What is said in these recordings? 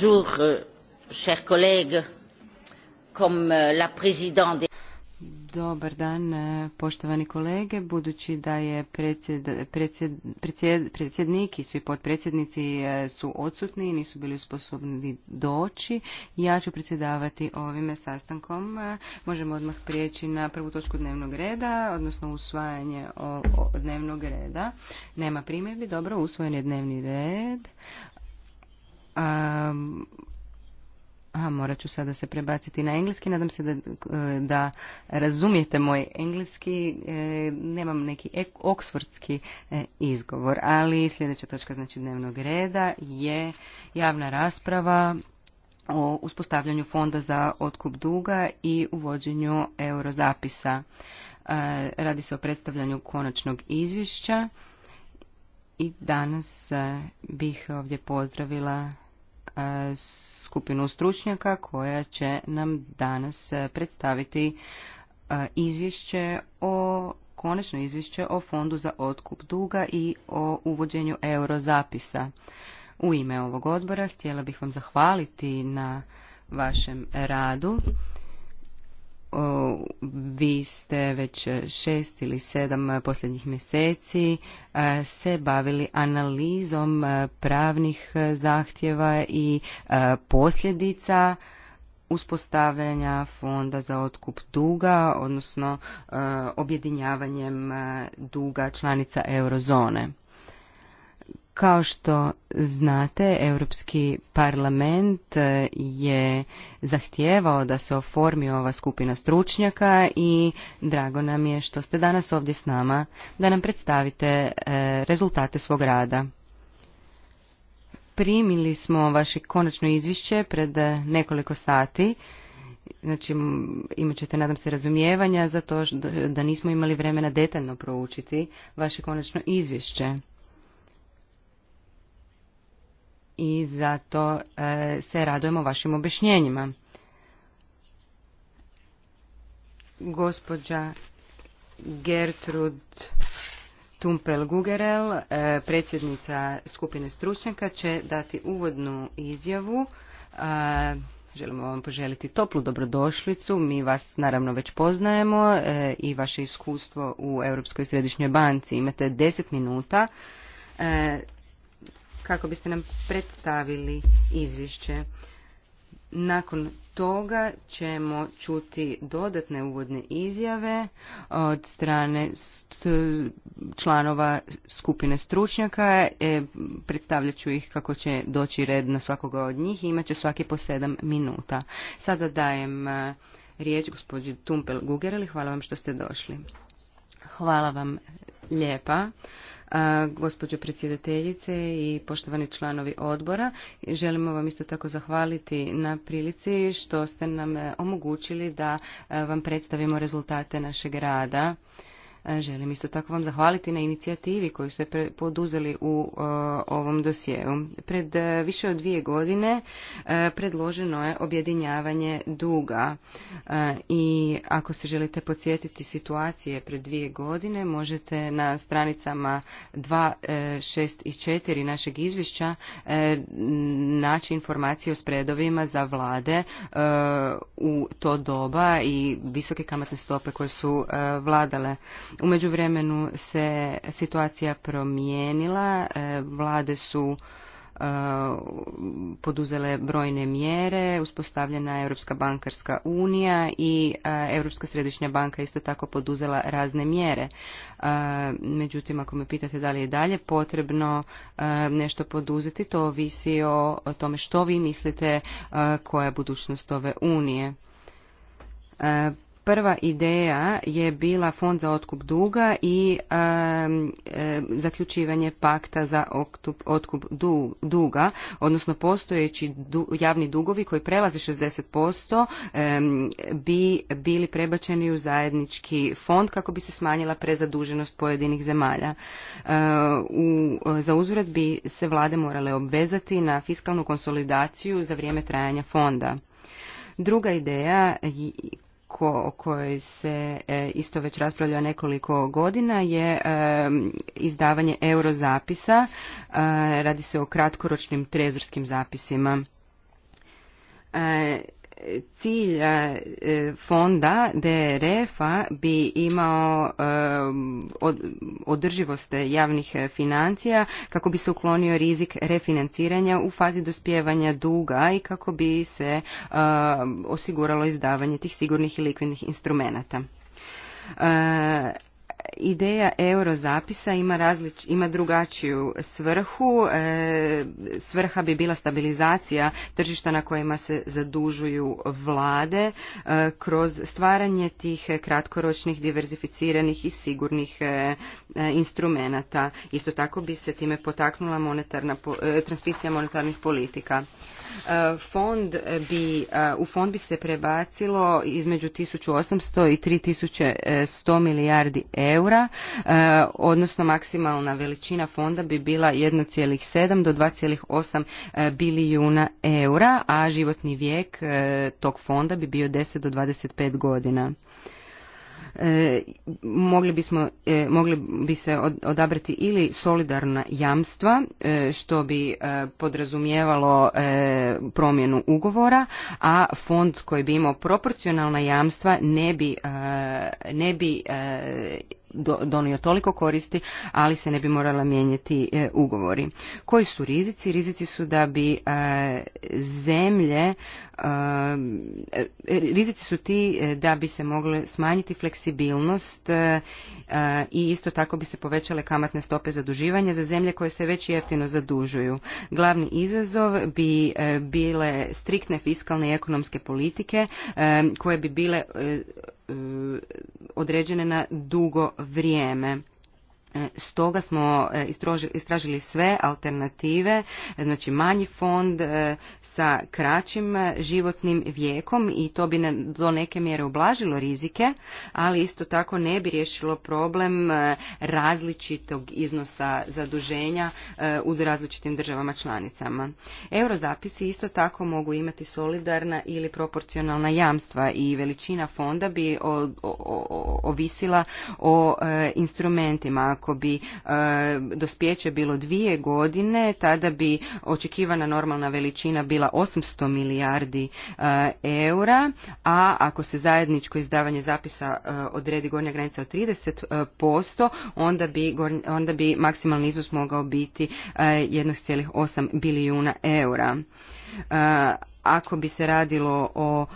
Euh, euh, Dobar dan, eh, poštovani kolege. Budući da je predsjednik i svi potpredsjednici eh, su odsutni i nisu bili sposobni doći, ja ću predsjedavati ovim sastankom. Eh, možemo odmah prijeći na prvu točku dnevnog reda, odnosno usvajanje dnevnog reda. Nema primjedbi, dobro, usvojen je dnevni red. A, morat ću sada se prebaciti na engleski. Nadam se da, da razumijete moj engleski. E, nemam neki ek, oksfordski e, izgovor, ali sljedeća točka znači dnevnog reda je javna rasprava o uspostavljanju fonda za otkup duga i uvođenju eurozapisa. E, radi se o predstavljanju konačnog izvješća i danas e, bih ovdje pozdravila E, skupinu stručnjaka koja će nam danas predstaviti e, izvješće o konačno izvješće o fondu za otkup duga i o uvođenju eurozapisa. U ime ovog odbora htjela bih vam zahvaliti na vašem radu vi ste već šest ili sedam posljednjih mjeseci e, se bavili analizom e, pravnih zahtjeva i e, posljedica uspostavljanja fonda za otkup duga, odnosno objedinjavanjem duga članica eurozone. Kao što znate, Europski parlament e, je zahtijevao da se oformi ova skupina stručnjaka i drago nam je što ste danas ovdje s nama da nam predstavite e, rezultate svog rada. Primili smo vaše konačno izvišće pred nekoliko sati. Znači, imat ćete, nadam se, razumijevanja za to da nismo imali vremena detaljno proučiti vaše konačno izvješće i zato e, se radujemo vašim objašnjenjima. Gospođa Gertrud Tumpel-Gugerel, e, predsjednica skupine stručnjaka, će dati uvodnu izjavu. E, želimo vam poželiti toplu dobrodošlicu. Mi vas naravno već poznajemo i vaše iskustvo u Europskoj središnjoj banci. Imate 10 minuta kako biste nam predstavili izvješće. Nakon toga ćemo čuti dodatne uvodne izjave od strane članova skupine stručnjaka. E, predstavljat ću ih kako će doći red na svakoga od njih i imat će svaki po sedam minuta. Sada dajem e, riječ gospođi Tumpel Gugereli. Hvala vam što ste došli. Hvala vam lijepa gospođo predsjedateljice i poštovani članovi odbora. Želimo vam isto tako zahvaliti na prilici što ste nam e, omogućili da e, vam predstavimo rezultate našeg rada. Želim isto tako vam zahvaliti na inicijativi koju ste poduzeli u e, ovom dosjeu. Pred e, više od dvije godine e, predloženo je objedinjavanje duga i ako se želite podsjetiti situacije pred dvije godine možete na stranicama 2, 6 i 4 našeg izvješća naći informacije o spredovima za vlade u to doba i visoke kamatne stope koje su vladale u međuvremenu se situacija promijenila, e, vlade su e, poduzele brojne mjere, uspostavljena je Europska bankarska unija i e, Europska središnja banka isto tako poduzela razne mjere. Međutim, ako me pitate da li je dalje potrebno nešto poduzeti, to ovisi o tome što vi mislite koja je budućnost ove unije prva ideja je bila fond za otkup duga i zaključivanje pakta za otkup, duga, odnosno postojeći javni dugovi koji prelaze 60% e, bi bili prebačeni u zajednički fond kako bi se smanjila prezaduženost pojedinih zemalja. E, u, za uzvrat bi se vlade morale obvezati na fiskalnu konsolidaciju za vrijeme trajanja fonda. Druga ideja o kojoj se e, isto već raspravlja nekoliko godina je e, izdavanje eurozapisa. E, radi se o kratkoročnim trezorskim zapisima cilj e, fonda DRF-a bi imao e, održivost javnih financija kako bi se uklonio rizik refinanciranja u fazi dospijevanja duga i kako bi se e, osiguralo izdavanje tih sigurnih i likvidnih instrumenata ideja eurozapisa ima, različ, ima drugačiju svrhu. E, svrha bi bila stabilizacija tržišta na kojima se zadužuju vlade e, kroz stvaranje tih kratkoročnih, diverzificiranih i sigurnih e, instrumenata. Isto tako bi se time potaknula monetarna, transmisija monetarnih politika. E, fond bi, e, u fond bi se prebacilo između 1800 i 3100 milijardi eura, e, odnosno maksimalna veličina fonda bi bila 1,7 do 2,8 bilijuna eura, a životni vijek tog fonda bi bio 10 do 25 godina. E, mogli, bismo, e, mogli bi se odabrati ili solidarna jamstva e, što bi podrazumijevalo promjenu ugovora, a fond koji bi imao proporcionalna jamstva ne bi, ne bi donio toliko koristi, ali se ne bi morala mijenjati e, ugovori. Koji su rizici? Rizici su da bi e, zemlje, e, rizici su ti da bi se mogle smanjiti fleksibilnost i isto tako bi se povećale kamatne stope zaduživanja za zemlje koje se već jeftino zadužuju. Glavni izazov bi bile striktne fiskalne i ekonomske politike koje bi bile E, određene na dugo vrijeme E, stoga smo e, istražili sve alternative, znači manji fond e, sa kraćim životnim vijekom i to bi do neke mjere oblažilo rizike, ali isto tako ne bi riješilo problem različitog iznosa zaduženja u različitim državama članicama. Eurozapisi isto tako mogu imati solidarna ili proporcionalna jamstva i veličina fonda bi ovisila o instrumentima ako bi e, dospjeće bilo dvije godine, tada bi očekivana normalna veličina bila 800 milijardi e, eura, a ako se zajedničko izdavanje zapisa e, odredi gornja granica od 30%, onda bi, onda bi maksimalni iznos mogao biti 1,8 bilijuna eura. Ako bi se radilo o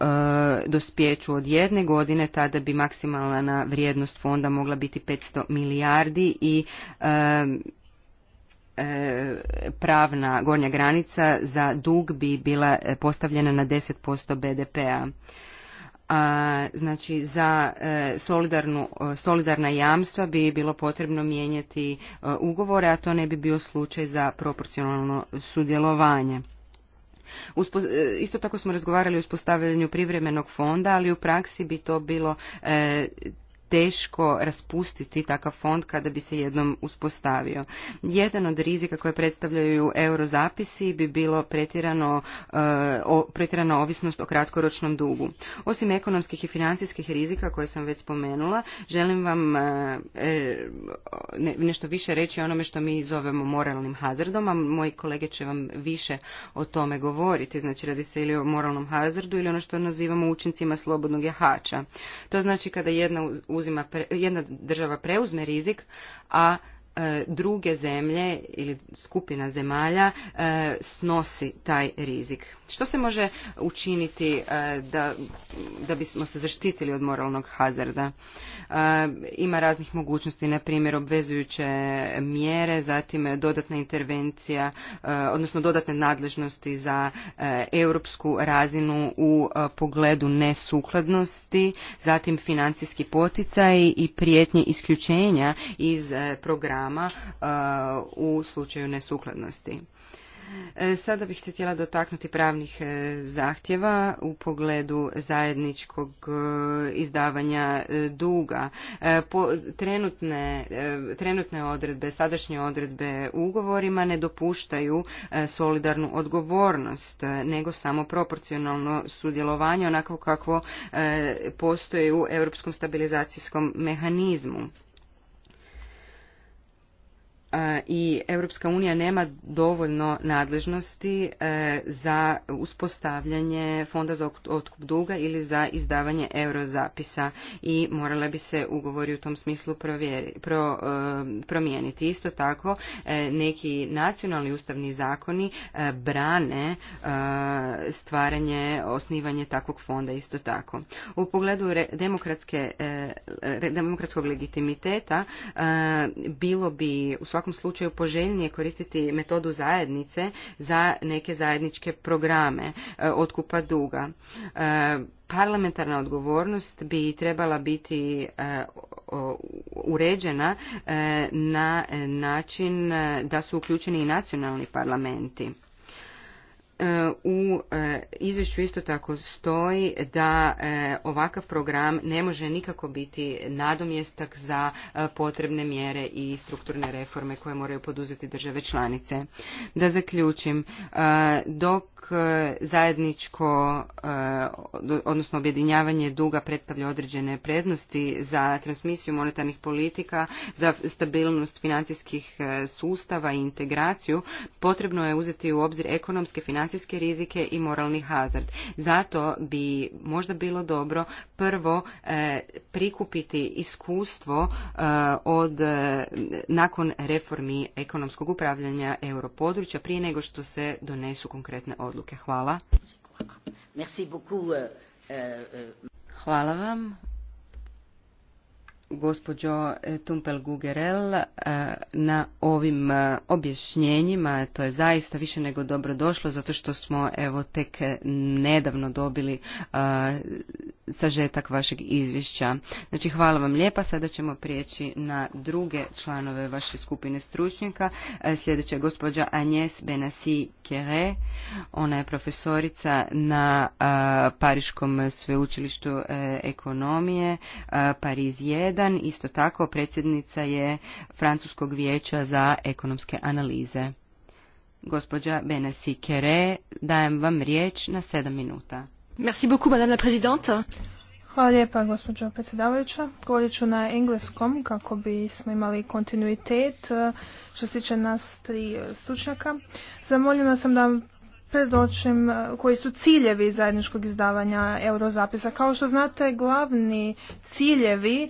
E, dospjeću od jedne godine, tada bi maksimalna vrijednost fonda mogla biti 500 milijardi i e, e, pravna gornja granica za dug bi bila postavljena na 10% BDP-a. A, znači za solidarnu, solidarna jamstva bi bilo potrebno mijenjati ugovore, a to ne bi bio slučaj za proporcionalno sudjelovanje. E, isto tako smo razgovarali o uspostavljanju privremenog fonda, ali u praksi bi to bilo e, teško raspustiti takav fond kada bi se jednom uspostavio. Jedan od rizika koje predstavljaju eurozapisi bi bilo pretjerano, eh, pretjerano ovisnost o kratkoročnom dugu. Osim ekonomskih i financijskih rizika koje sam već spomenula, želim vam eh, eh, nešto više reći o onome što mi zovemo moralnim hazardom, a moji kolege će vam više o tome govoriti. Znači radi se ili o moralnom hazardu ili ono što nazivamo učincima slobodnog jahača. To znači kada jedna uz preuzima, jedna država preuzme rizik, a e, druge zemlje ili skupina zemalja e, snosi taj rizik. Što se može učiniti e, da, da bismo se zaštitili od moralnog hazarda? E, ima raznih mogućnosti, na primjer obvezujuće mjere, zatim dodatna intervencija, e, odnosno dodatne nadležnosti za europsku razinu u pogledu nesukladnosti, zatim financijski poticaj i prijetnje isključenja iz programa u slučaju nesukladnosti. E, sada bih se htjela dotaknuti pravnih e, zahtjeva u pogledu zajedničkog e, izdavanja duga. Po trenutne, trenutne odredbe, sadašnje odredbe u ugovorima ne dopuštaju solidarnu odgovornost, nego samo proporcionalno sudjelovanje onako kako postoji u europskom stabilizacijskom mehanizmu i Europska unija nema dovoljno nadležnosti e, za uspostavljanje fonda za otkup duga ili za izdavanje eurozapisa i morale bi se ugovori u tom smislu pro, e, promijeniti. Isto tako e, neki nacionalni ustavni zakoni brane stvaranje, osnivanje takvog fonda isto tako. U pogledu demokratske, demokratskog legitimiteta bilo bi u svakom slučaju poželjnije koristiti metodu zajednice za neke zajedničke programe e, otkupa duga. E, parlamentarna odgovornost bi trebala biti e, uređena na način da su uključeni i nacionalni parlamenti. E, u e, izvješću isto tako stoji da e, ovakav program ne može nikako biti nadomjestak za potrebne mjere i strukturne reforme koje moraju poduzeti države članice. Da zaključim, do E, zajedničko, e, odnosno objedinjavanje duga predstavlja određene prednosti za transmisiju monetarnih politika, za stabilnost financijskih e, sustava i integraciju, potrebno je uzeti u obzir ekonomske, financijske rizike i moralni hazard. Zato bi možda bilo dobro prvo prikupiti iskustvo od nakon reformi ekonomskog upravljanja europodručja prije nego što se donesu konkretne odluke odluke. Hvala. Euh, euh, euh. Hvala vam gospođo e, Tumpel Gugerel e, na ovim e, objašnjenjima. To je zaista više nego dobro došlo zato što smo evo tek nedavno dobili sažetak vašeg izvješća. Znači hvala vam lijepa. Sada ćemo prijeći na druge članove vaše skupine stručnjaka. Sljedeća je gospođa Agnes Benassi Kere. Ona je profesorica na Pariškom sveučilištu ekonomije Pariz 1 1. Isto tako predsjednica je Francuskog vijeća za ekonomske analize. Gospođa Benesi Kere, dajem vam riječ na sedam minuta. Merci beaucoup, madame la présidente. Hvala lijepa, gospođo predsjedavajuća. Govorit ću na engleskom kako bismo imali kontinuitet eh, što se tiče nas tri eh, stručnjaka. Zamoljena sam da predočim eh, koji su ciljevi zajedničkog izdavanja eurozapisa. Kao što znate, glavni ciljevi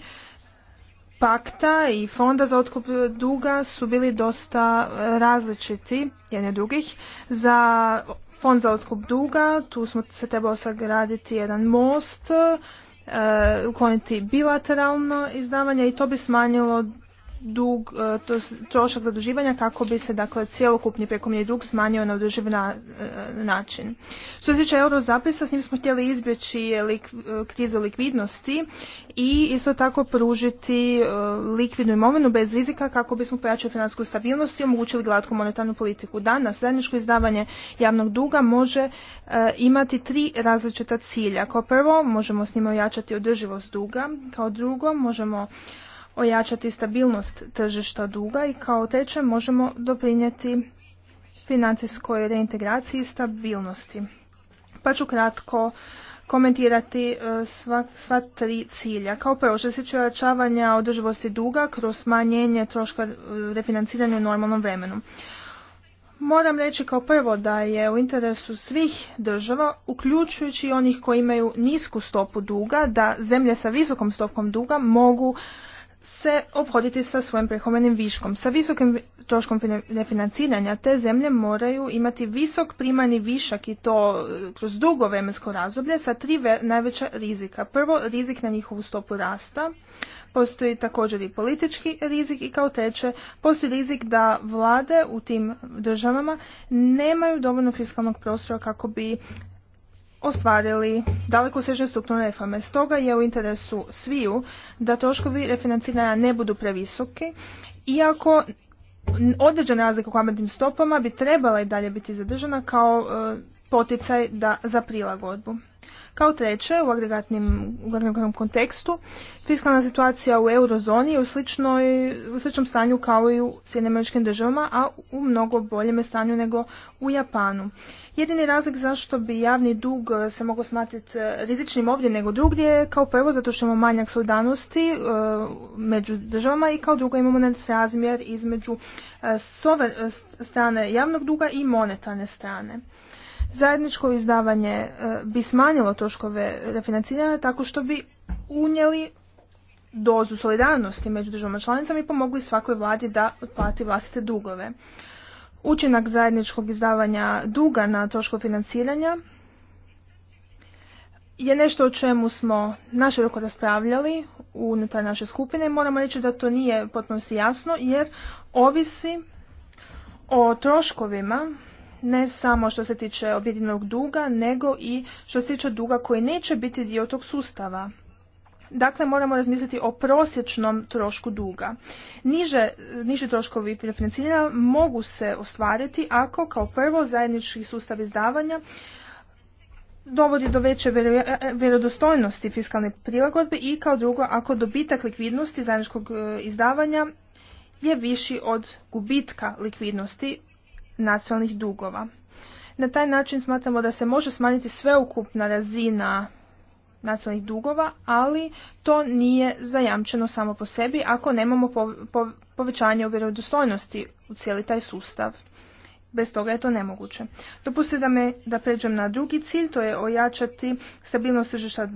pakta i fonda za otkup duga su bili dosta e, različiti jedne drugih. Za fond za otkup duga tu smo se trebao sagraditi jedan most, e, ukloniti bilateralno izdavanje i to bi smanjilo dug, e, trošak zaduživanja kako bi se dakle cjelokupni prekomjerni dug smanjio na održiv na, e, način. Što se tiče eurozapisa, s njim smo htjeli izbjeći lik, e, krizu likvidnosti i isto tako pružiti likvidnu imovinu bez rizika kako bismo pojačali financijsku stabilnost i omogućili glatku monetarnu politiku. Danas zajedničko izdavanje javnog duga može imati tri različita cilja. Kao prvo možemo s njima ojačati održivost duga, kao drugo možemo ojačati stabilnost tržišta duga i kao treće možemo doprinijeti financijskoj reintegraciji i stabilnosti. Pa ću kratko komentirati e, sva, tri cilja. Kao prvo što se tiče ojačavanja održivosti duga kroz smanjenje troška e, refinanciranja u normalnom vremenu. Moram reći kao prvo da je u interesu svih država, uključujući onih koji imaju nisku stopu duga, da zemlje sa visokom stopom duga mogu se obhoditi sa svojim prehomenim viškom. Sa visokim troškom refinanciranja te zemlje moraju imati visok primani višak i to e, kroz dugo vremensko razdoblje sa tri najveća rizika. Prvo, rizik na njihovu stopu rasta, postoji također i politički rizik i kao treće, postoji rizik da vlade u tim državama nemaju dovoljno fiskalnog prostora kako bi ostvarili daleko sežne strukturne reforme. Stoga je u interesu sviju da troškovi refinanciranja ne budu previsoki, iako određena razlika u kamatnim stopama bi trebala i dalje biti zadržana kao e, poticaj da, za prilagodbu. Kao treće, u agregatnim, u agregatnom kontekstu, fiskalna situacija u eurozoni je u, u sličnom stanju kao i u Sjedinim državama, a u mnogo boljem stanju nego u Japanu. Jedini razlog zašto bi javni dug se mogao smatrati rizičnim ovdje nego drugdje je kao prvo zato što imamo manjak solidarnosti e, među državama i kao drugo imamo nesrazmjer između e, e strane javnog duga i monetarne strane. Zajedničko izdavanje e, bi smanjilo troškove refinanciranja tako što bi unijeli dozu solidarnosti među državama članicama i pomogli svakoj vladi da otplati vlastite dugove. Učinak zajedničkog izdavanja duga na troškove financiranja je nešto o čemu smo naširoko raspravljali unutar naše skupine moramo reći da to nije potpuno jasno jer ovisi o troškovima ne samo što se tiče objedinog duga, nego i što se tiče duga koji neće biti dio tog sustava. Dakle, moramo razmisliti o prosječnom trošku duga. Niže, niži troškovi financiranja mogu se ostvariti ako kao prvo zajednički sustav izdavanja dovodi do veće e, e, vjerodostojnosti fiskalne prilagodbe i kao drugo ako dobitak likvidnosti zajedničkog e, izdavanja je viši od gubitka likvidnosti nacionalnih dugova. Na taj način smatramo da se može smanjiti sveukupna razina nacionalnih dugova, ali to nije zajamčeno samo po sebi ako nemamo povećanje u vjerodostojnosti u cijeli taj sustav bez toga je to nemoguće. Dopustite da, me, da pređem na drugi cilj, to je ojačati stabilnost tržišta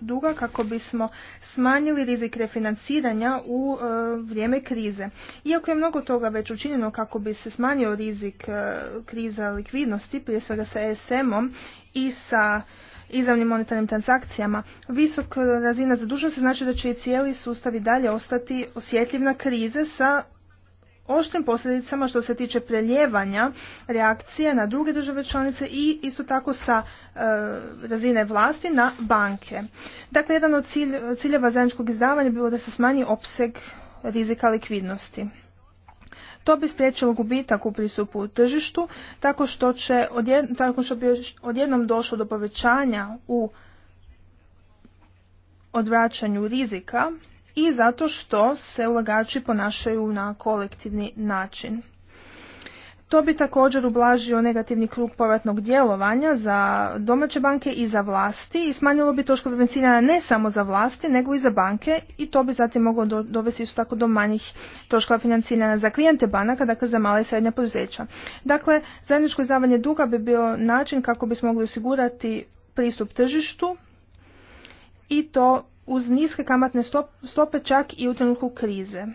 duga kako bismo smanjili rizik refinanciranja u e, vrijeme krize. Iako je mnogo toga već učinjeno kako bi se smanjio rizik e, kriza likvidnosti, prije svega sa ESM-om i sa izravnim monetarnim transakcijama, visok razina zadužnosti znači da će i cijeli sustav i dalje ostati osjetljiv na krize sa oštrim posljedicama što se tiče preljevanja reakcije na druge države članice i isto tako sa e, razine vlasti na banke. Dakle, jedan od ciljeva zajedničkog izdavanja bilo da se smanji opseg rizika likvidnosti. To bi spriječilo gubitak u pristupu u tržištu tako što, će odjed, tako što bi odjednom došlo do povećanja u odvraćanju rizika i zato što se ulagači ponašaju na kolektivni način. To bi također ublažio negativni krug povratnog djelovanja za domaće banke i za vlasti i smanjilo bi troškove financiranja ne samo za vlasti nego i za banke i to bi zatim moglo dovesti isto tako do manjih troškova financiranja za klijente banaka, dakle za male i srednja poduzeća. Dakle, zajedničko izdavanje duga bi bio način kako bismo mogli osigurati pristup tržištu i to uz niske kamatne stope čak i u trenutku krize.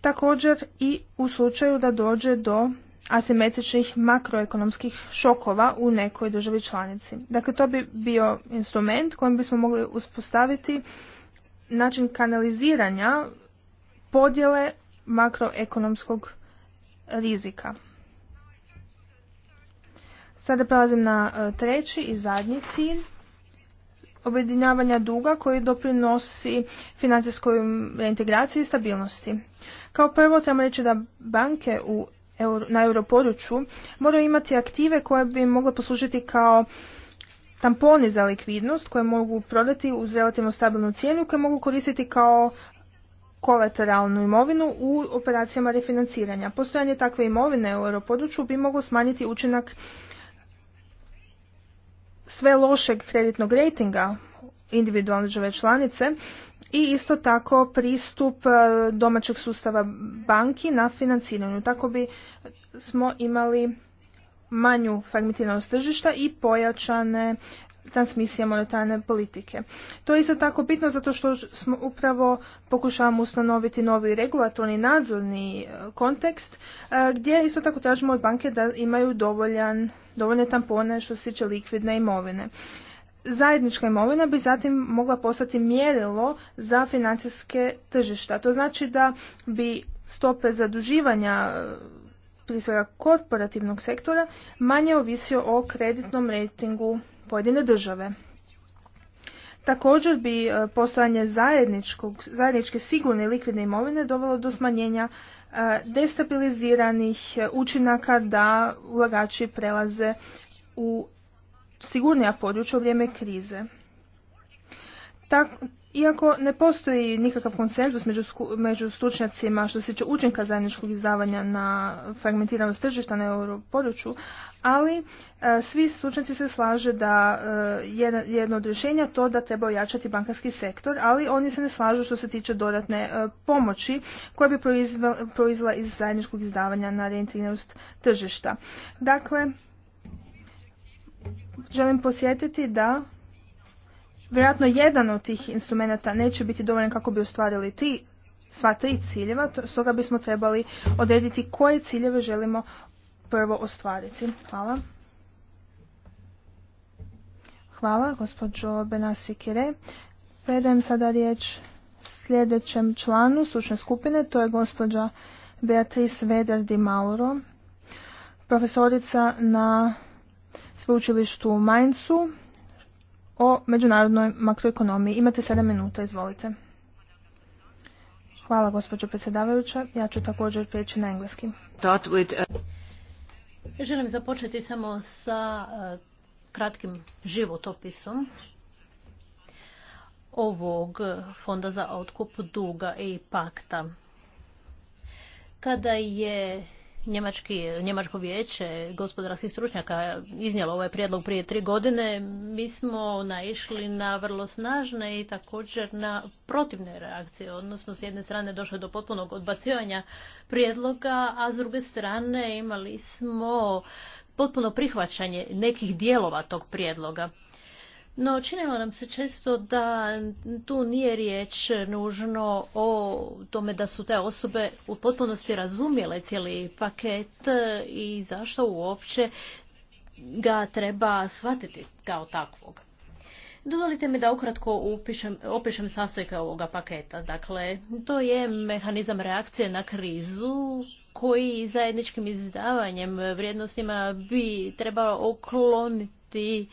Također i u slučaju da dođe do asimetričnih makroekonomskih šokova u nekoj državi članici. Dakle, to bi bio instrument kojim bismo mogli uspostaviti način kanaliziranja podjele makroekonomskog rizika. Sada prelazim na e, treći i zadnji cilj objedinjavanja duga koji doprinosi financijskoj integraciji i stabilnosti. Kao prvo trebamo reći da banke u, na europodručju moraju imati aktive koje bi mogle poslužiti kao tamponi za likvidnost koje mogu prodati uz relativno stabilnu cijenu koje mogu koristiti kao kolateralnu imovinu u operacijama refinanciranja. Postojanje takve imovine u europodručju bi moglo smanjiti učinak sve lošeg kreditnog rejtinga individualne države članice i isto tako pristup e, domaćeg sustava banki na financiranju. Tako bi smo imali manju fragmentiranost tržišta i pojačane transmisije monetarne politike. To je isto tako bitno zato što smo upravo pokušavamo ustanoviti novi regulatorni nadzorni e, kontekst e, gdje isto tako tražimo od banke da imaju dovoljan, dovoljne tampone što se tiče likvidne imovine. Zajednička imovina bi zatim mogla postati mjerilo za financijske tržišta. To znači da bi stope zaduživanja e, prije svega korporativnog sektora manje ovisio o kreditnom rejtingu pojedine države. Također bi e, postojanje zajedničke sigurne i likvidne imovine dovelo do smanjenja e, destabiliziranih e, učinaka da ulagači prelaze u sigurnija područja u vrijeme krize. Iako ne postoji nikakav konsenzus među, među stručnjacima što se tiče učinka zajedničkog izdavanja na fragmentiranost tržišta na europodručju, ali e, svi stručnjaci se slaže da e, jedno od rješenja to da treba ojačati bankarski sektor, ali oni se ne slažu što se tiče dodatne e, pomoći koja bi proizla iz zajedničkog izdavanja na reintegriranost tržišta. Dakle, želim posjetiti da Vjerojatno jedan od tih instrumenta neće biti dovoljan kako bi ostvarili sva tri ciljeva, stoga bismo trebali odrediti koje ciljeve želimo prvo ostvariti. Hvala. Hvala, gospođo Benasikire. Predajem sada riječ sljedećem članu stručne skupine, to je gospođa Beatrice Veder di Mauro, profesorica na sveučilištu u Maincu o međunarodnoj makroekonomiji. Imate 7 minuta, izvolite. Hvala gospođo predsjedavajuća. Ja ću također prijeći na engleski. Uh, Želim započeti samo sa uh, kratkim životopisom ovog fonda za otkup duga i pakta. Kada je Njemački, Njemačko vijeće gospodarskih stručnjaka iznijelo ovaj prijedlog prije tri godine, mi smo naišli na vrlo snažne i također na protivne reakcije, odnosno s jedne strane došlo do potpunog odbacivanja prijedloga, a s druge strane imali smo potpuno prihvaćanje nekih dijelova tog prijedloga. No, činilo nam se često da tu nije riječ nužno o tome da su te osobe u potpunosti razumjele cijeli paket i zašto uopće ga treba shvatiti kao takvog. Dozvolite mi da ukratko upišem, opišem sastojke ovoga paketa. Dakle, to je mehanizam reakcije na krizu koji zajedničkim izdavanjem vrijednostima bi trebao okloniti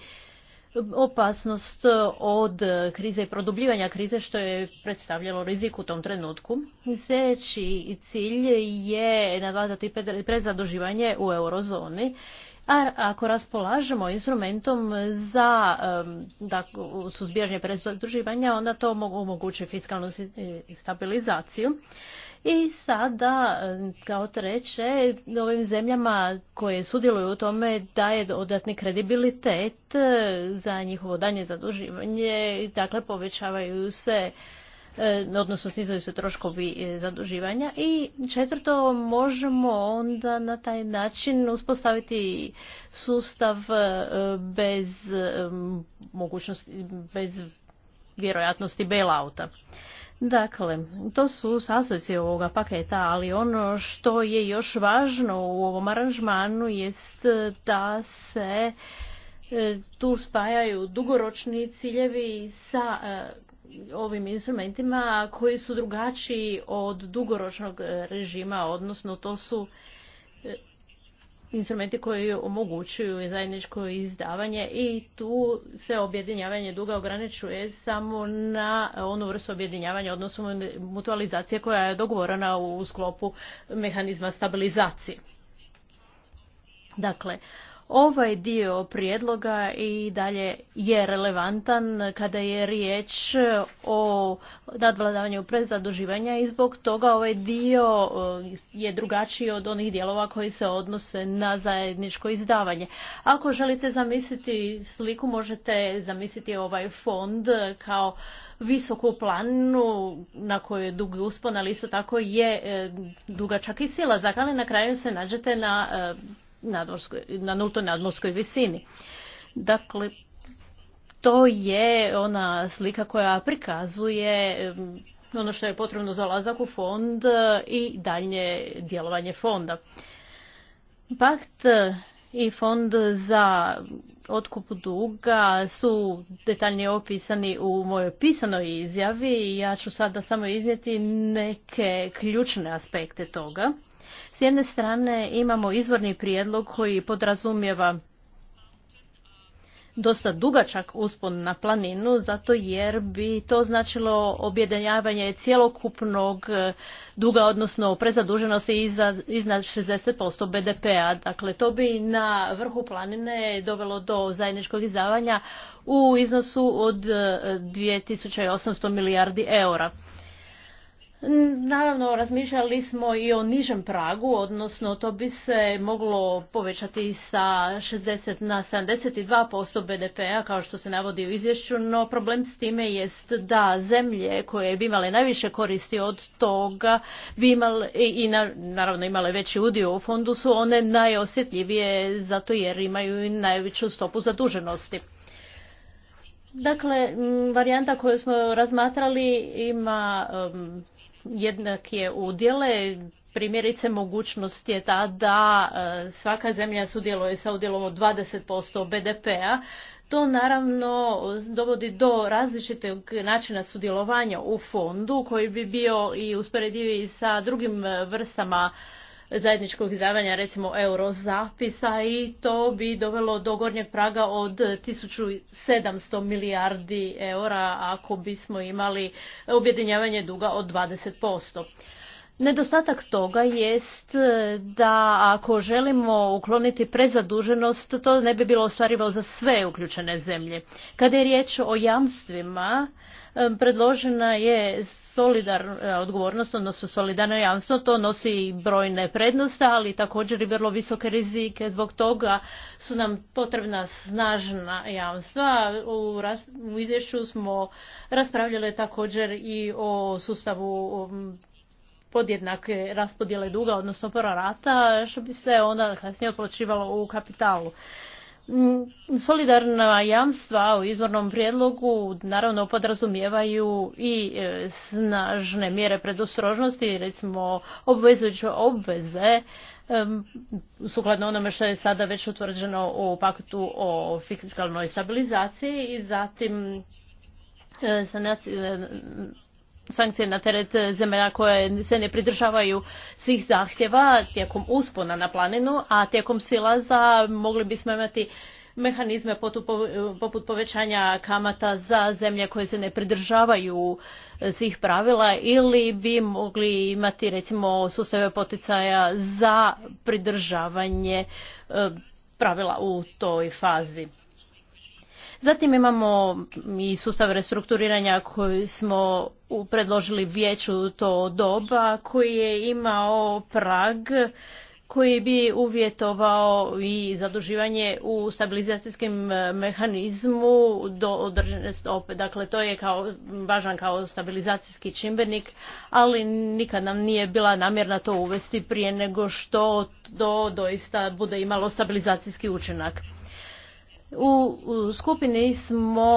opasnost od krize i produbljivanja krize što je predstavljalo rizik u tom trenutku. Sljedeći cilj je nadvladati predzaduživanje u eurozoni. A ako raspolažemo instrumentom za dakle, suzbijanje predzaduživanja, onda to omogućuje fiskalnu stabilizaciju. I sada, e, kao treće, ovim zemljama koje sudjeluju u tome daje dodatni kredibilitet e, za njihovo danje zaduživanje, dakle povećavaju se e, odnosno snizuju se troškovi zaduživanja i četvrto možemo onda na taj način uspostaviti sustav bez mogućnosti bez vjerojatnosti bailouta. Dakle, to su sastojci ovoga paketa, ali ono što je još važno u ovom aranžmanu jest da se e, tu spajaju dugoročni ciljevi sa e, ovim instrumentima koji su drugačiji od dugoročnog režima, odnosno to su instrumenti koji omogućuju zajedničko izdavanje i tu se objedinjavanje duga ograničuje samo na onu vrstu objedinjavanja, odnosno mutualizacije koja je dogovorena u sklopu mehanizma stabilizacije. Dakle, ovaj dio prijedloga i dalje je relevantan kada je riječ o nadvladavanju prezaduživanja i zbog toga ovaj dio eh, je drugačiji od onih dijelova koji se odnose na zajedničko izdavanje. Ako želite zamisliti sliku, možete zamisliti ovaj fond kao visoku planu na kojoj je dug uspon, ali isto tako je eh, dugačak i sila. ali dakle, na kraju se nađete na eh, na nultoj nadmorskoj visini. Dakle, to je ona slika koja prikazuje ono što je potrebno za lazak u fond e, i dalje djelovanje fonda. Pakt e, i fond za otkup duga su detaljnije opisani u mojoj pisanoj izjavi i ja ću sada samo iznijeti neke ključne aspekte toga. S jedne strane imamo izvorni prijedlog koji podrazumijeva dosta dugačak uspon na planinu, zato jer bi to značilo objedinjavanje cjelokupnog e, duga, odnosno prezaduženosti iznad 60% BDP-a. Dakle, to bi na vrhu planine dovelo do zajedničkog izdavanja u iznosu od 2800 e, milijardi eura. Naravno, razmišljali smo i o nižem pragu, odnosno to bi se moglo povećati sa 60 na 72% BDP-a, kao što se navodi u izvješću, no problem s time jest da zemlje koje bi imale najviše koristi od toga imale, i naravno imale veći udio u fondu su one najosjetljivije zato jer imaju i najveću stopu zaduženosti. Dakle, varijanta koju smo razmatrali ima jednake udjele. Primjerice, mogućnost je ta da e, svaka zemlja sudjeluje sa udjelom od 20% BDP-a. To naravno dovodi do različitog načina sudjelovanja u fondu koji bi bio i usporedivi sa drugim vrstama zajedničkog izdavanja recimo eurozapisa i to bi dovelo do gornjeg praga od 1700 milijardi eura ako bismo imali objedinjavanje duga od 20%. Nedostatak toga jest da ako želimo ukloniti prezaduženost, to ne bi bilo ostvarivo za sve uključene zemlje. Kada je riječ o jamstvima, predložena je solidarna e, odgovornost, odnosno solidarno jamstvo. To nosi brojne prednosti, ali također i vrlo visoke rizike. Zbog toga su nam potrebna snažna jamstva. U, izvješću smo raspravljali također i o sustavu um, podjednake raspodjele duga, odnosno prorata, što bi se onda kasnije otplaćivalo u kapitalu. Mm, solidarna jamstva u izvornom prijedlogu naravno podrazumijevaju i e, snažne mjere predostrožnosti, recimo obvezujuće obveze, sukladno onome što je sada već utvrđeno u paktu o fiskalnoj stabilizaciji i zatim e, sankcije na teret zemlja koje se ne pridržavaju svih zahtjeva tijekom uspona na planinu, a tijekom silaza mogli bismo imati mehanizme poput povećanja kamata za zemlje koje se ne pridržavaju e, svih pravila ili bi mogli imati recimo sustave poticaja za pridržavanje e, pravila u toj fazi. Zatim imamo i sustav restrukturiranja koji smo predložili vijeću to doba koji je imao prag koji bi uvjetovao i zaduživanje u stabilizacijskim e, mehanizmu do određene stope. Dakle, to je kao, važan kao stabilizacijski čimbenik, ali nikad nam nije bila namjerna to uvesti prije nego što to doista bude imalo stabilizacijski učinak. U skupini smo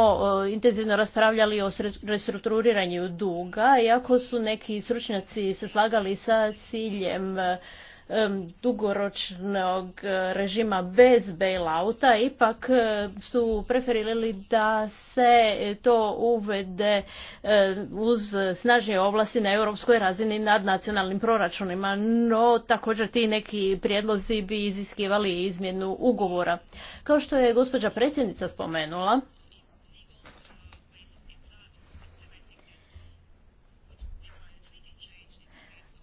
e, intenzivno raspravljali o restrukturiranju duga, iako su neki stručnjaci se slagali sa ciljem e, dugoročnog e, režima bez bailouta ipak e, su preferirali da se to uvede e, uz snažnije ovlasti na europskoj razini nad nacionalnim proračunima, no također ti neki prijedlozi bi iziskivali izmjenu ugovora. Kao što je gospođa predsjednica spomenula,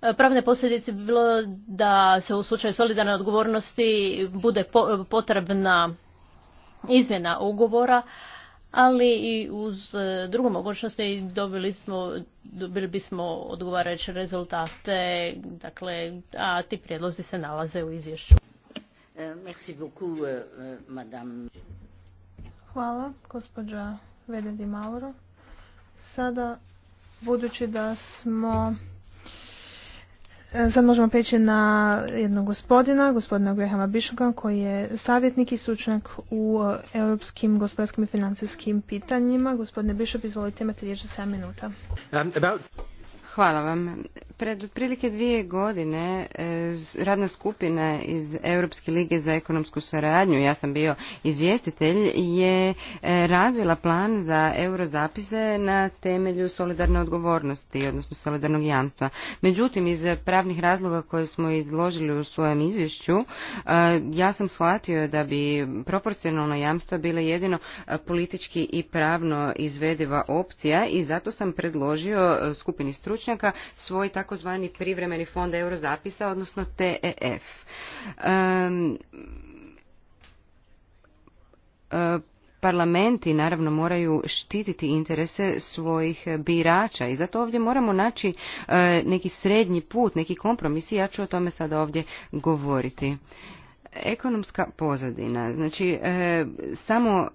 E, pravne posljedice bi bilo da se u slučaju solidarne odgovornosti bude potrebna izmjena ugovora, ali i uz e, drugu mogućnost dobili, smo, dobili bismo odgovarajuće rezultate, dakle, a ti prijedlozi se nalaze u izvješću. E, merci beaucoup, Hvala, gospođa Vededi Mauro. Sada, budući da smo E, sad možemo peći na jednog gospodina, gospodina Grahama Bišuka, koji je savjetnik i stručnjak u e, europskim gospodarskim i financijskim pitanjima. Gospodine Bišup, izvolite, imate riječ za 7 minuta. Um, Hvala vam. Pred otprilike dvije godine e, radna skupina iz Europske lige za ekonomsku suradnju, ja sam bio izvjestitelj, je e, razvila plan za eurozapise na temelju solidarne odgovornosti, odnosno solidarnog jamstva. Međutim, iz pravnih razloga koje smo izložili u svojem izvješću, e, ja sam shvatio da bi proporcionalno jamstvo bile jedino politički i pravno izvediva opcija i zato sam predložio skupini stručnjaka stručnjaka svoj takozvani privremeni fond eurozapisa, odnosno TEF. E, parlamenti naravno moraju štititi interese svojih birača i zato ovdje moramo naći e, neki srednji put, neki kompromis i ja ću o tome sada ovdje govoriti. Ekonomska pozadina, znači e, samo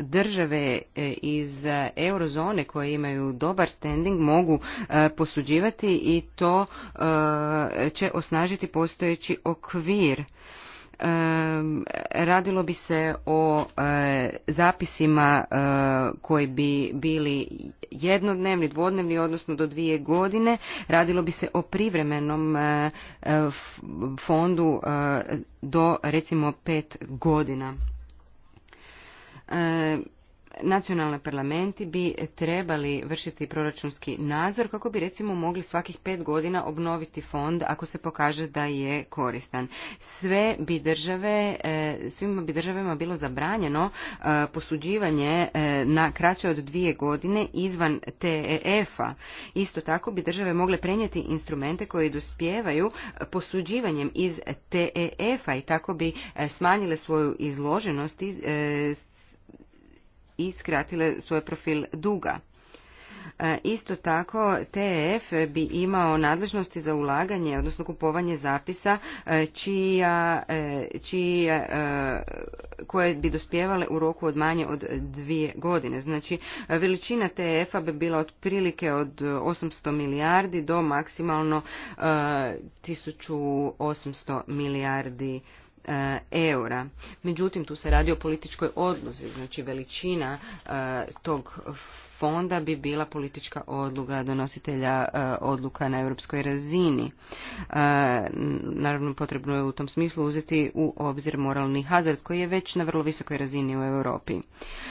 države e, iz e, eurozone koje imaju dobar standing mogu e, posuđivati i to će osnažiti postojeći okvir radilo bi se o zapisima koji bi bili jednodnevni, dvodnevni, odnosno do dvije godine. Radilo bi se o privremenom fondu do recimo pet godina. E, nacionalni parlamenti bi trebali vršiti proračunski nadzor kako bi recimo mogli svakih pet godina obnoviti fond ako se pokaže da je koristan. Sve bi države, e, svim bi državama bilo zabranjeno e, posuđivanje na kraće od dvije godine izvan TEF-a. Isto tako bi države mogle prenijeti instrumente koji dospijevaju posuđivanjem iz TEF-a i tako bi smanjile svoju izloženost i skratile svoj profil duga. E, isto tako, TEF bi imao nadležnosti za ulaganje, odnosno kupovanje zapisa e, čija, e, koje bi dospjevale u roku od manje od dvije godine. Znači, veličina TEF-a bi bila otprilike od 800 milijardi do maksimalno 1800 milijardi E, eura. Međutim, tu se radi o političkoj odluzi, znači veličina e, tog fonda bi bila politička odluga donositelja e, odluka na europskoj razini. E, naravno potrebno je u tom smislu uzeti u obzir moralni hazard koji je već na vrlo visokoj razini u Europi.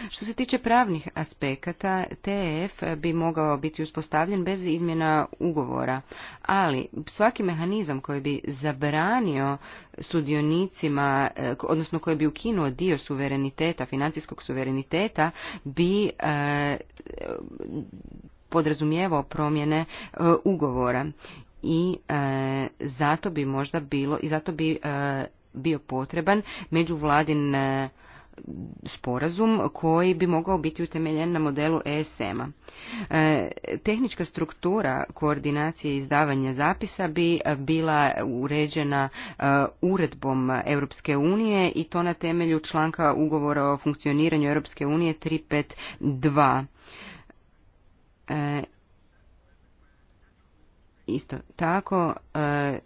Što se tiče pravnih aspekata, TEF bi mogao biti uspostavljen bez izmjena ugovora, ali svaki mehanizam koji bi zabranio sudionicima, e, odnosno koji bi ukinuo dio suvereniteta, financijskog suvereniteta, bi podrazumijevao promjene e, ugovora i e, zato bi možda bilo i zato bi e, bio potreban međuvladin sporazum koji bi mogao biti utemeljen na modelu ESM-a. tehnička struktura koordinacije izdavanja zapisa bi bila uređena uredbom Europske unije i to na temelju članka ugovora o funkcioniranju Europske unije 352. E, isto tako, e,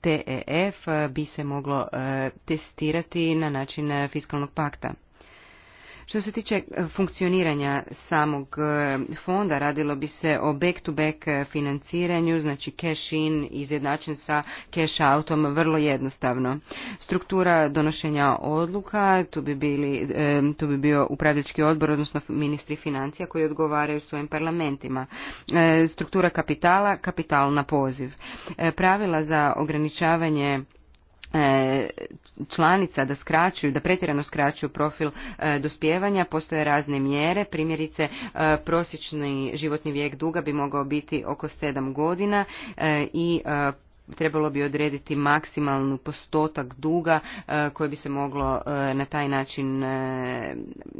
TEF bi se moglo e, testirati na način fiskalnog pakta. Što se tiče e, funkcioniranja samog e, fonda, radilo bi se o back-to-back e, financiranju, znači cash in izjednačen sa cash outom, vrlo jednostavno. Struktura donošenja odluka, tu bi, bili, tu bi bio upravljački odbor, odnosno ministri financija koji odgovaraju svojim parlamentima. Struktura kapitala, kapital na poziv. Pravila za ograničavanje E, članica da skraćuju, da pretjerano skraćuju profil e, dospijevanja, postoje razne mjere, primjerice e, prosječni životni vijek duga bi mogao biti oko 7 godina i trebalo bi odrediti maksimalnu postotak duga koji bi se moglo na taj način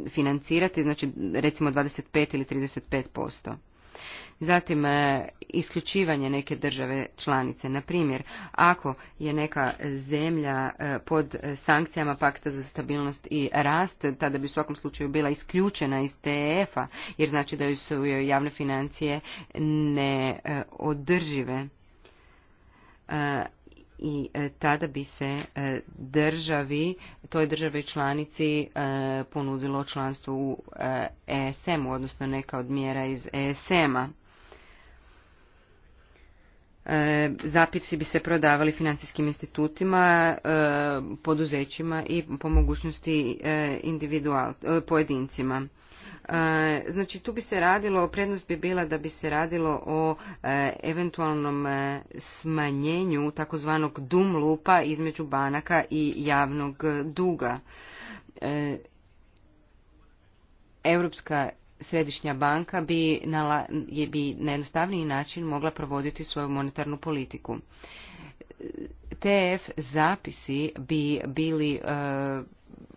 financirati, znači recimo 25 ili 35%. Zatim e, isključivanje neke države članice. Na primjer, ako je neka zemlja e, pod sankcijama pakta za stabilnost i rast, tada bi u svakom slučaju bila isključena iz TEF-a, jer znači da su joj javne financije neodržive. E, I tada bi se državi, toj državi članici ponudilo članstvo u ESM-u, odnosno neka od mjera iz ESM-a. E, zapisi bi se prodavali financijskim institutima, e, poduzećima i po mogućnosti e, pojedincima. Znači tu bi se radilo, prednost bi bila da bi se radilo o eventualnom smanjenju takozvanog dum lupa između banaka i javnog duga. Europska središnja banka bi na, bi na jednostavniji način mogla provoditi svoju monetarnu politiku. TF zapisi bi bili e,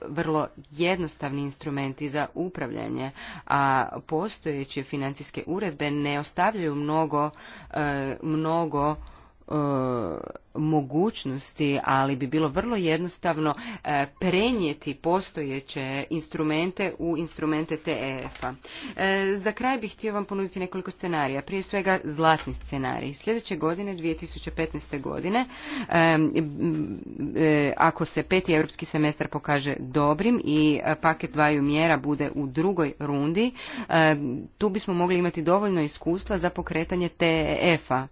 vrlo jednostavni instrumenti za upravljanje, a postojeće financijske uredbe ne ostavljaju mnogo, e, mnogo E, mogućnosti, ali bi bilo vrlo jednostavno e, prenijeti postojeće instrumente u instrumente TEF-a. E, za kraj bih htio vam ponuditi nekoliko scenarija. Prije svega zlatni scenarij. Sljedeće godine, 2015. godine, ako se peti europski semestar pokaže dobrim i paket dvaju mjera bude u drugoj rundi, tu bismo mogli imati dovoljno iskustva za pokretanje TEF-a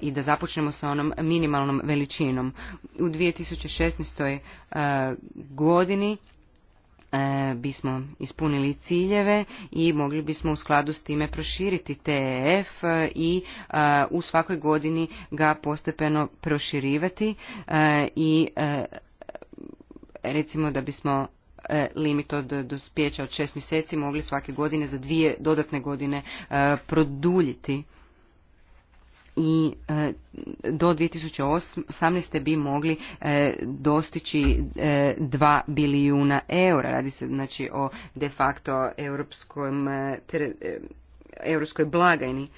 i da započnemo sa onom minimalnom veličinom. U 2016. E, godini e, bismo ispunili ciljeve i mogli bismo u skladu s time proširiti TEF i e, u svakoj godini ga postepeno proširivati i recimo da bismo limit od dospjeća od šest mjeseci mogli svake godine za dvije dodatne godine produljiti i e, do 2018. bi mogli e, dostići 2 e, bilijuna eura. Radi se znači o de facto europskoj blagajni.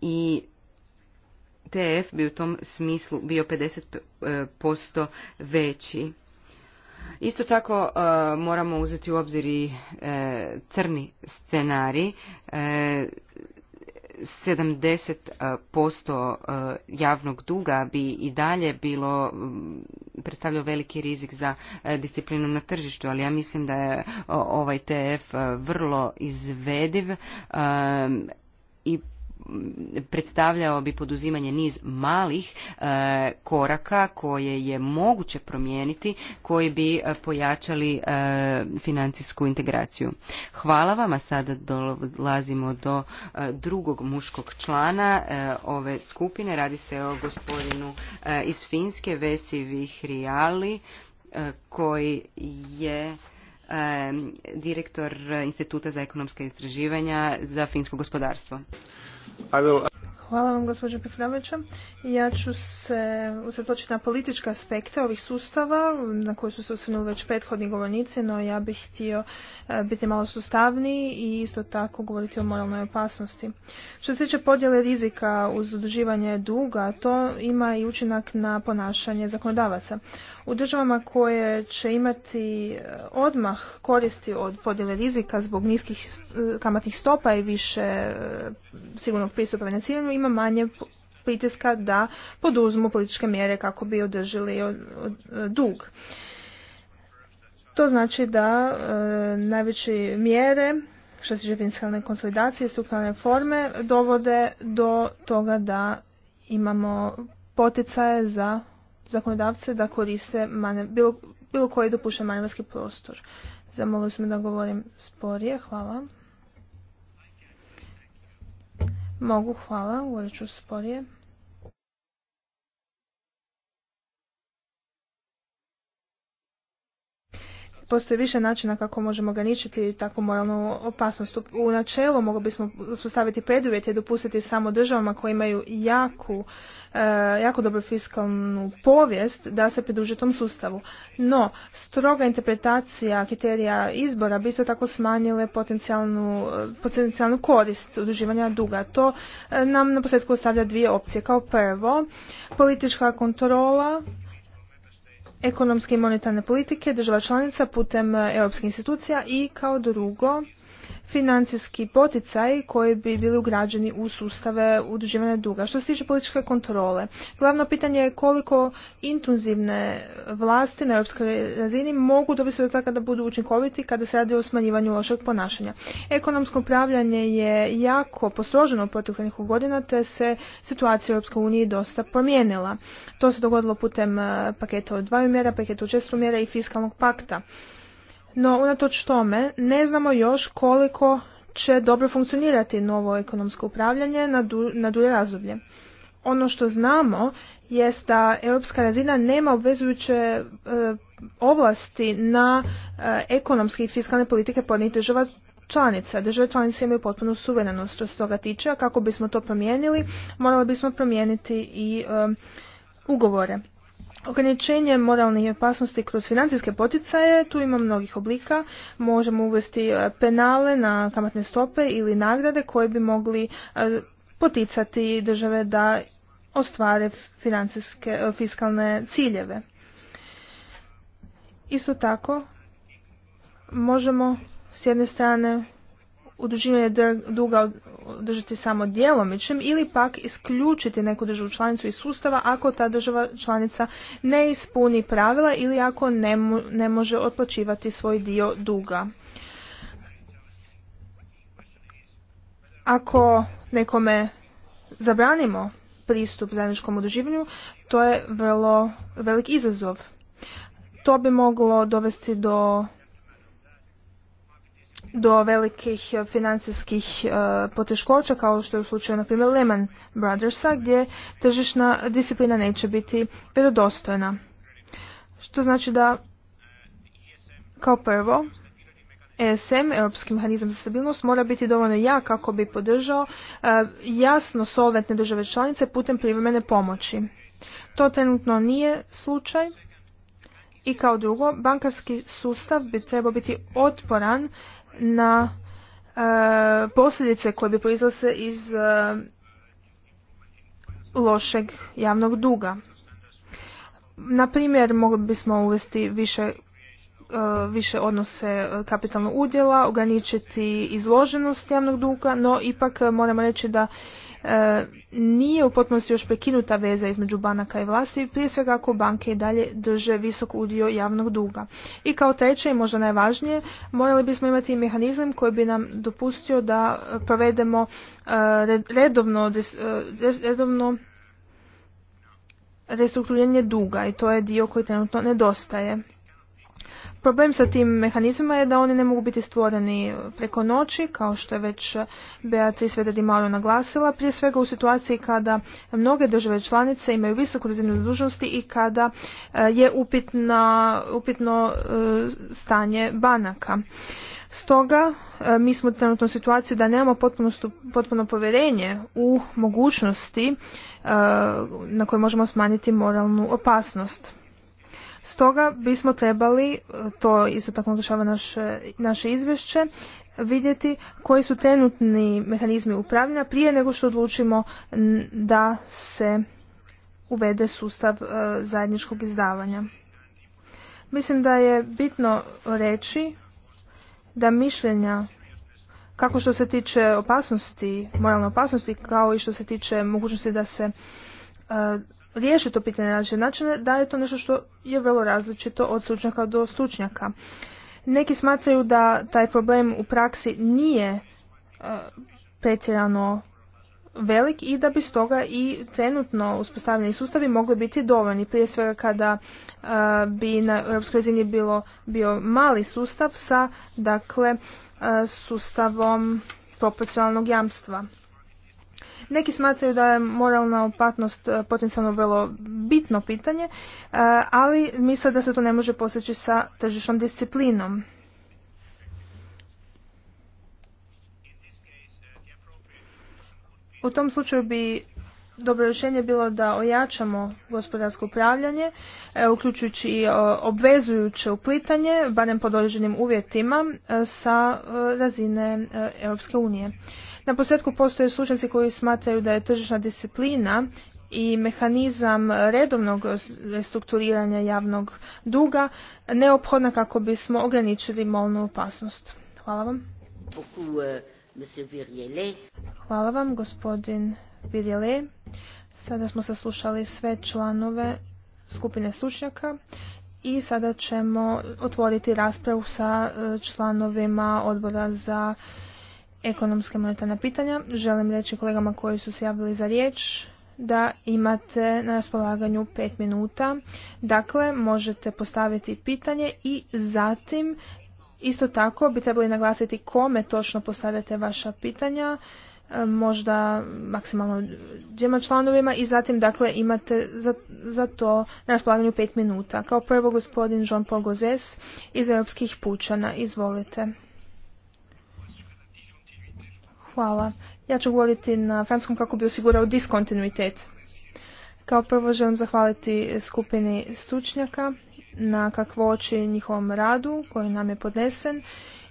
I TF bi u tom smislu bio 50% veći. Isto tako moramo uzeti u obzir i crni scenarij. 70% eh, javnog duga bi i dalje bilo mm, predstavljao veliki rizik za eh, disciplinu na tržištu, ali ja mislim da je eh, ovaj TF vrlo izvediv i predstavljao bi poduzimanje niz malih e, koraka koje je moguće promijeniti koji bi e, pojačali e, financijsku integraciju. Hvala vam, a sada dolazimo do drugog muškog člana ove skupine. Radi se o gospodinu iz Finske, Vesi Vihrijali, koji je direktor Instituta za ekonomska istraživanja za finsko gospodarstvo. I will... Hvala vam, gospođo predsjedavajuća. Ja ću se usretočiti na političke aspekte ovih sustava, na koje su se osvrnuli već prethodni govornici, no ja bih htio e, biti malo sustavniji i isto tako govoriti o moralnoj opasnosti. Što se tiče podjele rizika uz oduživanje duga, to ima i učinak na ponašanje zakonodavaca. U državama koje će imati e, odmah koristi od podjele rizika zbog niskih e, kamatnih stopa i više sigurnog pristupa financiranju, manje pritiska da poduzmu političke mjere kako bi održili e, dug. To znači da e, najveće mjere što se tiče fiskalne konsolidacije i strukturalne reforme dovode do toga da imamo poticaje za zakonodavce da koriste bilo, koji dopušten manevarski prostor. Zamolili smo da govorim sporije. Hvala. Mogu, hvala, govorit ću sporije. postoji više načina kako možemo ograničiti takvu moralnu opasnost. U načelu mogli bismo uspostaviti preduvjete i dopustiti samo državama koje imaju jaku, e, jako dobru fiskalnu povijest da se pridruže tom sustavu. No, stroga interpretacija kriterija izbora bi isto tako smanjile potencijalnu, potencijalnu korist udruživanja duga. To e, nam na posljedku ostavlja dvije opcije. Kao prvo, politička kontrola ekonomske i monetarne politike država članica putem e, europskih institucija i kao drugo financijski poticaj koji bi bili ugrađeni u sustave udruživanja duga. Što se tiče političke kontrole, glavno pitanje je koliko intenzivne vlasti na europskoj razini mogu dobiti toga da budu učinkoviti kada se radi o smanjivanju lošeg ponašanja. Ekonomsko upravljanje je jako postroženo u proteklih godina te se situacija u Europskoj uniji dosta promijenila. To se dogodilo putem eh, paketa od dvaju mjera, paketa od mjera i fiskalnog pakta. No, unatoč tome, ne znamo još koliko će dobro funkcionirati novo ekonomsko upravljanje na, duje na razdoblje. Ono što znamo jest da europska razina nema obvezujuće e, ovlasti na e, ekonomske i fiskalne politike pojedinih država članica. Države članice imaju potpunu suverenost što se toga tiče, a kako bismo to promijenili, morali bismo promijeniti i e, ugovore. Ograničenje moralnih opasnosti kroz financijske poticaje, tu ima mnogih oblika. Možemo uvesti e, penale na kamatne stope ili nagrade koje bi mogli e, poticati države da ostvare financijske, e, fiskalne ciljeve. Isto tako, možemo s jedne strane udruživanje duga održati samo djelomičnim ili pak isključiti neku državu članicu iz sustava ako ta država članica ne ispuni pravila ili ako ne, može otplaćivati svoj dio duga. Ako nekome zabranimo pristup zajedničkom udruživanju, to je vrlo velik izazov. To bi moglo dovesti do do velikih e, financijskih e, poteškoća kao što je u slučaju na primjer Lehman Brothersa gdje tržišna disciplina neće biti vjerodostojna. Što znači da kao prvo ESM, Europski mehanizam za stabilnost, mora biti dovoljno jak kako bi podržao e, jasno solventne države članice putem privremene pomoći. To trenutno nije slučaj. I kao drugo, bankarski sustav bi trebao biti otporan na e, posljedice koje bi proizlase iz e, lošeg javnog duga. Na primjer, mogli bismo uvesti više e, više odnose e, kapitalnog udjela, ograničiti izloženost javnog duga, no ipak moramo reći da nije u potpunosti još prekinuta veza između banaka i vlasti, prije svega ako banke i dalje drže visok udio javnog duga. I kao treće i možda najvažnije, morali bismo imati mehanizam koji bi nam dopustio da provedemo e, redovno, e, redovno restrukturiranje duga i to je dio koji trenutno nedostaje. Problem sa tim mehanizmima je da oni ne mogu biti stvoreni preko noći, kao što je već Beatrice Veda naglasila, prije svega u situaciji kada mnoge države članice imaju visoku razinu dužnosti i kada eh, je upitna, upitno eh, stanje banaka. Stoga eh, mi smo trenutno u situaciju da nemamo potpuno, potpuno povjerenje u mogućnosti na koje možemo smanjiti moralnu opasnost. Stoga bismo trebali, e, to isto tako naglašava naše, naše izvješće, vidjeti koji su trenutni mehanizmi upravljanja prije nego što odlučimo da se uvede sustav e, zajedničkog izdavanja. Mislim da je bitno reći da mišljenja kako što se tiče opasnosti, moralne opasnosti, kao i što se tiče mogućnosti da se e, riješe to pitanje na različite načine, da je to nešto što je vrlo različito od stručnjaka do stručnjaka. Neki smatraju da taj problem u praksi nije e, pretjerano velik i da bi stoga i trenutno uspostavljeni sustavi mogli biti dovoljni. Prije svega kada e, bi na europskoj razini bilo bio mali sustav sa dakle e, sustavom proporcionalnog jamstva. Neki smatraju da je moralna opatnost e, potencijalno vrlo bitno pitanje, e, ali misle da se to ne može postići sa tržišnom disciplinom. U tom slučaju bi dobro rješenje bilo da ojačamo gospodarsko upravljanje, e, uključujući i obvezujuće uplitanje, barem pod određenim uvjetima, sa razine Europske unije. Na posljedku postoje slučajci koji smatraju da je tržišna disciplina i mehanizam redovnog restrukturiranja javnog duga neophodna kako bismo ograničili molnu opasnost. Hvala vam. Hvala vam, gospodin Virjele. Sada smo saslušali sve članove skupine stručnjaka i sada ćemo otvoriti raspravu sa e, članovima odbora za ekonomske monetarna pitanja. Želim reći kolegama koji su se javili za riječ da imate na raspolaganju 5 minuta. Dakle, možete postaviti pitanje i zatim isto tako bi trebali naglasiti kome točno postavljate vaša pitanja e, možda maksimalno dvijema članovima i zatim dakle imate za, za to na raspolaganju pet minuta. Kao prvo gospodin Jean-Paul Gozes iz Europskih pučana. Izvolite. Hvala. Ja ću govoriti na francuskom kako bi osigurao diskontinuitet. Kao prvo želim zahvaliti skupini stručnjaka na kakvoći njihovom radu koji nam je podnesen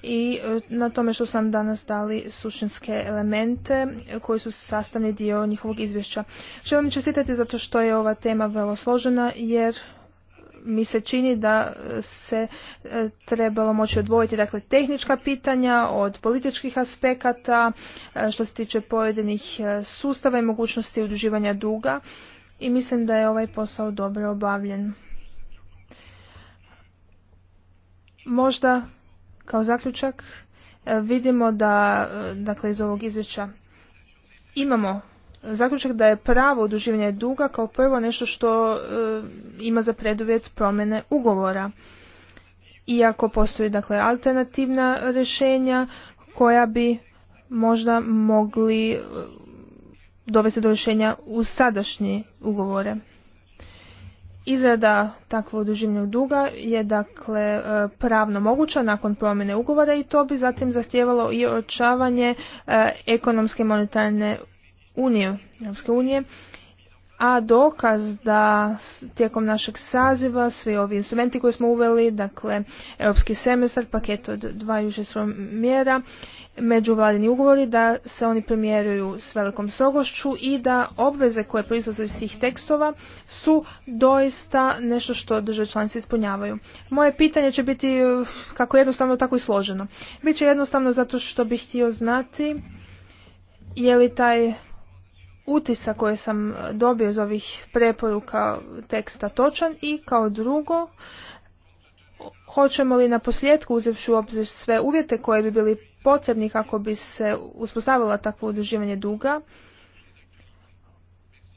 i e, na tome što sam nam danas dali suštinske elemente koji su sastavni dio njihovog izvješća. Želim čestitati zato što je ova tema vrlo složena jer mi se čini da e, se e, trebalo moći odvojiti dakle tehnička pitanja od političkih aspekata e, što se tiče pojedinih sustava i mogućnosti udruživanja duga i mislim da je ovaj posao dobro obavljen. Možda kao zaključak vidimo da dakle iz ovog izvješća imamo zaključak da je pravo oduživanje duga kao prvo nešto što e, ima za preduvjet promjene ugovora. Iako postoji dakle alternativna rješenja koja bi možda mogli e, dovesti do rješenja u sadašnje ugovore. Izrada takvog oduživljenog duga je dakle e, pravno moguća nakon promjene ugovora i to bi zatim zahtijevalo i očavanje ekonomske i monetarne unije, Europske unije, a dokaz da tijekom našeg saziva svi ovi instrumenti koje smo uveli, dakle europski semestar, paket od dva šestrom mjera, međuvladini ugovori, da se oni primjeruju s velikom strogošću i da obveze koje proizlaze iz tih tekstova su doista nešto što države članice ispunjavaju. Moje pitanje će biti eh, kako jednostavno, tako i složeno. Biće jednostavno zato što bih htio znati je li taj utisa koje sam e, dobio iz ovih preporuka teksta točan i kao drugo hoćemo li na posljedku uzevši u obzir sve uvjete koje bi bili potrebni kako bi se uspostavila takvo udruživanje duga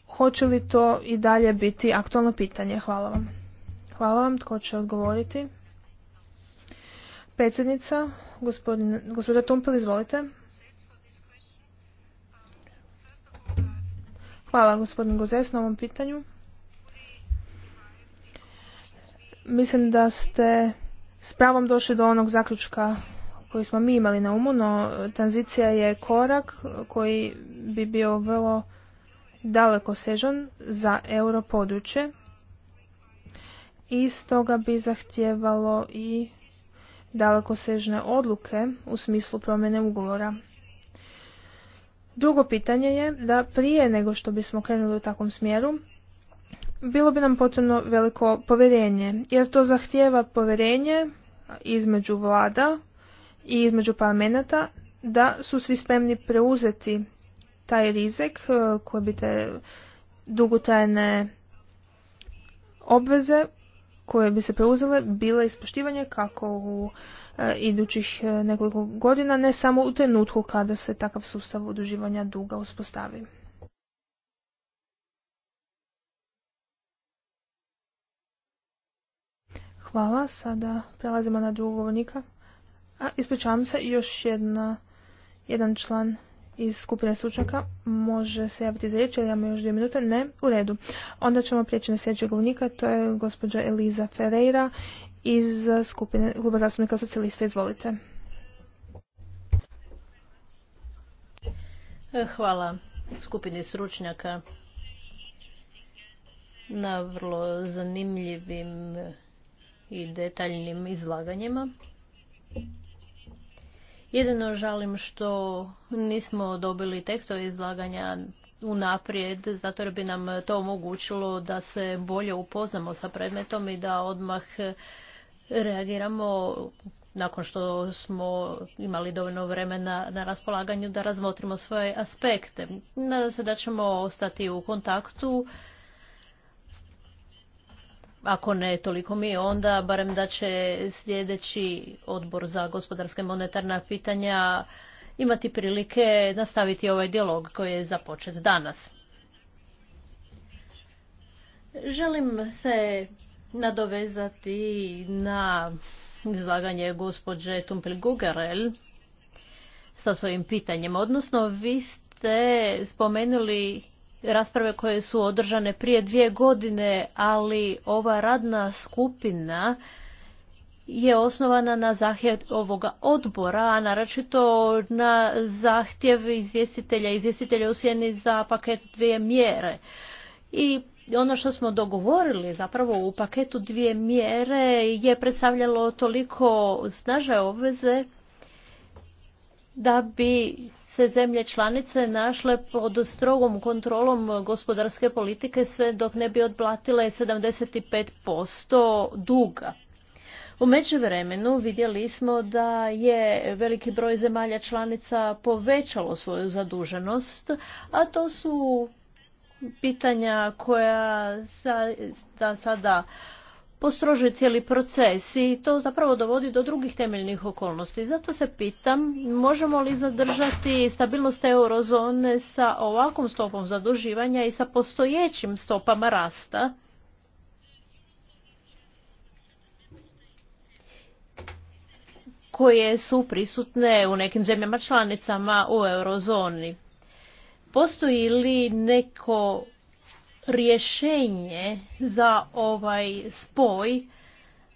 hoće li to i dalje biti aktualno pitanje hvala vam hvala vam tko će odgovoriti predsjednica gospodin, gospodin Tumpel izvolite Hvala gospodin Gozes na ovom pitanju. Mislim da ste s pravom došli do onog zaključka koji smo mi imali na umu, no tranzicija je korak koji bi bio vrlo daleko sežan za euro područje i stoga bi zahtjevalo i dalekosežne odluke u smislu promjene ugovora. Drugo pitanje je da prije nego što bismo krenuli u takvom smjeru, bilo bi nam potrebno veliko povjerenje, jer to zahtijeva povjerenje između vlada i između parlamenta da su svi spremni preuzeti taj rizik eh, koji bi te dugotrajne obveze koje bi se preuzele bile ispoštivanje kako u e, idućih e, nekoliko godina, ne samo u trenutku kada se takav sustav oduživanja duga uspostavi. Hvala, sada prelazimo na drugog govornika. A, ispričavam se, još jedna, jedan član iz skupine stručnjaka može se javiti za riječ, ali imamo još dvije minute. Ne, u redu. Onda ćemo prijeći na sljedećeg govornika, to je gospođa Eliza Ferreira iz skupine Kluba zastupnika socijalista. Izvolite. Hvala skupini stručnjaka na vrlo zanimljivim i detaljnim izlaganjima. Jedino žalim što nismo dobili tekstove izlaganja unaprijed, zato jer bi nam to omogućilo da se bolje upoznamo sa predmetom i da odmah reagiramo nakon što smo imali dovoljno vremena na raspolaganju da razmotrimo svoje aspekte. Nadam se da ćemo ostati u kontaktu ako ne toliko mi, onda barem da će sljedeći odbor za gospodarske monetarna pitanja imati prilike nastaviti ovaj dijalog koji je započet danas. Želim se nadovezati na izlaganje gospođe Tumpel Gugarel sa svojim pitanjem. Odnosno, vi ste spomenuli rasprave koje su održane prije dvije godine, ali ova radna skupina je osnovana na zahtjev ovoga odbora, a naročito na zahtjev izvjestitelja, izvjestitelja u sjeni za paket dvije mjere. I ono što smo dogovorili zapravo u paketu dvije mjere je predstavljalo toliko snaže obveze da bi se zemlje članice našle pod strogom kontrolom gospodarske politike sve dok ne bi odplatile 75% duga. U međuvremenu vidjeli smo da je veliki broj zemalja članica povećalo svoju zaduženost, a to su pitanja koja sada postrožuje cijeli proces i to zapravo dovodi do drugih temeljnih okolnosti. Zato se pitam, možemo li zadržati stabilnost eurozone sa ovakvom stopom zaduživanja i sa postojećim stopama rasta? koje su prisutne u nekim zemljama članicama u eurozoni. Postoji li neko rješenje za ovaj spoj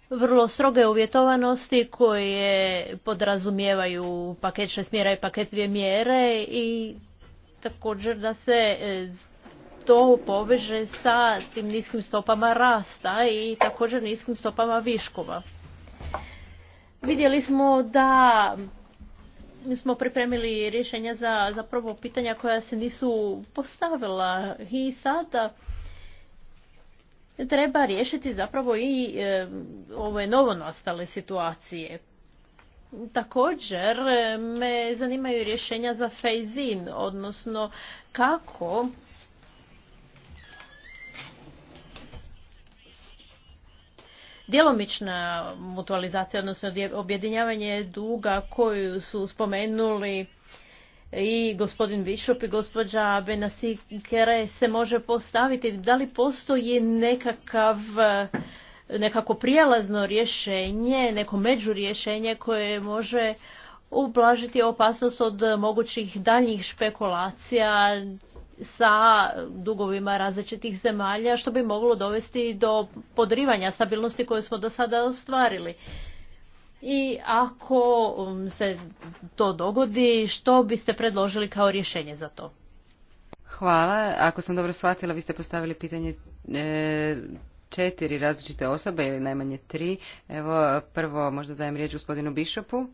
vrlo stroge uvjetovanosti koje podrazumijevaju paket šest mjera i paket dvije mjere i također da se e, to poveže sa tim niskim stopama rasta i također niskim stopama viškova. Vidjeli smo da mi smo pripremili rješenja za zapravo pitanja koja se nisu postavila i sada treba riješiti zapravo i e, ove novonastale situacije. Također e, me zanimaju rješenja za phase-in, odnosno kako djelomična mutualizacija, odnosno objedinjavanje duga koju su spomenuli i gospodin Bishop i gospođa Benasikere se može postaviti. Da li postoji nekakav nekako prijelazno rješenje, neko međurješenje koje može ublažiti opasnost od mogućih daljih špekulacija sa dugovima različitih zemalja što bi moglo dovesti do podrivanja stabilnosti koju smo do sada ostvarili. I ako um, se to dogodi, što biste predložili kao rješenje za to? Hvala. Ako sam dobro shvatila, vi ste postavili pitanje e, četiri različite osobe ili najmanje tri. Evo, prvo možda dajem riječ gospodinu Bišopu.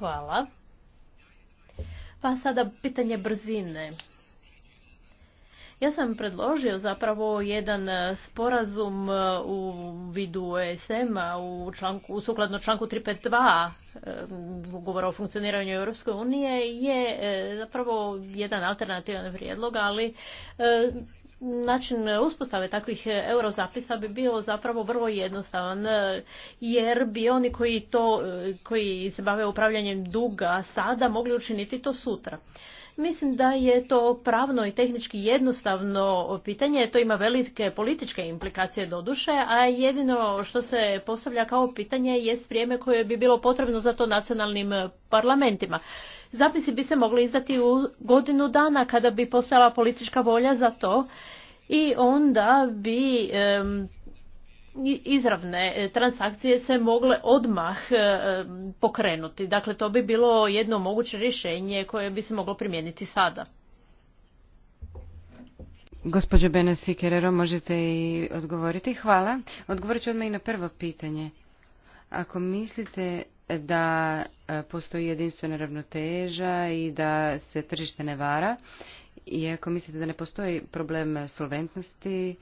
Hvala. Pa sada pitanje brzine. Ja sam predložio zapravo jedan e, sporazum e, u vidu ESM-a u, članku, sukladno članku 352 e, ugovora o funkcioniranju Europske unije je zapravo jedan alternativan prijedlog, ali način uspostave takvih eurozapisa bi bio zapravo vrlo jednostavan, jer bi oni koji, to, koji se bave upravljanjem duga sada mogli učiniti to sutra. Mislim da je to pravno i tehnički jednostavno pitanje, to ima velike političke implikacije doduše, a jedino što se postavlja kao pitanje je vrijeme koje bi bilo potrebno za to nacionalnim parlamentima. Zapisi bi se mogli izdati u godinu dana kada bi postojala politička volja za to i onda bi izravne e, transakcije se mogle odmah e, pokrenuti. Dakle, to bi bilo jedno moguće rješenje koje bi se moglo primijeniti sada. Gospođo Benesi Sikerero, možete i odgovoriti. Hvala. Odgovorit ću odmah i na prvo pitanje. Ako mislite da e, postoji jedinstvena ravnoteža i da se tržište ne vara, i ako mislite da ne postoji problem solventnosti,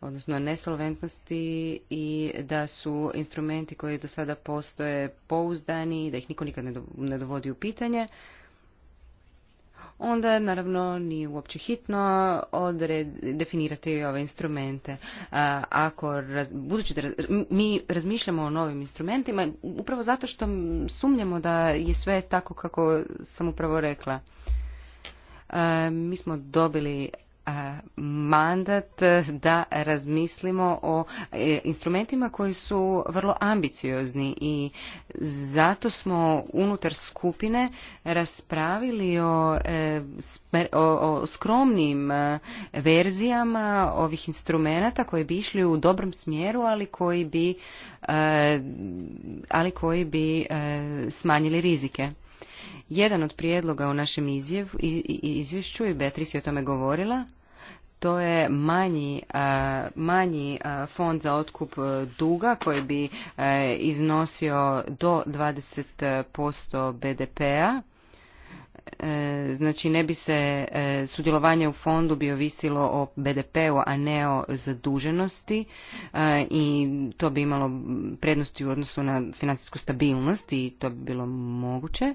odnosno nesolventnosti i da su instrumenti koji do sada postoje pouzdani, da ih niko nikad ne dovodi u pitanje, onda naravno nije uopće hitno definirati ove instrumente. ako budući da mi razmišljamo o novim instrumentima, upravo zato što sumnjamo da je sve tako kako sam upravo rekla. E, mi smo dobili e, mandat da razmislimo o e, instrumentima koji su vrlo ambiciozni i zato smo unutar skupine raspravili o, o skromnim verzijama ovih instrumenata koji bi išli u dobrom smjeru, ali koji bi ali koji bi smanjili rizike. Jedan od prijedloga u našem izvješću, i Beatrice je o tome govorila, to je manji, manji fond za otkup e, duga koji bi e, iznosio do 20% BDP-a. E, znači ne bi se sudjelovanje u fondu bi ovisilo o BDP-u, a ne o zaduženosti i to bi imalo prednosti u odnosu na financijsku stabilnost i to bi bilo moguće.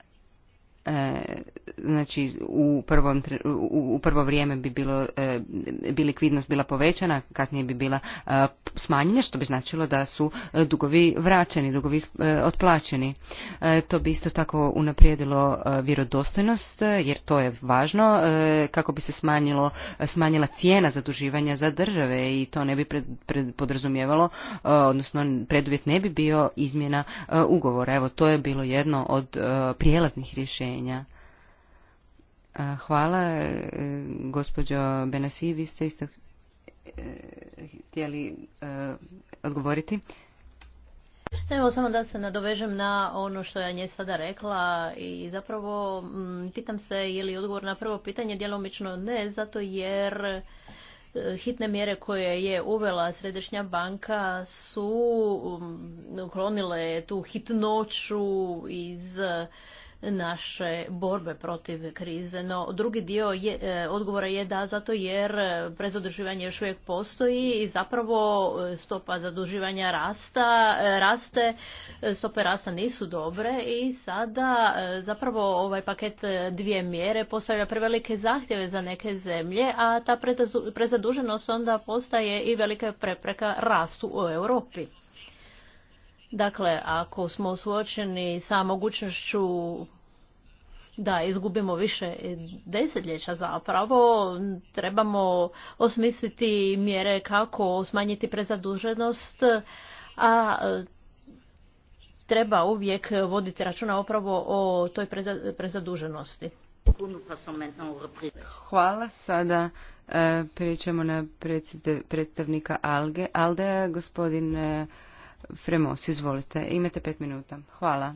E, znači u, prvom, u prvo vrijeme bi, bilo, e, bi likvidnost bila povećana, kasnije bi bila e, smanjenja, što bi značilo da su dugovi vraćeni, dugovi otplaćeni. To bi isto tako unaprijedilo vjerodostojnost, jer to je važno, kako bi se smanjilo, smanjila cijena zaduživanja za države i to ne bi pred, podrazumijevalo, odnosno preduvjet ne bi bio izmjena ugovora. Evo, to je bilo jedno od prijelaznih rješenja rješenja. Hvala, e, gospođo Benasi, vi ste isto e, htjeli e, odgovoriti. Evo samo da se nadovežem na ono što ja nje sada rekla i zapravo mm, pitam se je li odgovor na prvo pitanje djelomično ne, zato jer hitne mjere koje je uvela Središnja banka su mm, uklonile tu hitnoću iz naše borbe protiv krize. No, drugi dio e, odgovora je da zato jer e, prezaduživanje još uvijek postoji i zapravo e, stopa zaduživanja rasta, raste, stope rasta nisu dobre i sada zapravo ovaj paket dvije mjere postavlja prevelike zahtjeve za neke zemlje, a ta prezaduženost onda postaje i velika prepreka rastu u Europi. Dakle, ako smo suočeni sa mogućnošću da izgubimo više desetljeća zapravo, trebamo osmisliti mjere kako smanjiti prezaduženost, a treba uvijek voditi računa upravo o toj prezaduženosti. Hvala. Sada e, pričamo na predstavnika Alge. Aldea, gospodin e, Fremos, izvolite. Imate pet minuta. Hvala.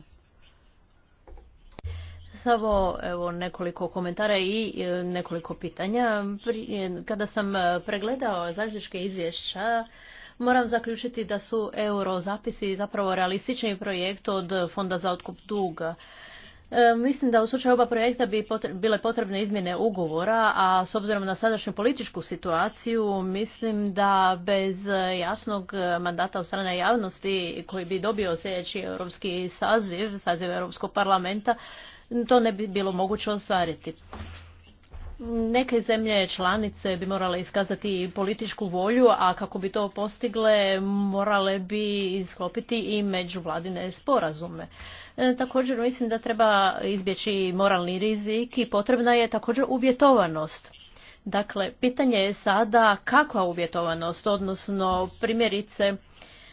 Samo evo, nekoliko komentara i e, nekoliko pitanja. E, kada sam e, pregledao zaključke izvješća, moram zaključiti da su eurozapisi zapravo realistični projekt od Fonda za otkup duga. E, mislim da u slučaju oba projekta bi bile potrebne izmjene ugovora, a s obzirom na sadašnju političku situaciju, mislim da bez jasnog mandata od strane javnosti koji bi dobio sljedeći europski saziv, saziv Europskog parlamenta, to ne bi bilo moguće ostvariti. Neke zemlje članice bi morale iskazati političku volju, a kako bi to postigle morale bi isklopiti i međuvladine sporazume. E, također mislim da treba izbjeći moralni rizik i potrebna je također uvjetovanost. Dakle, pitanje je sada kakva uvjetovanost, odnosno primjerice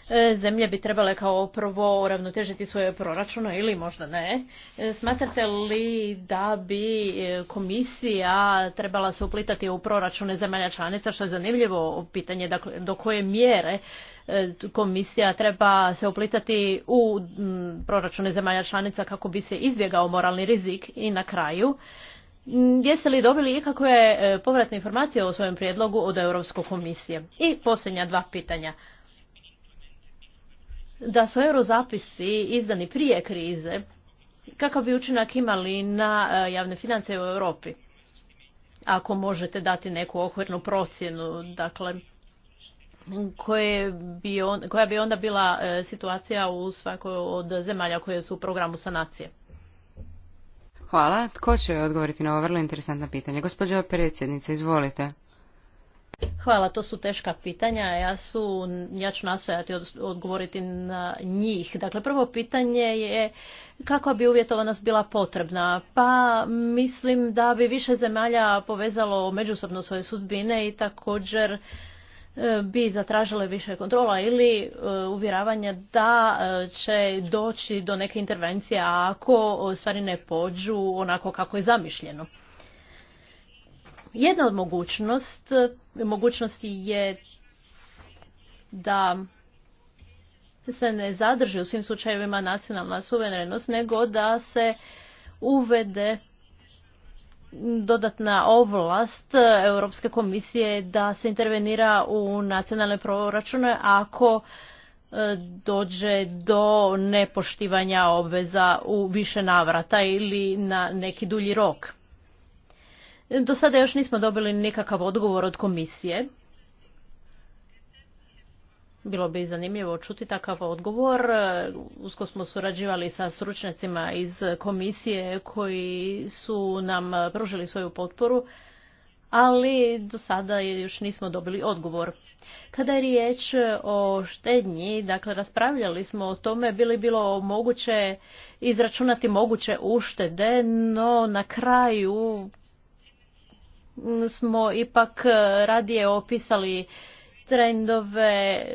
E, zemlje bi trebale kao prvo uravnotežiti svoje proračune ili možda ne. E, smatrate li da bi e, komisija trebala se uplitati u proračune zemalja članica, što je zanimljivo pitanje, dakle, do koje mjere komisija treba se uplitati u proračune zemalja članica kako bi se izbjegao moralni rizik i na kraju. Jeste li dobili ikakve povratne informacije o svojem prijedlogu od Europske komisije? I posljednja dva pitanja da su eurozapisi izdani prije krize, kakav bi učinak imali na e, javne financije u Europi? Ako možete dati neku okvirnu procjenu, dakle, koja bi onda bila e, situacija u svakoj od zemalja koje su u programu sanacije? Hvala. Tko će odgovoriti na ovo vrlo interesantno pitanje? Gospođo predsjednica, izvolite. Hvala, to su teška pitanja. Ja, su, ja ću nastojati odgovoriti na njih. Dakle, prvo pitanje je kako bi uvjetovanost bila potrebna? Pa mislim da bi više zemalja povezalo međusobno svoje sudbine i također e, bi zatražile više kontrola ili e, uvjeravanja da e, će doći do neke intervencije ako stvari ne pođu onako kako je zamišljeno. Jedna od mogućnost, mogućnosti je da se ne zadrži u svim slučajevima nacionalna suverenost, nego da se uvede dodatna ovlast Europske komisije da se intervenira u nacionalne proračune ako e, dođe do nepoštivanja obveza u više navrata ili na neki dulji rok. Do sada još nismo dobili nikakav odgovor od komisije. Bilo bi zanimljivo čuti takav odgovor. Usko smo surađivali sa stručnjacima iz komisije koji su nam pružili svoju potporu, ali do sada još nismo dobili odgovor. Kada je riječ o štednji, dakle raspravljali smo o tome, bili bilo moguće izračunati moguće uštede, no na kraju smo ipak e, radije opisali trendove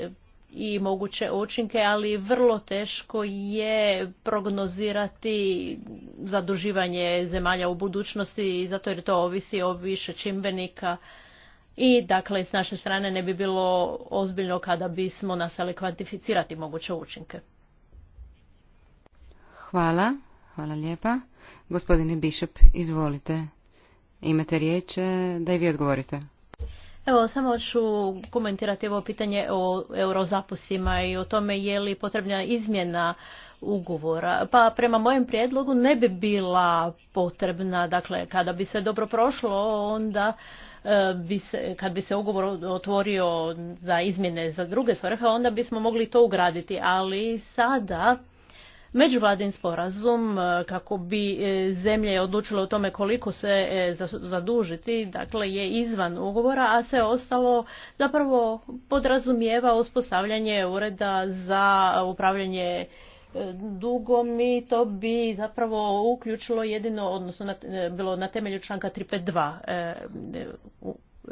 i moguće učinke, ali vrlo teško je prognozirati zaduživanje zemalja u budućnosti, zato jer to ovisi o više čimbenika. I dakle, s naše strane ne bi bilo ozbiljno kada bismo nasali kvantificirati moguće učinke. Hvala, hvala lijepa. Gospodine Bišep, izvolite. Imate riječ e, da i vi odgovorite. Evo, samo ću komentirati ovo pitanje o eurozapusima i o tome je li potrebna izmjena ugovora. Pa prema mojem prijedlogu ne bi bila potrebna, dakle kada bi se dobro prošlo onda e, bi se, kad bi se ugovor otvorio za izmjene za druge svrhe, onda bismo mogli to ugraditi, ali sada međuvladin sporazum e, kako bi e, zemlje odlučile o tome koliko se e, zadužiti, dakle je izvan ugovora, a sve ostalo zapravo podrazumijeva uspostavljanje ureda za upravljanje dugom i to bi zapravo uključilo jedino, odnosno bilo na temelju članka 352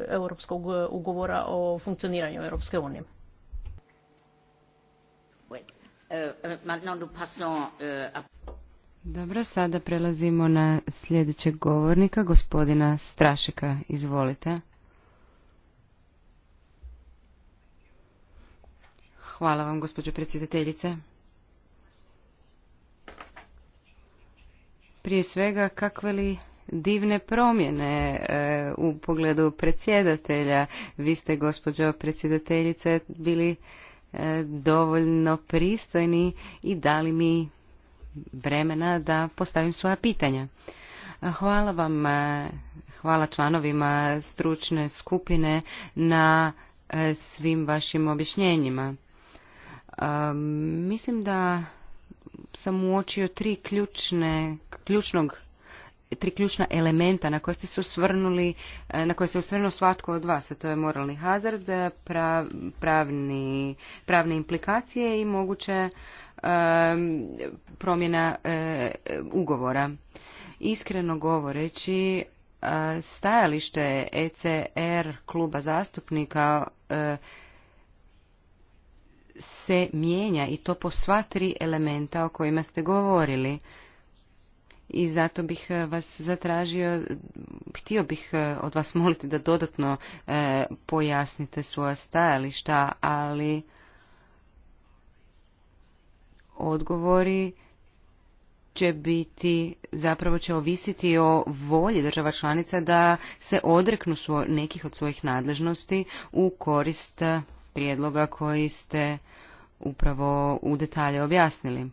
Europskog ugovora o funkcioniranju Europske unije. Eh, eh, eh, Dobro, sada prelazimo na sljedećeg govornika, gospodina Strašeka. Izvolite. Hvala vam, gospođo predsjedateljice. Prije svega, kakve li divne promjene u pogledu predsjedatelja? Vi ste, gospođo predsjedateljice, bili E, dovoljno pristojni i dali mi vremena da postavim svoja pitanja. Hvala vam, e, hvala članovima stručne skupine na e, svim vašim objašnjenjima. Mislim da sam uočio tri ključne, ključnog tri ključna elementa na koje ste se osvrnuli, eh, na koje se osvrnuo svatko od vas, a to je moralni hazard, eh, pravni, pravne implikacije i moguće ehm, promjena eh, ugovora. Iskreno govoreći, stajalište ECR kluba zastupnika se mijenja i to po sva tri elementa o kojima ste govorili i zato bih e, vas zatražio, htio bih e, od vas moliti da dodatno e, pojasnite svoja stajališta, ali odgovori će biti, zapravo će ovisiti o volji država članica da se odreknu nekih od svojih nadležnosti u korist prijedloga koji ste upravo u detalje objasnili.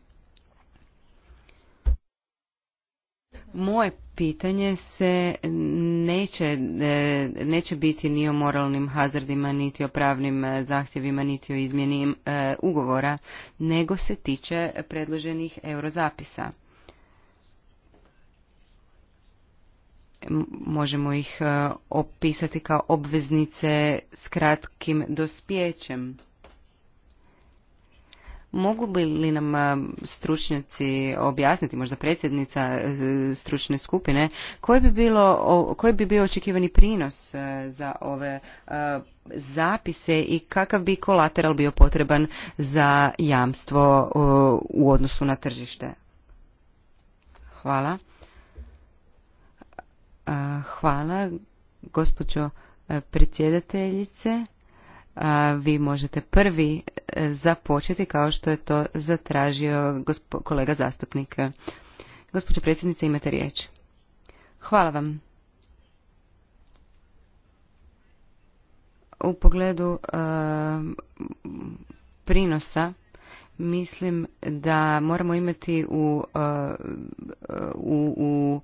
Moje pitanje se neće, e, neće biti ni o moralnim hazardima, niti o pravnim e, zahtjevima, niti o izmjeni e, ugovora, nego se tiče predloženih eurozapisa. Možemo ih opisati kao obveznice s kratkim dospjećem. Mogu li nam stručnjaci objasniti, možda predsjednica e, stručne skupine, koji bi, bilo, koji bi bio očekivani prinos e, za ove zapise i kakav bi kolateral bio potreban za jamstvo u odnosu na tržište? Hvala. Hvala, gospođo e, predsjedateljice. Vi možete prvi započeti kao što je to zatražio kolega zastupnik. Gospođo predsjednica, imate riječ. Hvala vam. U pogledu e, prinosa mislim da moramo imati u, e, u, u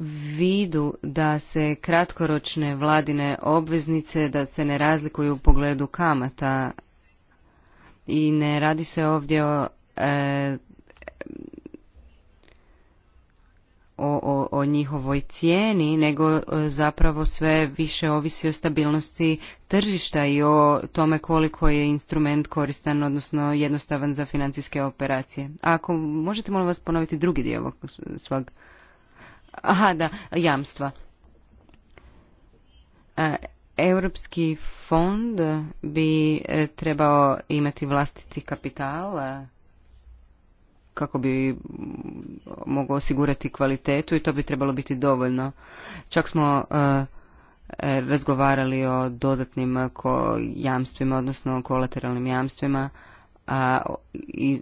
vidu da se kratkoročne vladine obveznice da se ne razlikuju u pogledu kamata i ne radi se ovdje o, e, o, njihovoj cijeni, nego e, zapravo sve više ovisi o stabilnosti tržišta i o tome koliko je instrument koristan, odnosno jednostavan za financijske operacije. ako možete molim vas ponoviti drugi dio svog Aha, da, jamstva. E, Europski fond bi e, trebao imati vlastiti kapital e, kako bi mogao osigurati kvalitetu i to bi trebalo biti dovoljno. Čak smo razgovarali o dodatnim jamstvima, odnosno kolateralnim jamstvima a, i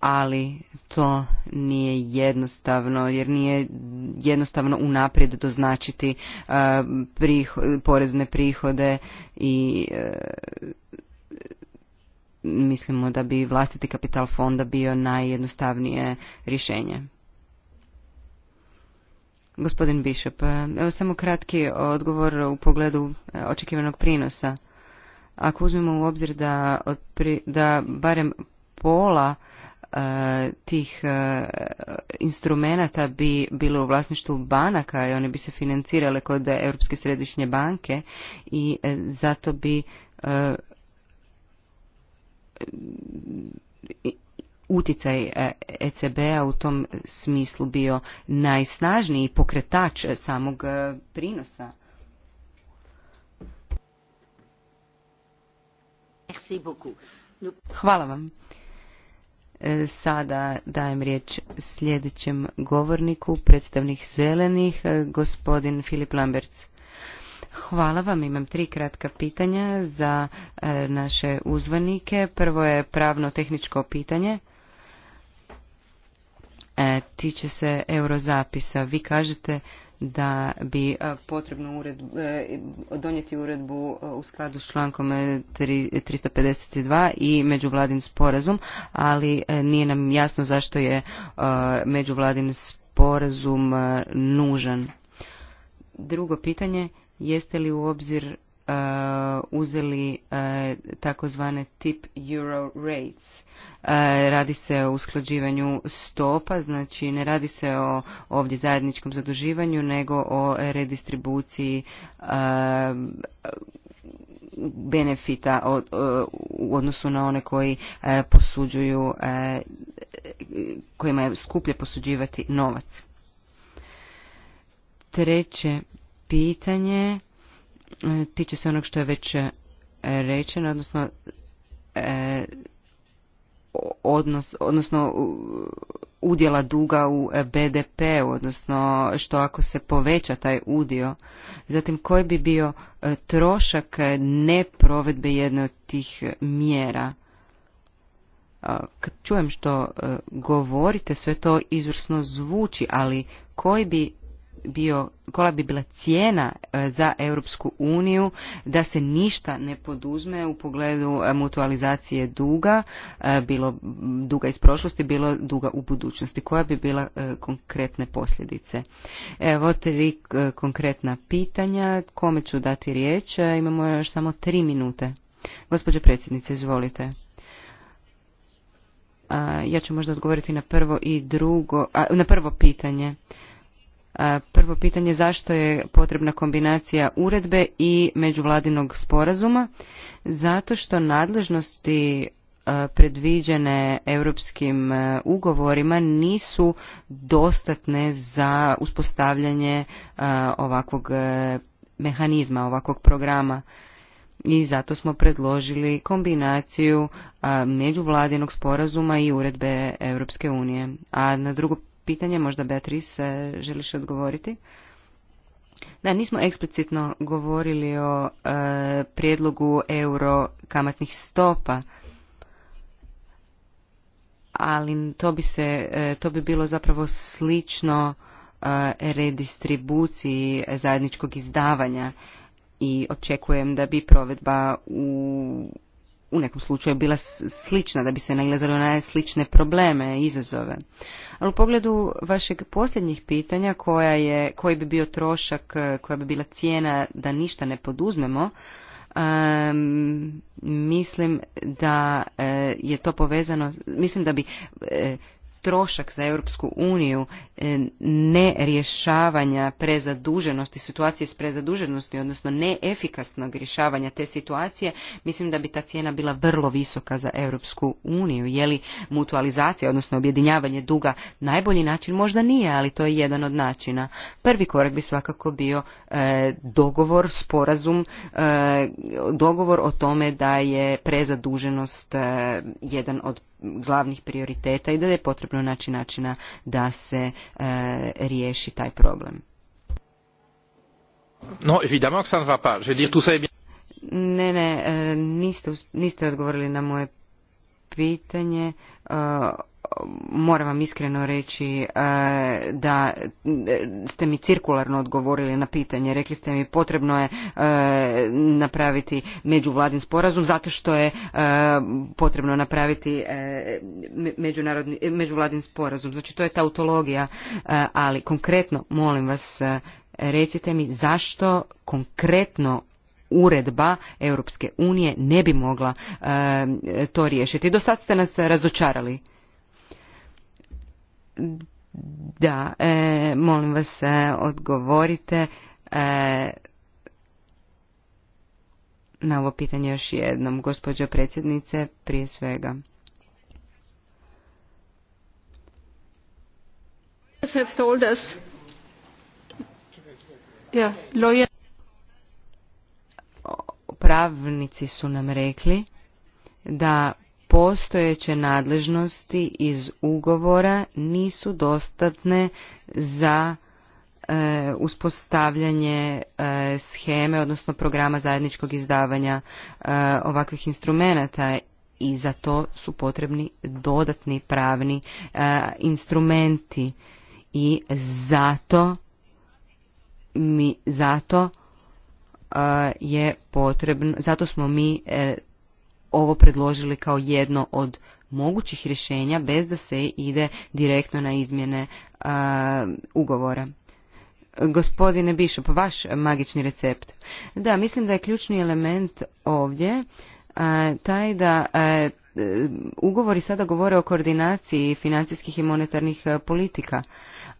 ali to nije jednostavno jer nije jednostavno unaprijed doznačiti e, porezne prihode i e, mislimo da bi vlastiti kapital fonda bio najjednostavnije rješenje. Gospodin Bishop. E, evo samo kratki odgovor u pogledu očekivanog prinosa. Ako uzmemo u obzir da barem pola E, tih e, instrumenata bi bilo u vlasništvu banaka i one bi se financirale kod Europske središnje banke i e, zato bi utjecaj ECB-a u tom smislu bio najsnažniji pokretač samog prinosa. Hvala vam. E, sada dajem riječ sljedećem govorniku, predstavnik zelenih, e, gospodin Filip Lamberts. Hvala vam, imam tri kratka pitanja za e, naše uzvanike. Prvo je pravno-tehničko pitanje. E, tiče se eurozapisa. Vi kažete da bi e, potrebno ured, e, donijeti uredbu u skladu s člankom 352 i međuvladin sporazum, ali nije nam jasno zašto je međuvladin sporazum nužan. Drugo pitanje, jeste li u obzir Uh, uzeli uh, takozvane tip euro rates. Uh, radi se o usklađivanju stopa, znači ne radi se o ovdje zajedničkom zaduživanju, nego o redistribuciji benefita u odnosu na one koji posuđuju, kojima je skuplje posuđivati novac. Treće pitanje E, tiče se onog što je već e, rečeno, odnosno e, odnos, odnosno udjela duga u BDP, odnosno što ako se poveća taj udio. Zatim koji bi bio trošak neprovedbe jedne od tih mjera? Kad čujem što govorite, sve to izvrsno zvuči, ali koji bi bio, kola bi bila cijena e, za Europsku uniju da se ništa ne poduzme u pogledu e, mutualizacije duga, e, bilo duga iz prošlosti, bilo duga u budućnosti. Koja bi bila konkretne posljedice? Evo tri konkretna pitanja. Kome ću dati riječ? Imamo još samo tri minute. Gospođo predsjednice, izvolite. Ja ću možda odgovoriti na prvo i drugo, a, na prvo pitanje. Prvo pitanje zašto je potrebna kombinacija uredbe i međuvladinog sporazuma? Zato što nadležnosti predviđene europskim ugovorima nisu dostatne za uspostavljanje ovakvog mehanizma, ovakvog programa i zato smo predložili kombinaciju međuvladinog sporazuma i uredbe Europske unije. A na drugo pitanje, možda Beatrice želiš odgovoriti? Da, nismo eksplicitno govorili o e, prijedlogu euro kamatnih stopa, ali to bi, se, e, to bi bilo zapravo slično e, redistribuciji zajedničkog izdavanja i očekujem da bi provedba u u nekom slučaju bila slična, da bi se nailazilo na slične probleme, izazove. Ali u pogledu vašeg posljednjih pitanja, koja je, koji bi bio trošak, koja bi bila cijena da ništa ne poduzmemo, mislim da e, je to povezano, mislim da bi e, trošak za Europsku uniju e, ne rješavanja prezaduženosti, situacije s prezaduženosti, odnosno neefikasnog rješavanja te situacije, mislim da bi ta cijena bila vrlo visoka za Europsku uniju. Je li mutualizacija, odnosno objedinjavanje duga najbolji način? Možda nije, ali to je jedan od načina. Prvi korak bi svakako bio e, dogovor, sporazum, e, dogovor o tome da je prezaduženost jedan od glavnih prioriteta i da je potrebno naći načina da se e, riješi taj problem. No, ne Ne, ne, niste, niste odgovorili na moje pitanje e, moram vam iskreno reći e, da ste mi cirkularno odgovorili na pitanje. Rekli ste mi potrebno je e, napraviti međuvladin sporazum zato što je e, potrebno napraviti međuvladin sporazum. Znači to je tautologija, ali konkretno molim vas recite mi zašto konkretno uredba Europske unije ne bi mogla to riješiti. Do sad ste nas razočarali. Da, e, molim vas e, odgovorite e, na ovo pitanje još jednom, gospođo predsjednice, prije svega. Pravnici su nam rekli da postojeće nadležnosti iz ugovora nisu dostatne za e, uspostavljanje e, scheme odnosno programa zajedničkog izdavanja e, ovakvih instrumenata i za to su potrebni dodatni pravni e, instrumenti i zato mi zato je potrebno zato smo mi ovo predložili kao jedno od mogućih rješenja bez da se ide direktno na izmjene ugovora. Gospodine pa vaš magični recept. Da, mislim da je ključni element ovdje taj da ugovori sada govore o koordinaciji financijskih i monetarnih politika,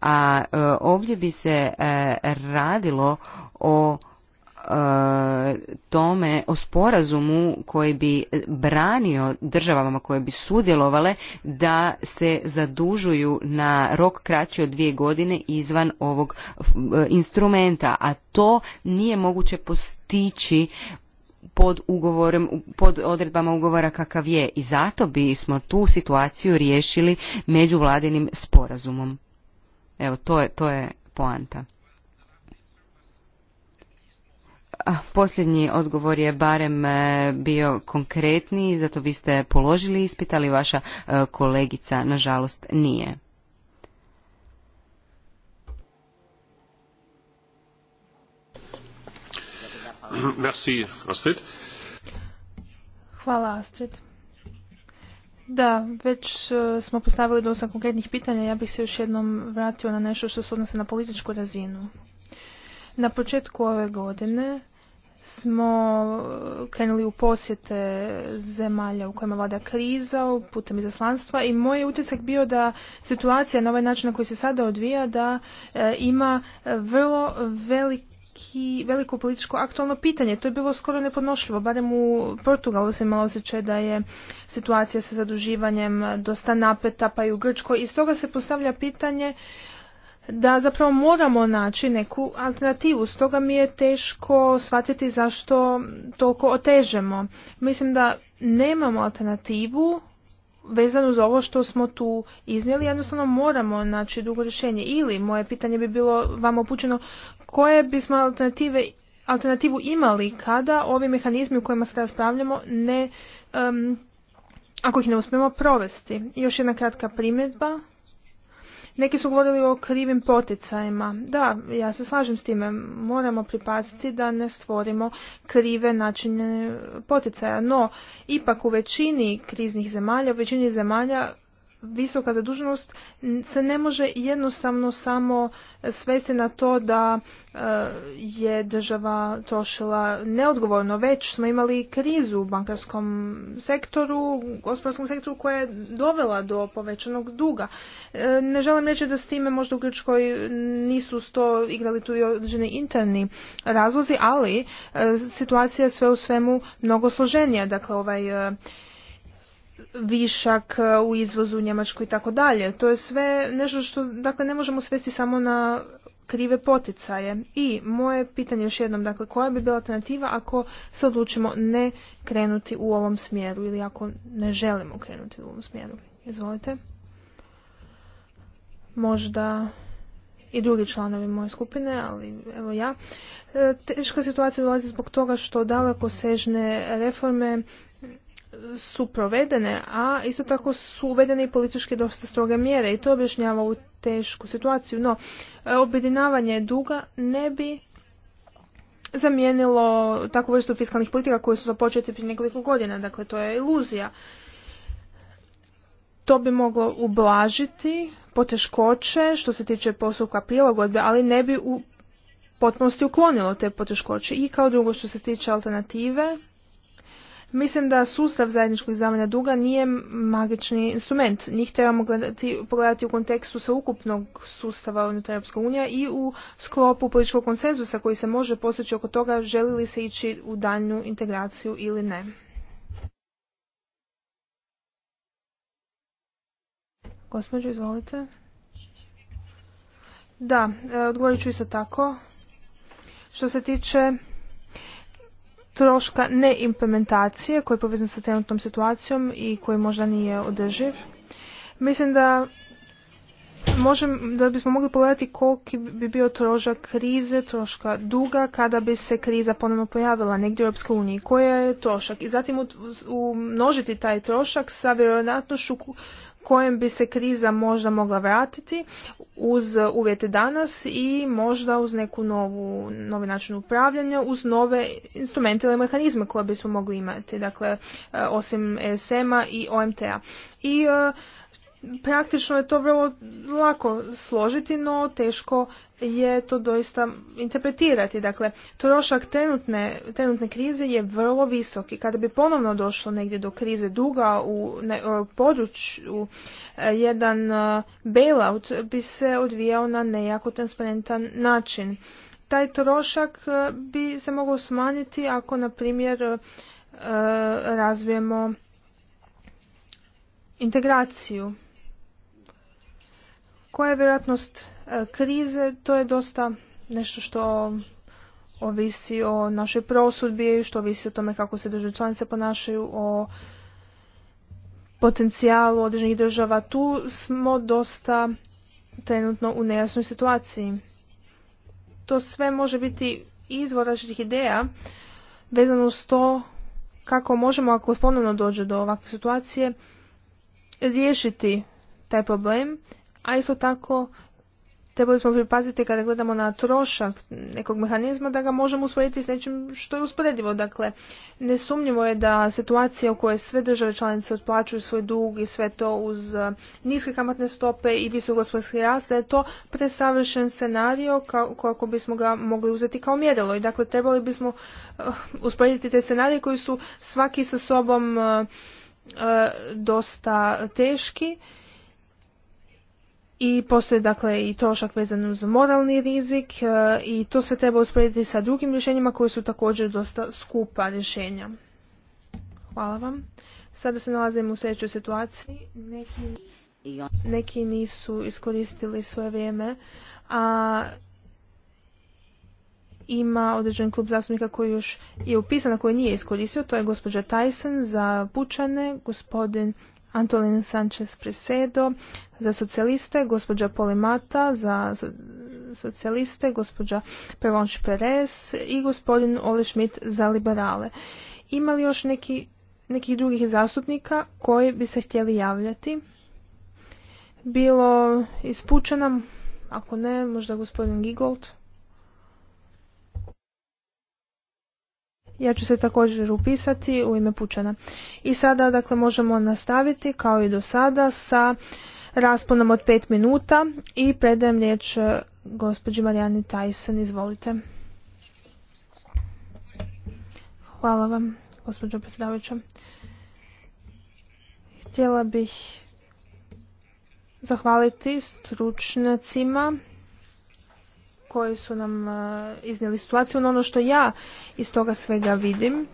a ovdje bi se radilo o E, tome o sporazumu koji bi branio državama koje bi sudjelovale da se zadužuju na rok kraći od dvije godine izvan ovog e, instrumenta, a to nije moguće postići pod pod odredbama ugovora kakav je i zato bismo tu situaciju riješili međuvladinim sporazumom. Evo to je, to je poanta. Posljednji odgovor je barem e, bio konkretniji, zato vi ste položili ispit, ali vaša e, kolegica nažalost nije. Merci, Astrid. Hvala Astrid. Da, već e, smo postavili dosta konkretnih pitanja, ja bih se još jednom vratio na nešto što se odnose na političku razinu. Na početku ove godine smo uh, krenuli u posjete zemalja u kojima vlada kriza putem izaslanstva i moj utisak bio da situacija na ovaj način na koji se sada odvija da uh, ima vrlo veliki, veliko političko aktualno pitanje. To je bilo skoro nepodnošljivo, barem u Portugalu se imalo osjećaj da je situacija sa zaduživanjem dosta napeta pa i u Grčkoj. I stoga se postavlja pitanje da zapravo moramo naći neku alternativu. Stoga mi je teško shvatiti zašto toliko otežemo. Mislim da nemamo alternativu vezanu za ovo što smo tu iznijeli, jednostavno moramo naći drugo rješenje. Ili moje pitanje bi bilo vam upućeno koje bismo alternative alternativu imali kada ovi mehanizmi u kojima se raspravljamo ne, ako ih ne uspijemo provesti. Još jedna kratka primjedba neki su govorili o krivim poticajima. Da, ja se slažem s time. Moramo pripaziti da ne stvorimo krive načine poticaja. No, ipak u većini kriznih zemalja, u većini zemalja visoka zaduženost se ne može jednostavno samo svesti na to da eh, je država trošila neodgovorno. Već smo imali krizu u bankarskom sektoru, gospodarskom sektoru koja je dovela do povećanog duga. Eh, ne želim reći da s time možda u Grčkoj nisu sto igrali tu i određeni interni razlozi, ali eh, situacija je sve u svemu mnogo složenija. Dakle, ovaj višak e, u izvozu u Njemačku i tako dalje. To je sve nešto što dakle, ne možemo svesti samo na krive poticaje. I moje pitanje još jednom, dakle, koja bi bila alternativa ako se odlučimo ne krenuti u ovom smjeru ili ako ne želimo krenuti u ovom smjeru? Izvolite. Možda i drugi članovi moje skupine, ali evo ja. E, teška situacija dolazi zbog toga što daleko sežne reforme su provedene, a isto tako su uvedene i političke dosta stroge mjere i to objašnjava u tešku situaciju. No, objedinavanje duga ne bi zamijenilo takvu vrstu fiskalnih politika koje su započete prije nekoliko godina. Dakle, to je iluzija. To bi moglo ublažiti poteškoće što se tiče postupka prilagodbe, ali ne bi u potpunosti uklonilo te poteškoće. I kao drugo što se tiče alternative, Mislim da sustav zajedničkog izdavanja duga nije magični instrument. Njih trebamo gledati, pogledati u kontekstu sveukupnog sustava unutar Europske unije i u sklopu političkog konsenzusa koji se može postići oko toga želi li se ići u daljnju integraciju ili ne. Gospođo, izvolite. Da, e, odgovorit ću isto tako. Što se tiče troška neimplementacije koji je povezan sa trenutnom situacijom i koji možda nije održiv. Mislim da možem, da bismo mogli pogledati koliki bi bio trošak krize, troška duga kada bi se kriza ponovno pojavila negdje u Europskoj uniji, koji je trošak i zatim umnožiti taj trošak sa vjerojatnošću kojem bi se kriza možda mogla vratiti uz uvjete danas i možda uz neku novu, novi način upravljanja, uz nove instrumente ili mehanizme koje bismo mogli imati, dakle e, osim ESM-a i OMT-a. I e, praktično je to vrlo lako složiti, no teško je to doista interpretirati. Dakle, trošak trenutne, trenutne krize je vrlo visok i kada bi ponovno došlo negdje do krize duga u području, e, jedan e, bailout bi se odvijao na nejako transparentan način. Taj trošak e, bi se mogao smanjiti ako, na primjer, razvijemo integraciju koja je vjerojatnost e, krize, to je dosta nešto što ovisi o našoj prosudbi, što ovisi o tome kako se države članice ponašaju, o potencijalu određenih država. Tu smo dosta trenutno u nejasnoj situaciji. To sve može biti izvor različitih ideja vezano s to kako možemo, ako ponovno dođe do ovakve situacije, riješiti taj problem a isto tako trebali smo pripaziti kada gledamo na trošak nekog mehanizma da ga možemo usporediti s nečim što je usporedivo. Dakle, nesumnjivo je da situacija u kojoj sve države članice otplaćuju svoj dug i sve to uz e, niske kamatne stope i visok gospodarski rast, da je to presavršen scenario kako bismo ga mogli uzeti kao mjerilo. I dakle, trebali bismo e, usporediti te scenarije koji su svaki sa sobom e, dosta teški i postoji dakle i trošak vezan uz moralni rizik e, i to sve treba usporediti sa drugim rješenjima koji su također dosta skupa rješenja. Hvala vam. Sada se nalazimo u sljedećoj situaciji. Neki, neki nisu iskoristili svoje vrijeme, a ima određen klub zastupnika koji još je upisan, a koji nije iskoristio. To je gospođa Tyson za Pučane, gospodin Antolin Sanchez Presedo za socijaliste, gospođa Polimata za socijaliste, gospođa Pevonč Perez i gospodin Ole Schmidt za liberale. Ima li još neki, nekih drugih zastupnika koji bi se htjeli javljati? Bilo ispučeno, ako ne, možda gospodin Gigold. Ja ću se također upisati u ime Pučana. I sada dakle možemo nastaviti kao i do sada sa rasponom od pet minuta i predajem riječ e, gospođi Marijani Tyson. Izvolite. Hvala vam, gospođo predsjedavajuća. Htjela bih zahvaliti stručnjacima koji su nam e, iznijeli situaciju. No ono što ja iz toga svega vidim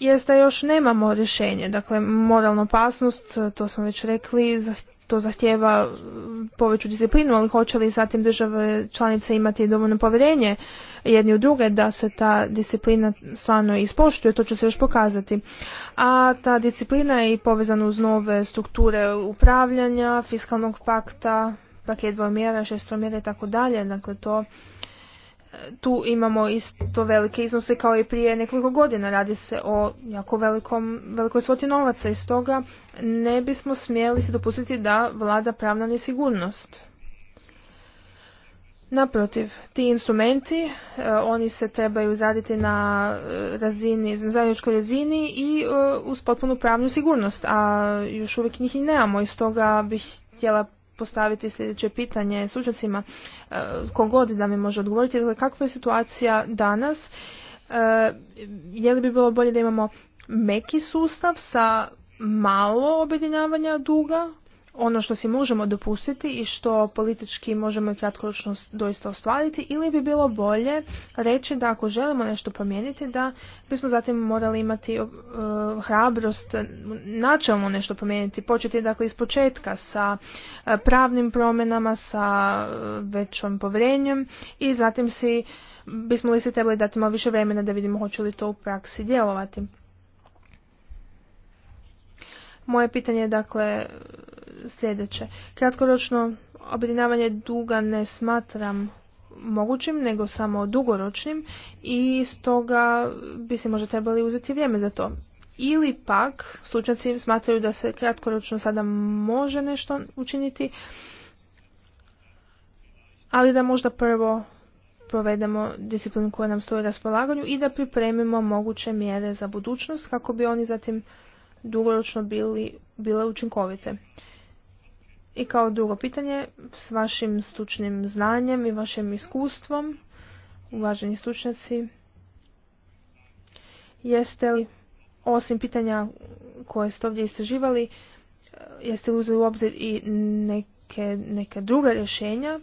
jest da još nemamo rješenje. Dakle, moralna opasnost, e, to smo već rekli, to zahtjeva poveću disciplinu, ali hoće li zatim države članice imati dovoljno povjerenje jedni u druge da se ta disciplina stvarno ispoštuje, to će se još pokazati. A ta disciplina je i povezana uz nove strukture upravljanja, fiskalnog pakta, paket dvomjera, mjera, i tako dalje. Dakle, to e, tu imamo isto velike iznose kao i prije nekoliko godina. Radi se o jako velikom, velikoj svoti novaca i stoga ne bismo smjeli se dopustiti da vlada pravna nesigurnost. Naprotiv, ti instrumenti, e, oni se trebaju izraditi na e, razini, na zajedničkoj razini i uz potpunu pravnu sigurnost, a još uvijek njih i nemamo i stoga bih htjela postaviti sljedeće pitanje sučacima e, kogod da mi može odgovoriti. Dakle, kakva je situacija danas? E, je li bi bilo bolje da imamo meki sustav sa malo objedinjavanja duga ono što si možemo dopustiti i što politički možemo i kratkoročno doista ostvariti ili bi bilo bolje reći da ako želimo nešto promijeniti da bismo zatim morali imati e, hrabrost načelno nešto promijeniti, početi dakle iz početka sa e, pravnim promjenama, sa uh, većom povrenjem i zatim si bismo li se trebali dati malo više vremena da vidimo hoće li to u praksi djelovati. Moje pitanje je dakle sljedeće. Kratkoročno objedinavanje duga ne smatram mogućim, nego samo dugoročnim i stoga bi se možda trebali uzeti vrijeme za to. Ili pak, slučajci smatraju da se kratkoročno sada može nešto učiniti, ali da možda prvo provedemo disciplinu koja nam stoji u raspolaganju i da pripremimo moguće mjere za budućnost kako bi oni zatim dugoročno bili, bile učinkovite. I kao drugo pitanje, s vašim stručnim znanjem i vašim iskustvom, uvaženi stručnjaci, jeste li, osim pitanja koje ste ovdje istraživali, jeste li uzeli u obzir i neke, neke druga rješenja?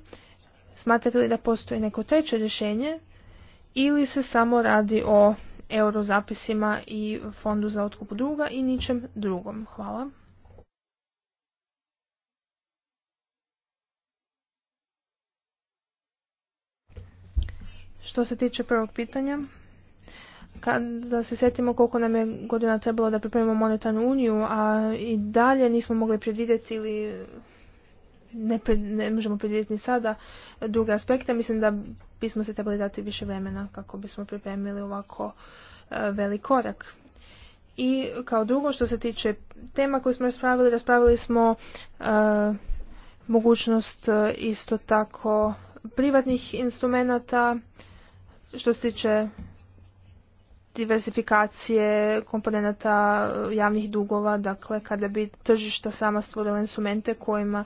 Smatrate li da postoji neko treće rješenje ili se samo radi o eurozapisima i fondu za otkup duga i ničem drugom. Hvala. Što se tiče prvog pitanja, kada se sjetimo koliko nam je godina trebalo da pripremimo monetarnu uniju, a i dalje nismo mogli predvidjeti ili ne, ne možemo predvidjeti ni sada druge aspekte. Mislim da bismo se trebali dati više vremena kako bismo pripremili ovako e, velik korak. I kao drugo što se tiče tema koju smo raspravili, raspravili smo e, mogućnost e, isto tako privatnih instrumenata što se tiče diversifikacije komponenata javnih dugova, dakle kada bi tržišta sama stvorila instrumente kojima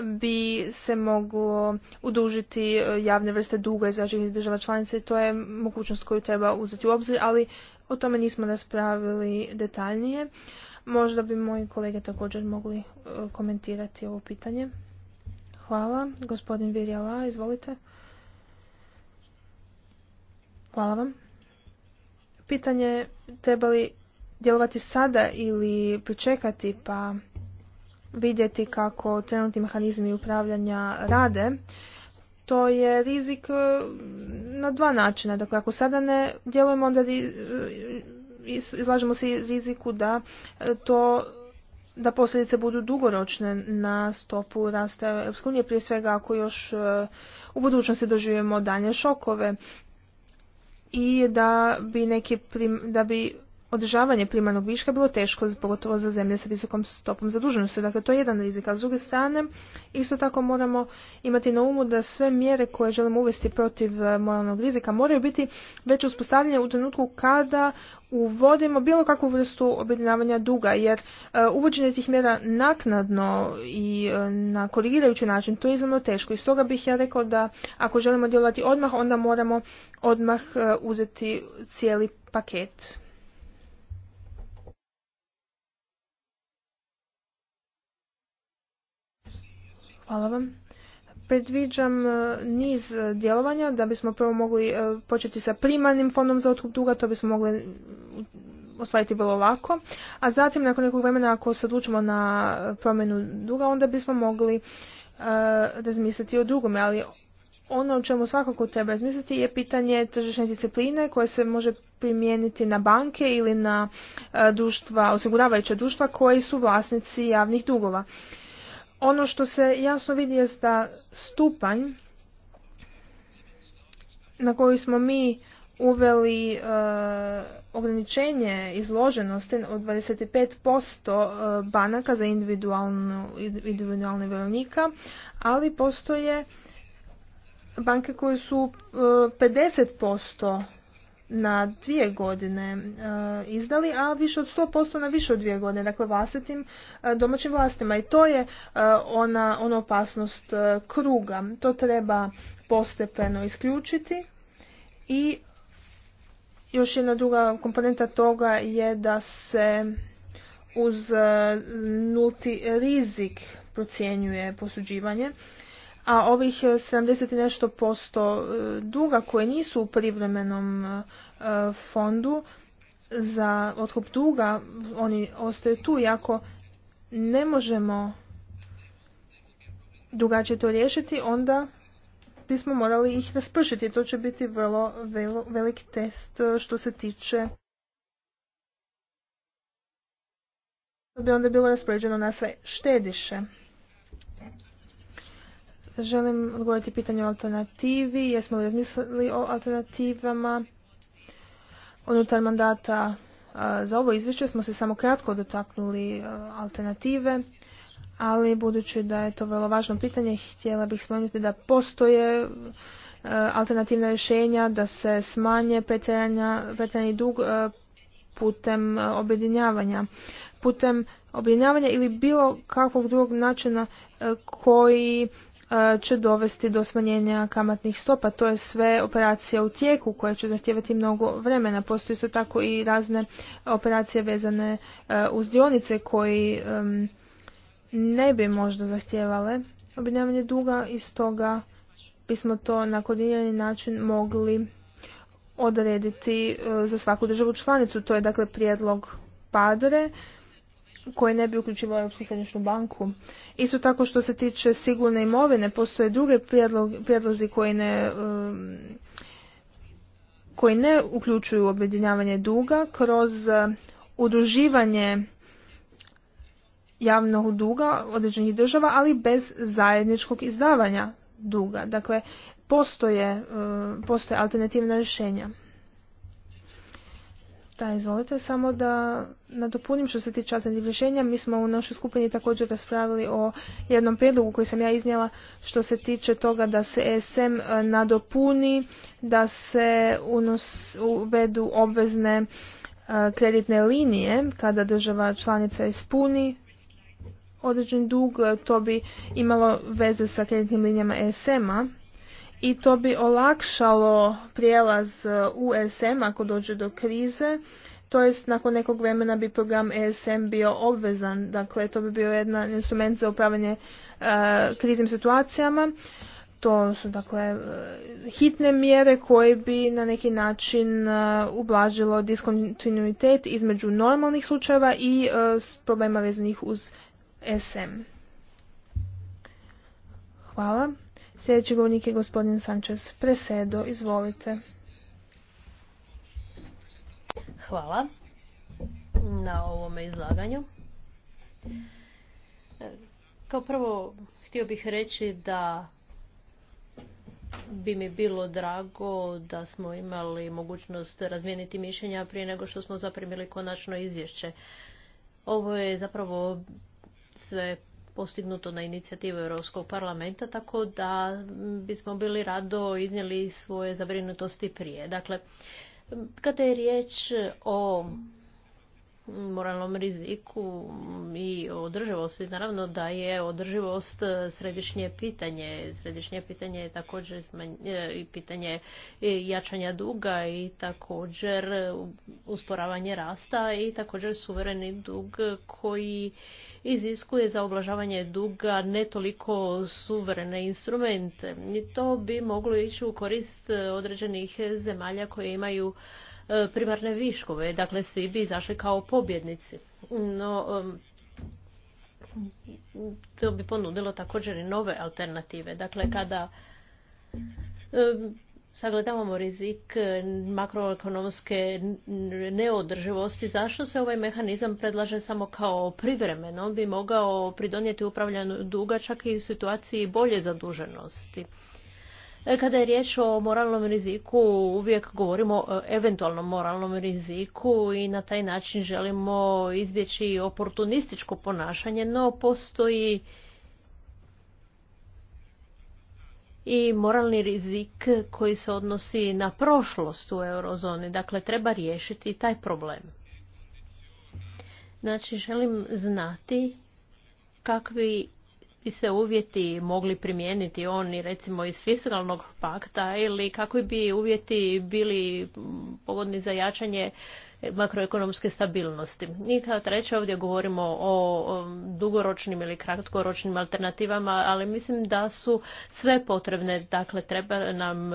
bi se moglo udužiti e, javne vrste duga izraženih država članica i to je mogućnost koju treba uzeti u obzir, ali o tome nismo raspravili detaljnije. Možda bi moji kolege također mogli e, komentirati ovo pitanje. Hvala. Gospodin Virjala, izvolite. Hvala vam. Pitanje treba li djelovati sada ili pričekati pa vidjeti kako trenutni mehanizmi upravljanja rade, to je rizik e, na dva načina. Dakle, ako sada ne djelujemo, onda e, izlažemo se riziku da e, to da posljedice budu dugoročne na stopu rasta EU, prije svega ako još u budućnosti doživimo dalje šokove i da bi neki prim, da bi održavanje primarnog viška bilo teško, pogotovo za zemlje sa visokom stopom zaduženosti. Dakle, to je jedan rizik. A s druge strane, isto tako moramo imati na umu da sve mjere koje želimo uvesti protiv e, moralnog rizika moraju biti već uspostavljene u trenutku kada uvodimo bilo kakvu vrstu objedinjavanja duga, jer e, uvođenje tih mjera naknadno i e, na korigirajući način, to je iznimno teško. I stoga bih ja rekao da ako želimo djelovati odmah, onda moramo odmah uzeti cijeli paket. Hvala vam. Predviđam e, niz e, djelovanja da bismo prvo mogli e, početi sa primarnim fondom za otkup duga, to bismo mogli osvajati vrlo lako, a zatim nakon nekog vremena ako se odlučimo na promjenu duga, onda bismo mogli razmisliti o drugome, ali ono o čemu svakako treba razmisliti je pitanje tržišne discipline koje se može primijeniti na banke ili na društva, osiguravajuća društva koji su vlasnici javnih dugova. Ono što se jasno vidi je da stupanj na koji smo mi uveli e, ograničenje izloženosti od 25% e, banaka za individualne vjerovnika, ali postoje banke koje su 50% e, na dvije godine e, izdali, a više od 100% na više od dvije godine, dakle vlastitim e, domaćim vlastima. I to je e, ona, ona opasnost kruga. To treba postepeno isključiti i još jedna druga komponenta toga je da se uz nulti rizik procjenjuje posuđivanje a ovih 70 eh, i nešto posto eh, duga koje nisu u privremenom eh, fondu za otkup duga, oni ostaju tu i ako ne možemo drugačije to riješiti, onda bismo morali ih raspršiti. To će biti vrlo velik test što se tiče to bi onda bilo raspoređeno na sve štediše. Želim odgovoriti pitanje o alternativi. Jesmo li razmislili o alternativama? Unutar mandata za ovo izvješće smo se samo kratko dotaknuli alternative, ali budući da je to vrlo važno pitanje, htjela bih spomenuti da postoje alternativna rješenja, da se smanje pretjerani dug putem objedinjavanja putem objedinjavanja ili bilo kakvog drugog načina koji E, će dovesti do smanjenja kamatnih stopa. To je sve operacija u tijeku koja će zahtijevati mnogo vremena. Postoji su tako i razne operacije vezane e, uz dionice koji ne bi možda zahtijevale objednjavanje duga i stoga bismo to na koordinirani način mogli odrediti e, za svaku državu članicu. To je dakle prijedlog padre koje ne bi uključivao Europsku središnju banku. Isto tako što se tiče sigurne imovine, postoje druge prijedlozi koji ne, um, koji ne uključuju objedinjavanje duga kroz uh, udruživanje javnog duga određenih država, ali bez zajedničkog izdavanja duga. Dakle, postoje, uh, postoje alternativna rješenja. Da, izvolite, samo da nadopunim što se tiče alternativnih rješenja. Mi smo u našoj skupini također raspravili o jednom prijedlogu koji sam ja iznijela što se tiče toga da se ESM e, nadopuni, da se unos, uvedu obvezne e, kreditne linije kada država članica ispuni određen dug, to bi imalo veze sa kreditnim linijama ESM-a i to bi olakšalo prijelaz e, u ESM ako dođe do krize, to jest nakon nekog vremena bi program ESM bio obvezan, dakle to bi bio jedan instrument za upravljanje e, kriznim situacijama. To su dakle e, hitne mjere koje bi na neki način ublažilo diskontinuitet između normalnih slučajeva i problema vezanih uz ESM. Hvala. Sljedeći govornik je gospodin Sanchez Presedo. Izvolite. Hvala na ovome izlaganju. Kao prvo, htio bih reći da bi mi bilo drago da smo imali mogućnost razmijeniti mišljenja prije nego što smo zaprimili konačno izvješće. Ovo je zapravo sve postignuto na inicijativu Europskog parlamenta, tako da bismo bili rado iznijeli svoje zabrinutosti prije. Dakle, kada je riječ o moralnom riziku i održivosti. Naravno da je održivost središnje pitanje. Središnje pitanje je također e, i pitanje jačanja duga i također usporavanje rasta i također suvereni dug koji iziskuje za oblažavanje duga ne toliko suverene instrumente. I to bi moglo ići u korist određenih zemalja koje imaju E, primarne viškove, dakle svi bi izašli kao pobjednici. No, e, to bi ponudilo također i nove alternative. Dakle, kada e, sagledavamo rizik makroekonomske neodrživosti, zašto se ovaj mehanizam predlaže samo kao privremeno? bi mogao pridonijeti upravljanju duga čak i u situaciji bolje zaduženosti. E, kada je riječ o moralnom riziku, uvijek govorimo o eventualnom moralnom riziku i na taj način želimo izbjeći oportunističko ponašanje, no postoji i moralni rizik koji se odnosi na prošlost u eurozoni. Dakle, treba riješiti taj problem. Znači, želim znati kakvi bi se uvjeti mogli primijeniti oni recimo iz fiskalnog pakta ili kako bi uvjeti bili pogodni za jačanje makroekonomske stabilnosti. I kao treće ovdje govorimo o dugoročnim ili kratkoročnim alternativama, ali mislim da su sve potrebne. Dakle, treba nam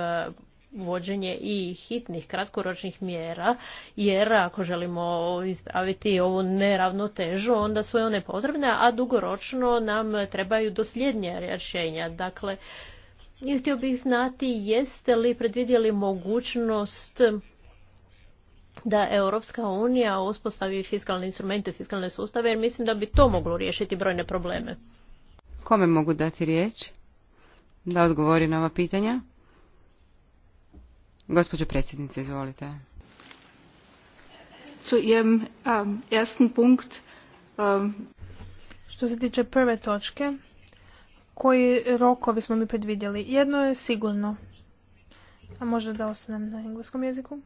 vođenje i hitnih kratkoročnih mjera, jer ako želimo ispraviti ovu neravnotežu, onda su one potrebne, a dugoročno nam trebaju dosljednje rješenja. Dakle, htio bih znati jeste li predvidjeli mogućnost da Europska unija uspostavi fiskalne instrumente, fiskalne sustave, jer mislim da bi to moglo riješiti brojne probleme. Kome mogu dati riječ? Da odgovori na ova pitanja? Gospođo predsjednice, izvolite. Zu jem ähm, punkt, ähm, Što se tiče prve točke, koji rokovi smo mi predvidjeli? Jedno je sigurno, a možda da ostanem na engleskom jeziku.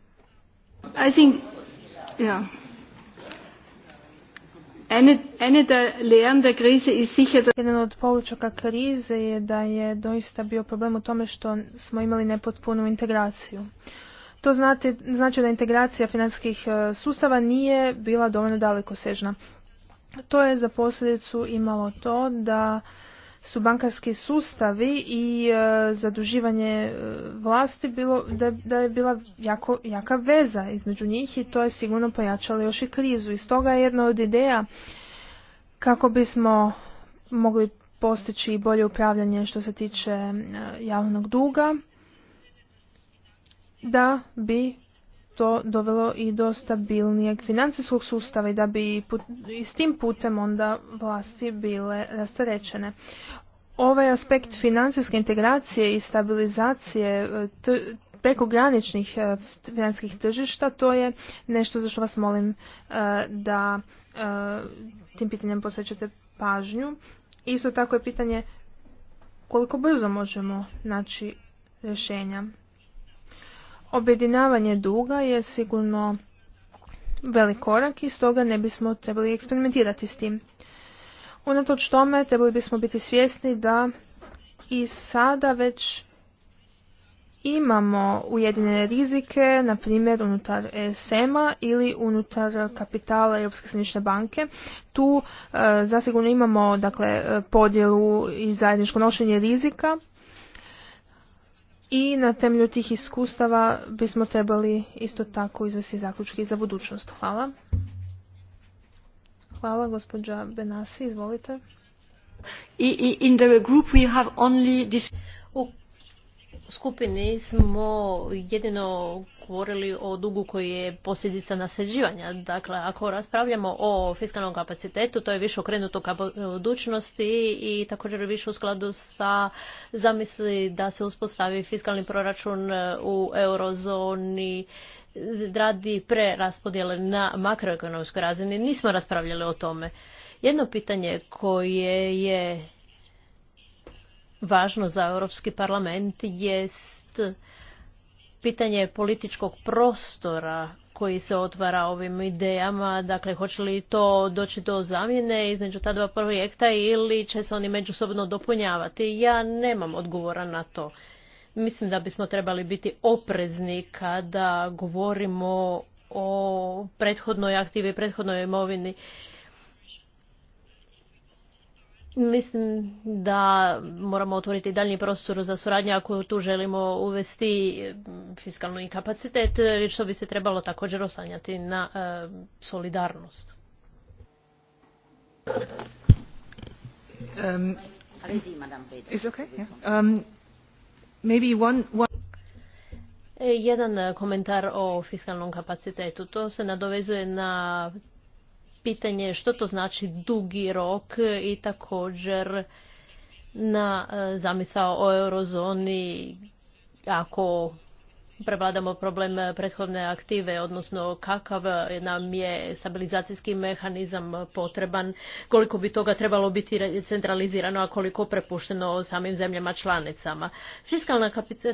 I think, jedan od poučaka krize je da je doista bio problem u tome što smo imali nepotpunu integraciju. To znači da integracija financijskih e, sustava nije bila dovoljno sežna. To je za posljedicu imalo to da su bankarski sustavi i e, zaduživanje e, vlasti bilo, da, da je bila jako, jaka veza između njih i to je sigurno pojačalo još i krizu. I stoga je jedna od ideja kako bismo mogli postići bolje upravljanje što se tiče e, javnog duga da bi to dovelo i do stabilnijeg financijskog sustava i da bi i s tim putem onda vlasti bile rasterećene. Ovaj aspekt financijske integracije i stabilizacije e, prekograničnih e, financijskih tržišta, to je nešto za što vas molim e, da tim pitanjem posvećate pažnju. Isto tako je pitanje koliko brzo možemo naći rješenja. Objedinavanje duga je sigurno velik korak i stoga ne bismo trebali eksperimentirati s tim. Unatoč tome trebali bismo biti svjesni da i sada već imamo ujedinjene rizike, na primjer unutar esm ili unutar kapitala Europske središnje banke. Tu e, zasigurno imamo dakle, podjelu i zajedničko nošenje rizika i na temelju tih iskustava bismo trebali isto tako izvesti zaključke za budućnost. Hvala. Hvala, gospođa Benasi, izvolite. In the group we skupini smo jedino govorili o dugu koji je posljedica nasljeđivanja. Dakle, ako raspravljamo o fiskalnom kapacitetu, to je više okrenuto ka budućnosti i također više u skladu sa zamisli da se uspostavi fiskalni proračun u eurozoni radi preraspodjele na makroekonomskoj razini. Nismo raspravljali o tome. Jedno pitanje koje je važno za Europski parlament jest pitanje političkog prostora koji se otvara ovim idejama, dakle hoće li to doći do zamjene između ta dva projekta ili će se oni međusobno dopunjavati. Ja nemam odgovora na to. Mislim da bismo trebali biti oprezni kada govorimo o prethodnoj aktivi, prethodnoj imovini Mislim da moramo otvoriti daljnji prostor za suradnju ako tu želimo uvesti mm, fiskalnu kapacitet, što bi se trebalo također oslanjati na e, solidarnost. Jedan komentar o fiskalnom kapacitetu. To se nadovezuje na pitanje što to znači dugi rok i također na e, zamisao o eurozoni ako prevladamo problem prethodne aktive, odnosno kakav nam je stabilizacijski mehanizam potreban, koliko bi toga trebalo biti centralizirano, a koliko prepušteno samim zemljama članicama.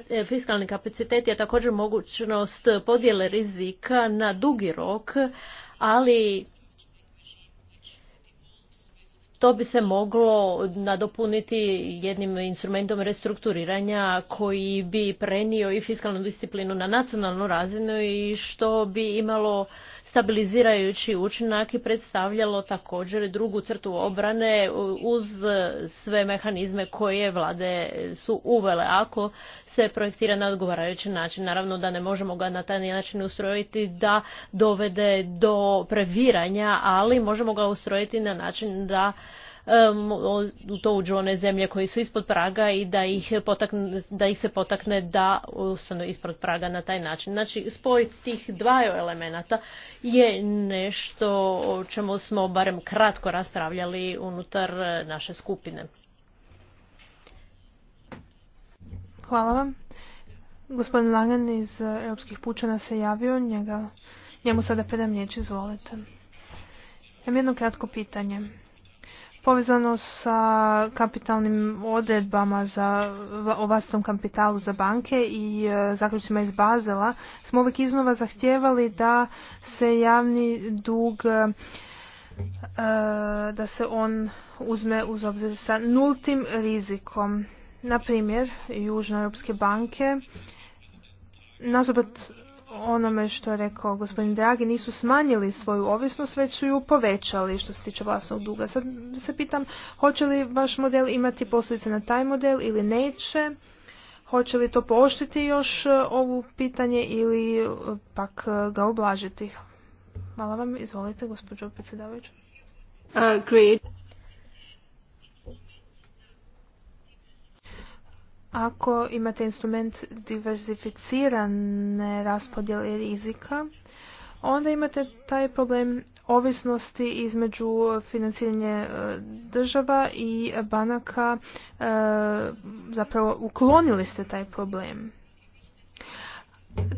E, fiskalni kapacitet je također mogućnost podjele rizika na dugi rok, ali to bi se moglo nadopuniti jednim instrumentom restrukturiranja koji bi prenio i fiskalnu disciplinu na nacionalnu razinu i što bi imalo stabilizirajući učinak i predstavljalo također drugu crtu obrane uz sve mehanizme koje vlade su uvele. Ako se projektira na odgovarajući način. Naravno da ne možemo ga na taj način ustrojiti da dovede do previranja, ali možemo ga ustrojiti na način da u to uđu one zemlje koje su ispod praga i da ih, potakne, da ih se potakne da ustanu ispod praga na taj način. Znači, spoj tih dvaju elemenata je nešto o čemu smo barem kratko raspravljali unutar naše skupine. Hvala vam. Gospodin Langan iz e, Europskih pučana se javio, njega, njemu sada predam riječ, izvolite. Imam jedno kratko pitanje. Povezano sa kapitalnim odredbama za, o kapitalu za banke i e, zaključcima iz Bazela, smo uvijek iznova zahtijevali da se javni dug e, da se on uzme uz obzir sa nultim rizikom na primjer, južnoeuropske banke, nasuprot onome što je rekao gospodin Dragi, nisu smanjili svoju ovisnost, već su ju povećali što se tiče vlasnog duga. Sad se pitam, hoće li vaš model imati posljedice na taj model ili neće? Hoće li to poštiti još e, ovu pitanje ili e, pak e, ga oblažiti? Hvala vam, izvolite, gospođo predsjedavajuću. Uh, Ako imate instrument diversificirane raspodjele rizika, onda imate taj problem ovisnosti između financiranja e, država i banaka, e, zapravo uklonili ste taj problem.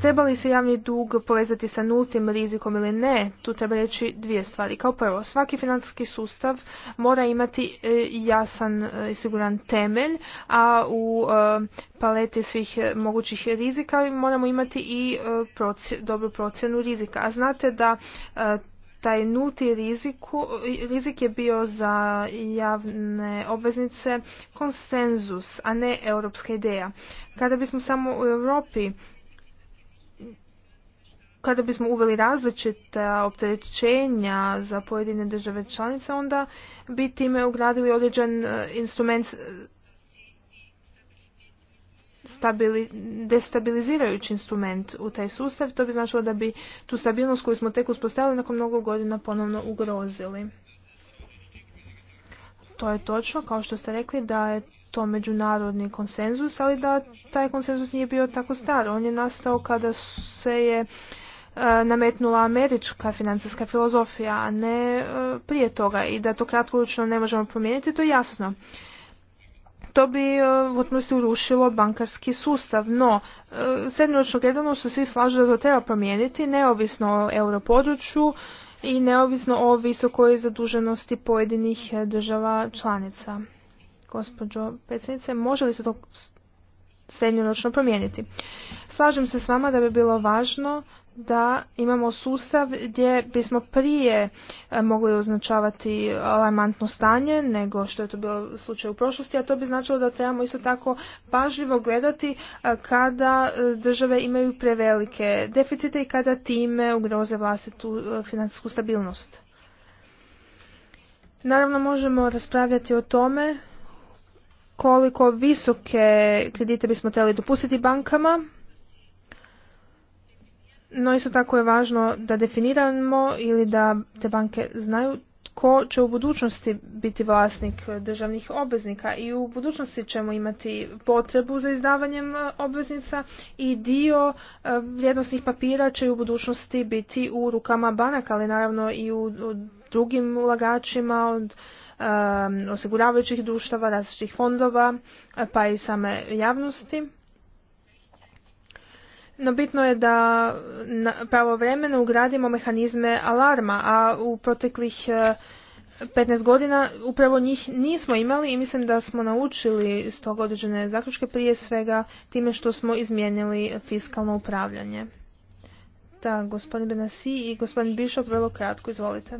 Treba li se javni dug povezati sa nultim rizikom ili ne? Tu treba reći dvije stvari. Kao prvo, svaki financijski sustav mora imati e, jasan e, i siguran temelj, a u e, paleti svih mogućih rizika moramo imati i dobru procjenu rizika. A znate da taj nulti rizik je bio za javne obveznice konsenzus, a ne europska ideja. Kada bismo samo u Europi kada bismo uveli različita opterećenja za pojedine države članice, onda bi time ugradili određen e, instrument e, destabilizirajući instrument u taj sustav. To bi značilo da bi tu stabilnost koju smo tek uspostavili nakon mnogo godina ponovno ugrozili. To je točno, kao što ste rekli, da je to međunarodni konsenzus, ali da taj konsenzus nije bio tako star. On je nastao kada se je E, nametnula američka financijska filozofija, a ne e, prije toga i da to kratkoročno ne možemo promijeniti, to je jasno. To bi e, u potpunosti urušilo bankarski sustav, no srednjoročno gledano su svi slažu da to treba promijeniti, neovisno o europodručju i neovisno o visokoj zaduženosti pojedinih država članica. Gospođo predsjednice, može li se to srednjoročno promijeniti? Slažem se s vama da bi bilo važno da imamo sustav gdje bismo prije e, mogli označavati alarmantno stanje nego što je to bilo slučaj u prošlosti, a to bi značilo da trebamo isto tako pažljivo gledati e, kada e, države imaju prevelike deficite i kada time ugroze vlastitu financijsku stabilnost. Naravno možemo raspravljati o tome koliko visoke kredite bismo trebali dopustiti bankama, no isto tako je važno da definiramo ili da te banke znaju tko će u budućnosti biti vlasnik državnih obveznika i u budućnosti ćemo imati potrebu za izdavanjem e, obveznica i dio e, vrijednosnih papira će u budućnosti biti u rukama banaka, ali naravno i u, drugim ulagačima od e, osiguravajućih društava, različitih fondova, pa i same javnosti. No bitno je da pravovremeno ugradimo mehanizme alarma, a u proteklih 15 e, godina upravo njih nismo imali i mislim da smo naučili iz određene zaključke prije svega time što smo izmijenili fiskalno upravljanje. Da, gospodin Benasi i gospodin Bišop vrlo kratko, izvolite.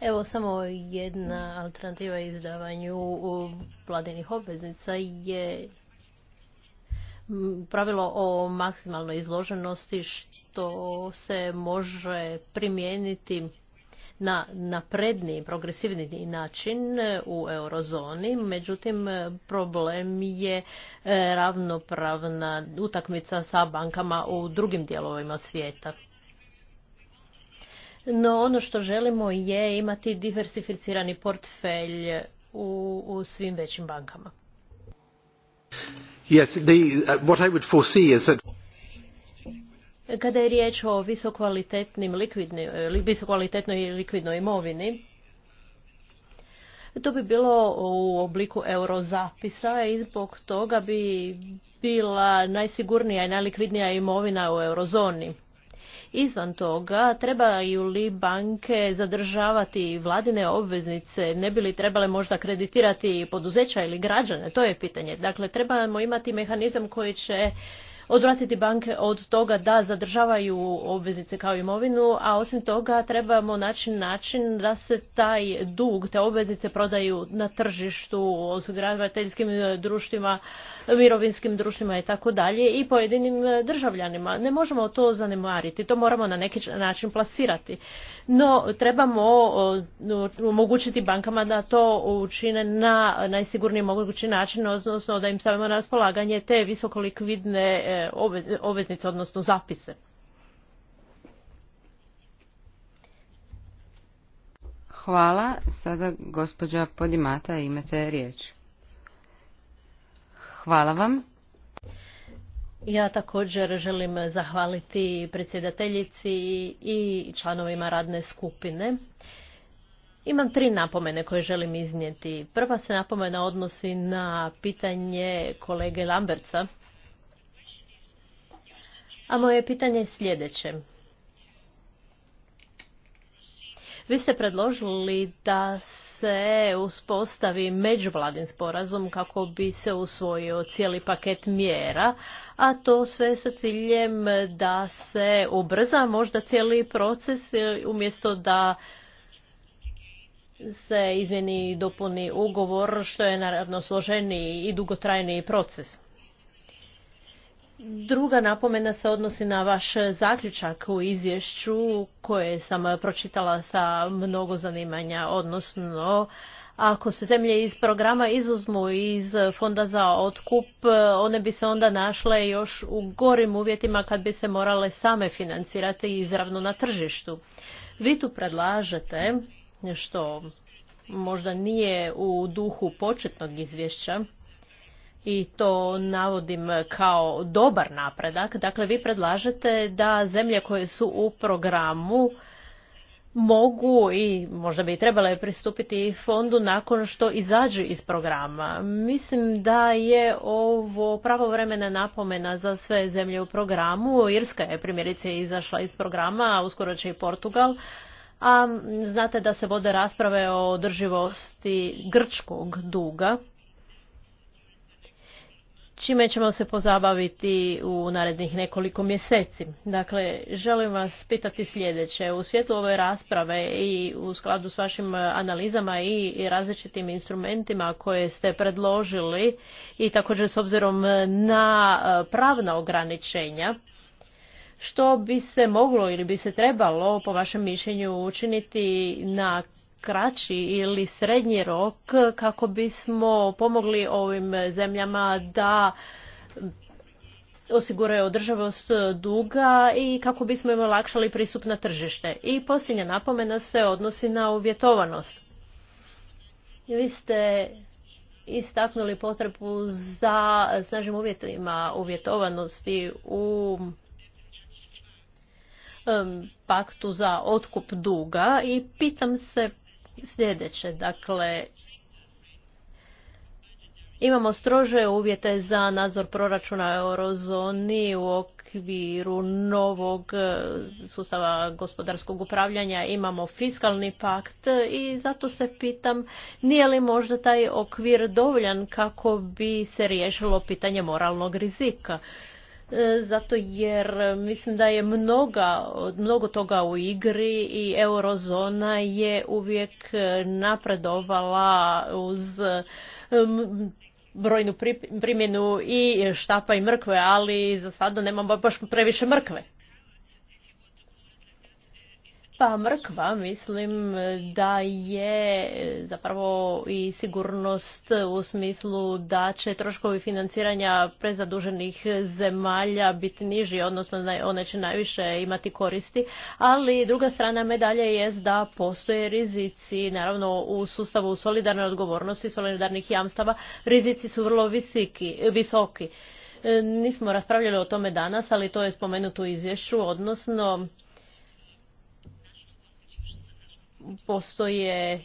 Evo samo jedna alternativa izdavanju vladinih obveznica je pravilo o maksimalnoj izloženosti što se može primijeniti na napredniji, progresivni način u eurozoni. Međutim, problem je e, ravnopravna utakmica sa bankama u drugim dijelovima svijeta. No ono što želimo je imati diversificirani portfelj u, u svim većim bankama. Uh, Kada je riječ o visokvalitetnoj eh, likvidnoj imovini, to bi bilo u obliku eurozapisa i zbog toga bi bila najsigurnija i najlikvidnija imovina u eurozoni. Izvan toga, trebaju li banke zadržavati vladine obveznice, ne bi li trebale možda kreditirati poduzeća ili građane, to je pitanje. Dakle, trebamo imati mehanizam koji će odvratiti banke od toga da zadržavaju obveznice kao imovinu, a osim toga trebamo naći način da se taj dug, te obveznice prodaju na tržištu osiguravateljskim društvima, mirovinskim društvima i tako dalje i pojedinim e, državljanima. Ne možemo to zanemariti, to moramo na neki način plasirati. No, trebamo omogućiti bankama da to učine na najsigurniji mogući način, odnosno da im stavimo na raspolaganje te visokolikvidne likvidne obveznice, odnosno zapise. Hvala. Sada gospođa Podimata imate riječ. Hvala vam. Ja također želim zahvaliti predsjedateljici i članovima radne skupine. Imam tri napomene koje želim iznijeti. Prva se napomena odnosi na pitanje kolege Lamberca. A moje pitanje je sljedeće. Vi ste predložili da se uspostavi međuvladin sporazum kako bi se usvojio cijeli paket mjera, a to sve sa ciljem da se ubrza možda cijeli proces e, umjesto da se izmjeni i dopuni ugovor, što je naravno složeniji i dugotrajniji proces. Druga napomena se odnosi na vaš zaključak u izvješću koje sam pročitala sa mnogo zanimanja, odnosno ako se zemlje iz programa izuzmu iz fonda za otkup, one bi se onda našle još u gorim uvjetima kad bi se morale same financirati izravno na tržištu. Vi tu predlažete, što možda nije u duhu početnog izvješća, i to navodim kao dobar napredak. Dakle, vi predlažete da zemlje koje su u programu mogu i možda bi trebale pristupiti fondu nakon što izađu iz programa. Mislim da je ovo pravovremena napomena za sve zemlje u programu. Irska je primjerice izašla iz programa, a uskoro će i Portugal. A znate da se vode rasprave o održivosti grčkog duga čime ćemo se pozabaviti u narednih nekoliko mjeseci. Dakle, želim vas pitati sljedeće. U svijetu ove rasprave i u skladu s vašim analizama i različitim instrumentima koje ste predložili i također s obzirom na e, pravna ograničenja, što bi se moglo ili bi se trebalo po vašem mišljenju učiniti na kraći ili srednji rok kako bismo pomogli ovim zemljama da osiguraju održavost duga i kako bismo im olakšali pristup na tržište. I posljednja napomena se odnosi na uvjetovanost. Vi ste istaknuli potrebu za snažnim uvjetima uvjetovanosti u paktu za otkup duga i pitam se sljedeće. Dakle, imamo strože uvjete za nadzor proračuna eurozoni u okviru novog e, sustava gospodarskog upravljanja. Imamo fiskalni pakt i zato se pitam nije li možda taj okvir dovoljan kako bi se riješilo pitanje moralnog rizika. E, zato jer mislim da je mnoga, mnogo toga u igri i eurozona je uvijek napredovala uz brojnu primjenu i štapa i mrkve, ali za sada nemamo baš previše mrkve pa mrkva, mislim da je zapravo i sigurnost u smislu da će troškovi financiranja prezaduženih zemalja biti niži, odnosno one će najviše imati koristi, ali druga strana medalje je da postoje rizici, naravno u sustavu solidarne odgovornosti, solidarnih jamstava, rizici su vrlo visiki, visoki. E, nismo raspravljali o tome danas, ali to je spomenuto u izvješću, odnosno postoje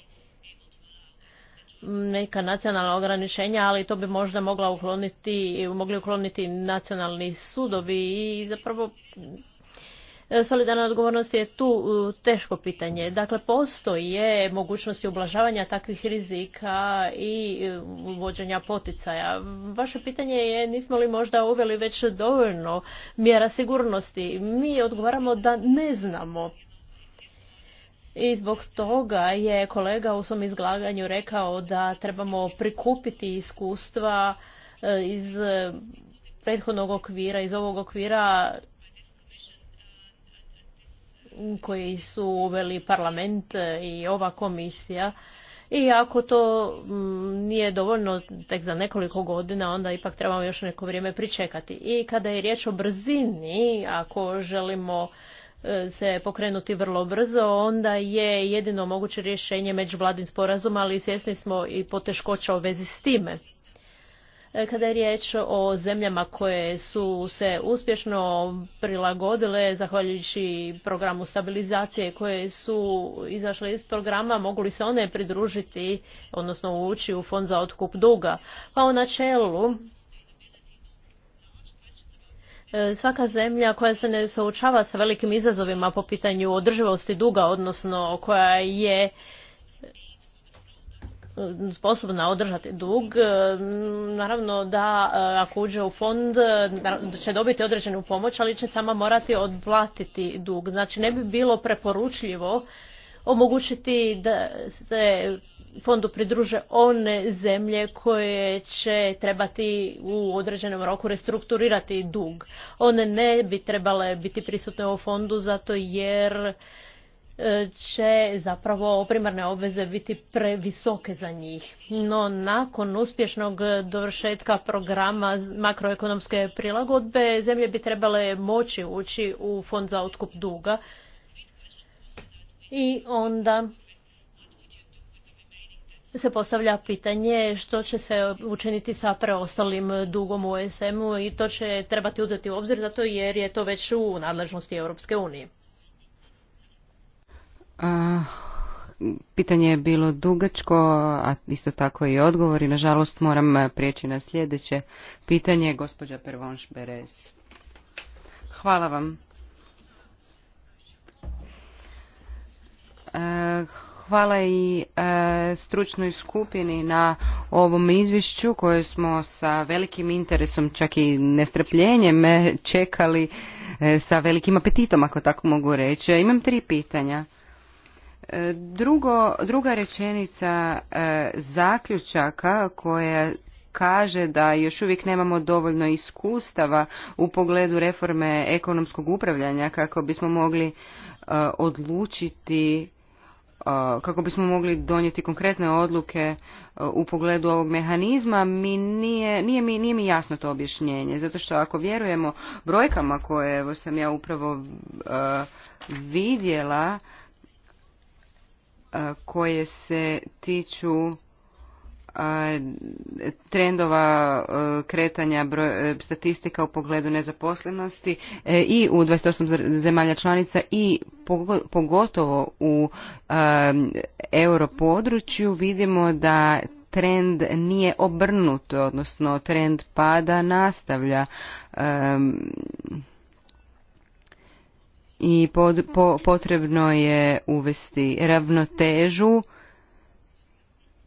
neka nacionalna ograničenja, ali to bi možda mogla ukloniti, mogli ukloniti nacionalni sudovi i zapravo e, solidarna odgovornost je tu teško pitanje. Dakle, postoje mogućnosti ublažavanja takvih rizika i e, uvođenja poticaja. Vaše pitanje je nismo li možda uveli već dovoljno mjera sigurnosti. Mi odgovaramo da ne znamo i zbog toga je kolega u svom izlaganju rekao da trebamo prikupiti iskustva e, iz e, prethodnog okvira, iz ovog okvira koji su uveli parlament i ova komisija. I ako to nije dovoljno tek za nekoliko godina, onda ipak trebamo još neko vrijeme pričekati. I kada je riječ o brzini, ako želimo se pokrenuti vrlo brzo, onda je jedino moguće rješenje međuvladin sporazum, ali svjesni smo i poteškoća u vezi s time. E, kada je riječ o zemljama koje su se uspješno prilagodile, zahvaljujući programu stabilizacije koje su izašle iz programa, mogu li se one pridružiti, odnosno ući u fond za otkup duga? Pa u načelu E, svaka zemlja koja se ne suočava sa velikim izazovima po pitanju održivosti duga, odnosno koja je e, sposobna održati dug, e, naravno da ako uđe u fond će dobiti određenu pomoć, ali će sama morati odplatiti dug. Znači ne bi bilo preporučljivo omogućiti da se fondu pridruže one zemlje koje će trebati u određenom roku restrukturirati dug. One ne bi trebale biti prisutne u fondu zato jer e, će zapravo primarne obveze biti previsoke za njih. No nakon uspješnog dovršetka programa makroekonomske prilagodbe zemlje bi trebale moći ući u fond za otkup duga i onda se postavlja pitanje što će se učiniti sa preostalim dugom u ESM-u i to će trebati uzeti u obzir zato jer je to već u nadležnosti Europske unije. pitanje je bilo dugačko, a isto tako i odgovor odgovori. Nažalost moram prijeći na sljedeće pitanje, gospođa Pervonš Berez. Hvala vam. Hvala i e, stručnoj skupini na ovom izvješću koje smo sa velikim interesom, čak i nestrpljenjem e, čekali e, sa velikim apetitom, ako tako mogu reći. Imam tri pitanja. drugo, druga rečenica zaključaka koja kaže da još uvijek nemamo dovoljno iskustava u pogledu reforme ekonomskog upravljanja kako bismo mogli odlučiti kako bismo mogli donijeti konkretne odluke u pogledu ovog mehanizma, mi nije, nije, mi, nije mi jasno to objašnjenje. Zato što ako vjerujemo brojkama koje evo, sam ja upravo vidjela, koje se tiču trendova e, kretanja e, statistika u pogledu nezaposlenosti e, i u 28 zemalja članica i pogotovo u europodručju vidimo da trend nije obrnut, odnosno trend pada nastavlja i potrebno je uvesti ravnotežu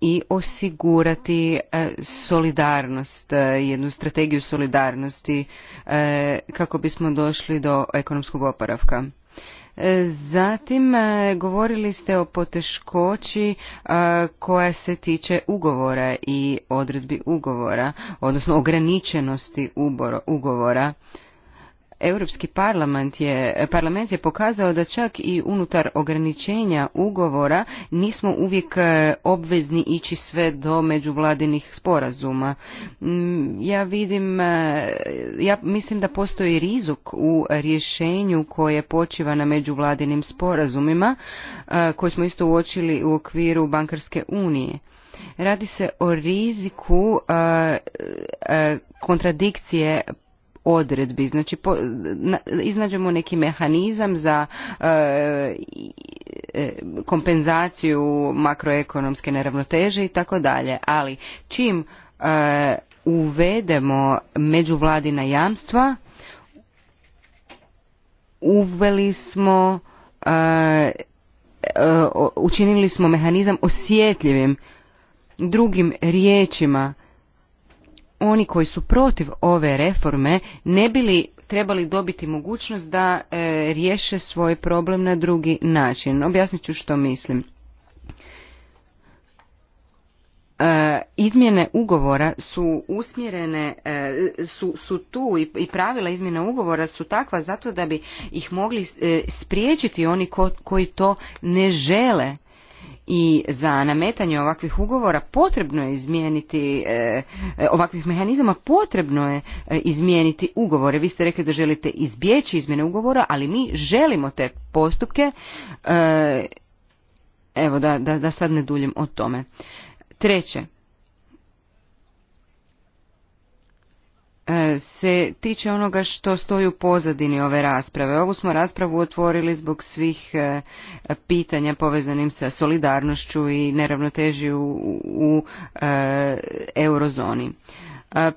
i osigurati e, solidarnost, e, jednu strategiju solidarnosti e, kako bismo došli do ekonomskog oporavka. Zatim govorili ste o poteškoći koja se tiče ugovora i odredbi ugovora, odnosno ograničenosti ugovora. Europski parlament je, parlament je pokazao da čak i unutar ograničenja ugovora nismo uvijek e, obvezni ići sve do međuvladinih sporazuma. Mm, ja vidim, e, ja mislim da postoji rizik u rješenju koje počiva na međuvladinim sporazumima, e, koje smo isto uočili u okviru bankarske unije. Radi se o riziku kontradikcije odredbi znači po, iznađemo neki mehanizam za e, e, kompenzaciju makroekonomske neravnoteže i tako dalje ali čim e, uvedemo međuvladina jamstva uveli smo učinili smo mehanizam osjetljivim drugim riječima oni koji su protiv ove reforme ne bili trebali dobiti mogućnost da e, riješe svoj problem na drugi način objasnit ću što mislim e, izmjene ugovora su usmjerene e, su, su tu i, pravila izmjene ugovora su takva zato da bi ih mogli e, spriječiti oni ko, koji to ne žele i za nametanje ovakvih ugovora potrebno je izmijeniti e, e, ovakvih mehanizama potrebno je e, izmijeniti ugovore vi ste rekli da želite izbjeći izmjene ugovora ali mi želimo te postupke evo da, da, sad ne duljem o tome treće E, se tiče onoga što stoji u pozadini ove rasprave. Ovu smo raspravu otvorili zbog svih e, pitanja povezanim sa solidarnošću i neravnoteži u, e, eurozoni.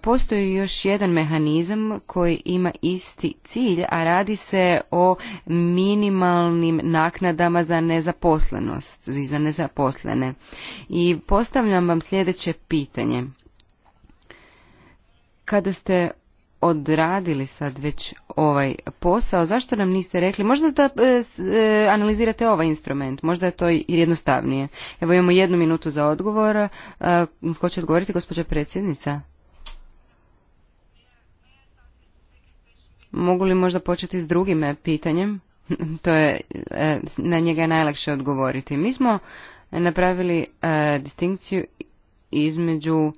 Postoji još jedan mehanizam koji ima isti cilj, a radi se o minimalnim naknadama za nezaposlenost i za nezaposlene. I postavljam vam sljedeće pitanje. Kada ste odradili sad već ovaj posao, zašto nam niste rekli, možda da e, e, analizirate ovaj instrument, možda je to i jednostavnije. Evo imamo jednu minutu za odgovor, e, ko će odgovoriti gospođa predsjednica? Mogu li možda početi s drugim e, pitanjem? to je, na njega je najlakše odgovoriti. Mi smo napravili distinkciju između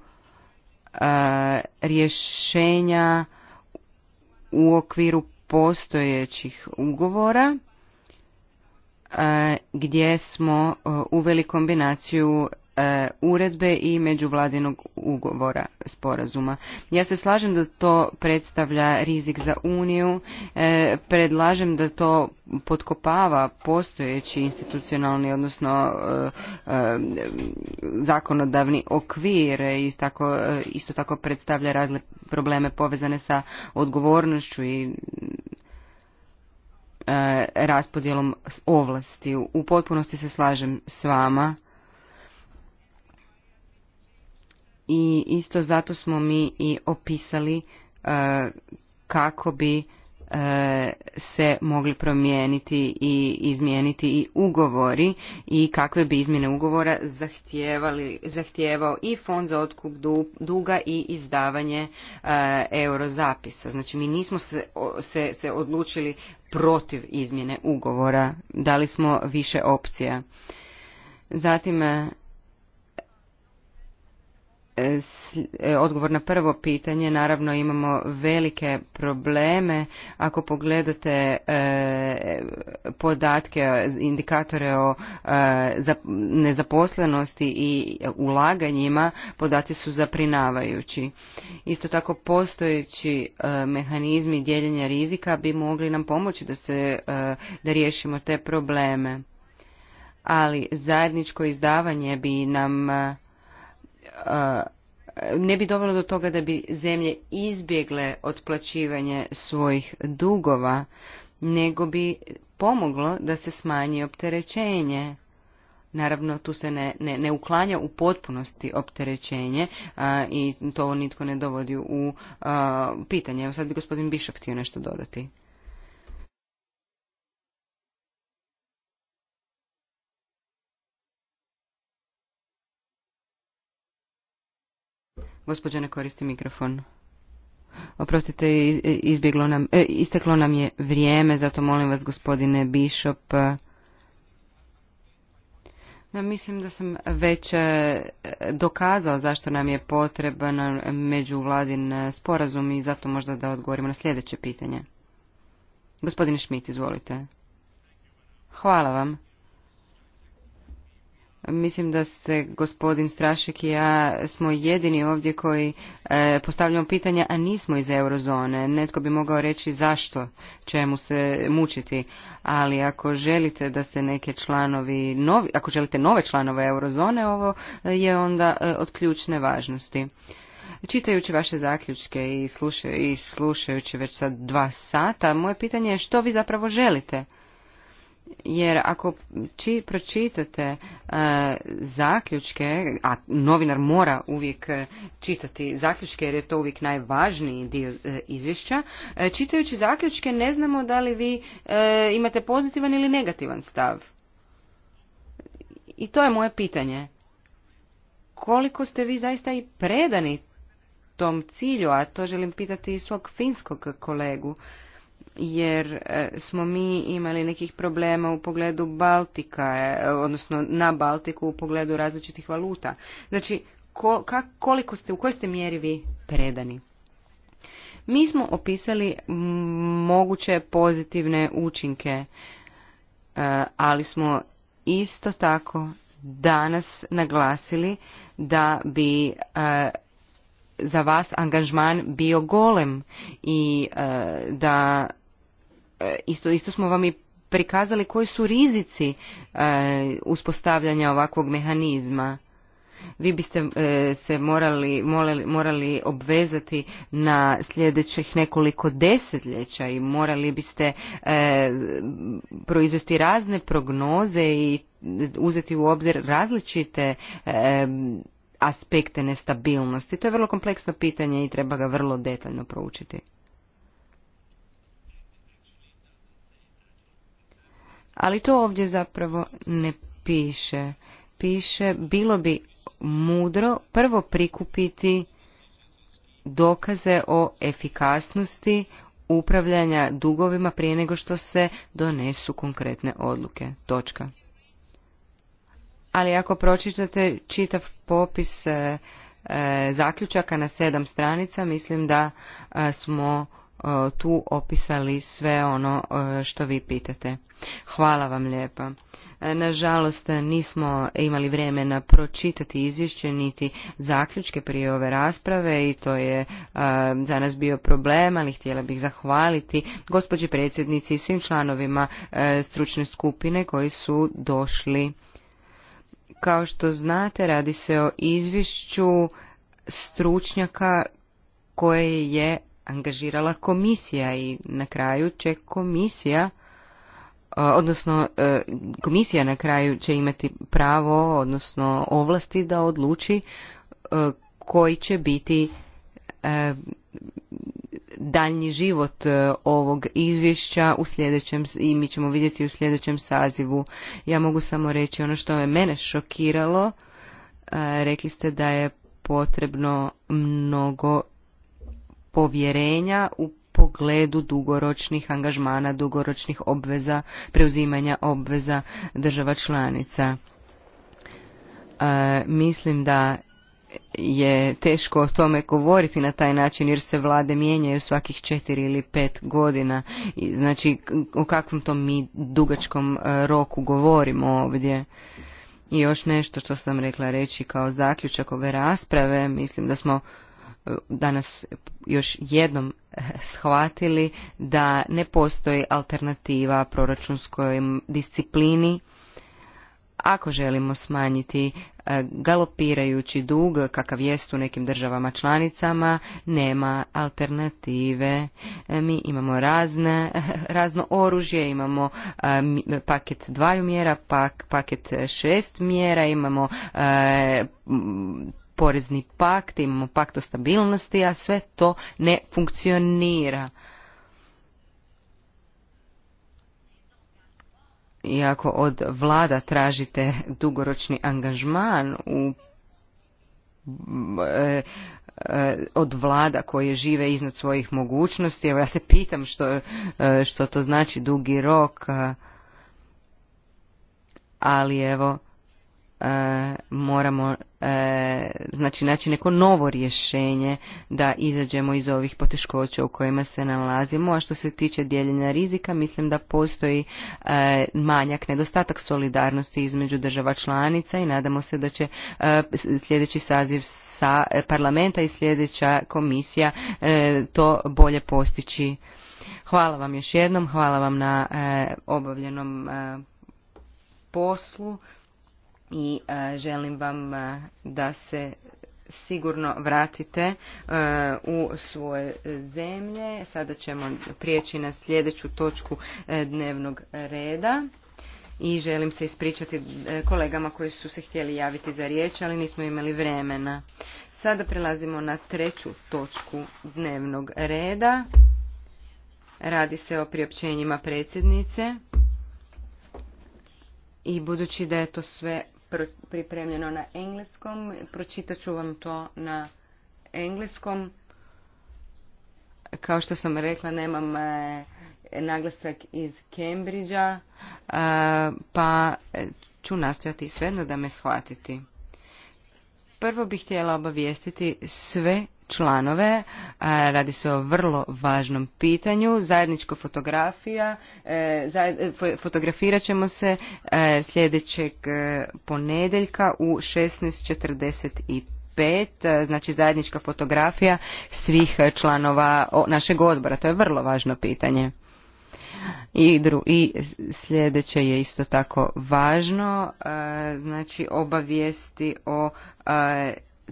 E, rješenja u okviru postojećih ugovora e, gdje smo e, uveli kombinaciju E, uredbe i međuvladinog ugovora sporazuma. Ja se slažem da to predstavlja rizik za Uniju, e, predlažem da to potkopava postojeći institucionalni, odnosno e, zakonodavni okvir i isto tako predstavlja razne probleme povezane sa odgovornošću i raspodjelom ovlasti. U potpunosti se slažem s vama i isto zato smo mi i opisali e, kako bi e, se mogli promijeniti i izmijeniti i ugovori i kakve bi izmjene ugovora zahtijevali, zahtijevao i fond za otkup duga i izdavanje e, eurozapisa. Znači mi nismo se, se, se odlučili protiv izmjene ugovora, dali smo više opcija. Zatim E, odgovor na prvo pitanje naravno imamo velike probleme ako pogledate e, podatke indikatore o e, nezaposlenosti i ulaganjima podaci su zaprinavajući isto tako postojeći mehanizmi dijeljenja rizika bi mogli nam pomoći da se da riješimo te probleme ali zajedničko izdavanje bi nam ne bi dovelo do toga da bi zemlje izbjegle otplaćivanje svojih dugova, nego bi pomoglo da se smanji opterećenje. Naravno, tu se ne, ne, uklanja u potpunosti opterećenje i to nitko ne dovodi u pitanje. Evo sad bi gospodin Bišop htio nešto dodati. Gospođa ne koristi mikrofon. Oprostite, izbjeglo nam, e, isteklo nam je vrijeme, zato molim vas gospodine Bišop. Da, mislim da sam već e, dokazao zašto nam je potreban međuvladin sporazum i zato možda da odgovorimo na sljedeće pitanje. Gospodine Šmit, izvolite. Hvala vam. Mislim da se gospodin Strašek i ja smo jedini ovdje koji e, postavljamo pitanja, a nismo iz eurozone. Netko bi mogao reći zašto čemu se mučiti, ali ako želite da se neke članovi, novi, ako želite nove članove eurozone, ovo je onda e, od ključne važnosti. Čitajući vaše zaključke i, i slušajući već sad dva sata, moje pitanje je što vi zapravo želite? jer ako či, pročitate e, zaključke, a novinar mora uvijek e, čitati zaključke jer je to uvijek najvažniji dio e, izvješća, čitajući zaključke ne znamo da li vi imate pozitivan ili negativan stav. I to je moje pitanje. Koliko ste vi zaista i predani tom cilju, a to želim pitati i svog finskog kolegu jer e, smo mi imali nekih problema u pogledu Baltika, e, odnosno na Baltiku u pogledu različitih valuta. Znači, koliko ste, u kojoj ste mjeri vi predani? Mi smo opisali moguće pozitivne učinke, e, ali smo isto tako danas naglasili da bi za vas angažman bio golem i da E, isto, isto smo vam i prikazali koji su rizici e, uspostavljanja ovakvog mehanizma vi biste e, se morali, morali obvezati na sljedećih nekoliko desetljeća i morali biste proizvesti razne prognoze i uzeti u obzir različite aspekte nestabilnosti. To je vrlo kompleksno pitanje i treba ga vrlo detaljno proučiti. Ali to ovdje zapravo ne piše. Piše, bilo bi mudro prvo prikupiti dokaze o efikasnosti upravljanja dugovima prije nego što se donesu konkretne odluke. Točka. Ali ako pročitate čitav popis e, e, zaključaka na sedam stranica, mislim da e, smo E, tu opisali sve ono e, što vi pitate. Hvala vam lijepa. E, nažalost, nismo imali vremena pročitati izvješće niti zaključke prije ove rasprave i to je za nas bio problem, ali htjela bih zahvaliti gospođi predsjednici i svim članovima stručne skupine koji su došli. Kao što znate, radi se o izvješću stručnjaka koje je angažirala komisija i na kraju će komisija e, odnosno e, komisija na kraju će imati pravo odnosno ovlasti da odluči e, koji će biti daljnji život ovog izvješća u sljedećem i mi ćemo vidjeti u sljedećem sazivu. Ja mogu samo reći ono što je mene šokiralo, rekli ste da je potrebno mnogo povjerenja u pogledu dugoročnih angažmana, dugoročnih obveza, preuzimanja obveza država članica. E, mislim da je teško o tome govoriti na taj način jer se vlade mijenjaju svakih četiri ili pet godina. Znači o kakvom to mi dugačkom e, roku govorimo ovdje. I još nešto što sam rekla reći kao zaključak ove rasprave, mislim da smo danas još jednom shvatili da ne postoji alternativa proračunskoj disciplini ako želimo smanjiti e, galopirajući dug kakav jest u nekim državama članicama nema alternative e, mi imamo razne razno oružje imamo e, paket dvaju mjera pak, paket šest mjera imamo porezni pakt, imamo pakt o stabilnosti, a sve to ne funkcionira. I ako od vlada tražite dugoročni angažman u e, e, od vlada koje žive iznad svojih mogućnosti. Evo ja se pitam što, e, što to znači dugi rok, ali evo moramo E, znači naći neko novo rješenje da izađemo iz ovih poteškoća u kojima se nalazimo, a što se tiče dijeljenja rizika mislim da postoji e, manjak, nedostatak solidarnosti između država članica i nadamo se da će e, sljedeći saziv sa parlamenta i sljedeća komisija to bolje postići. Hvala vam još jednom, hvala vam na obavljenom poslu i e, želim vam e, da se sigurno vratite e, u svoje zemlje. Sada ćemo prijeći na sljedeću točku dnevnog reda i želim se ispričati kolegama koji su se htjeli javiti za riječ, ali nismo imali vremena. Sada prelazimo na treću točku dnevnog reda. Radi se o priopćenjima predsjednice. I budući da je to sve pripremljeno na engleskom. Pročitat ću vam to na engleskom. Kao što sam rekla, nemam e, naglasak iz Cambridgea, e, pa e, ću nastojati svejedno da me shvatiti. Prvo bih htjela obavijestiti sve članove. Radi se o vrlo važnom pitanju. Zajednička fotografija. E, fotografirat ćemo se e, sljedećeg e, ponedjeljka u 16.45. Znači zajednička fotografija svih članova našeg odbora. To je vrlo važno pitanje. I, I sljedeće je isto tako važno, znači obavijesti o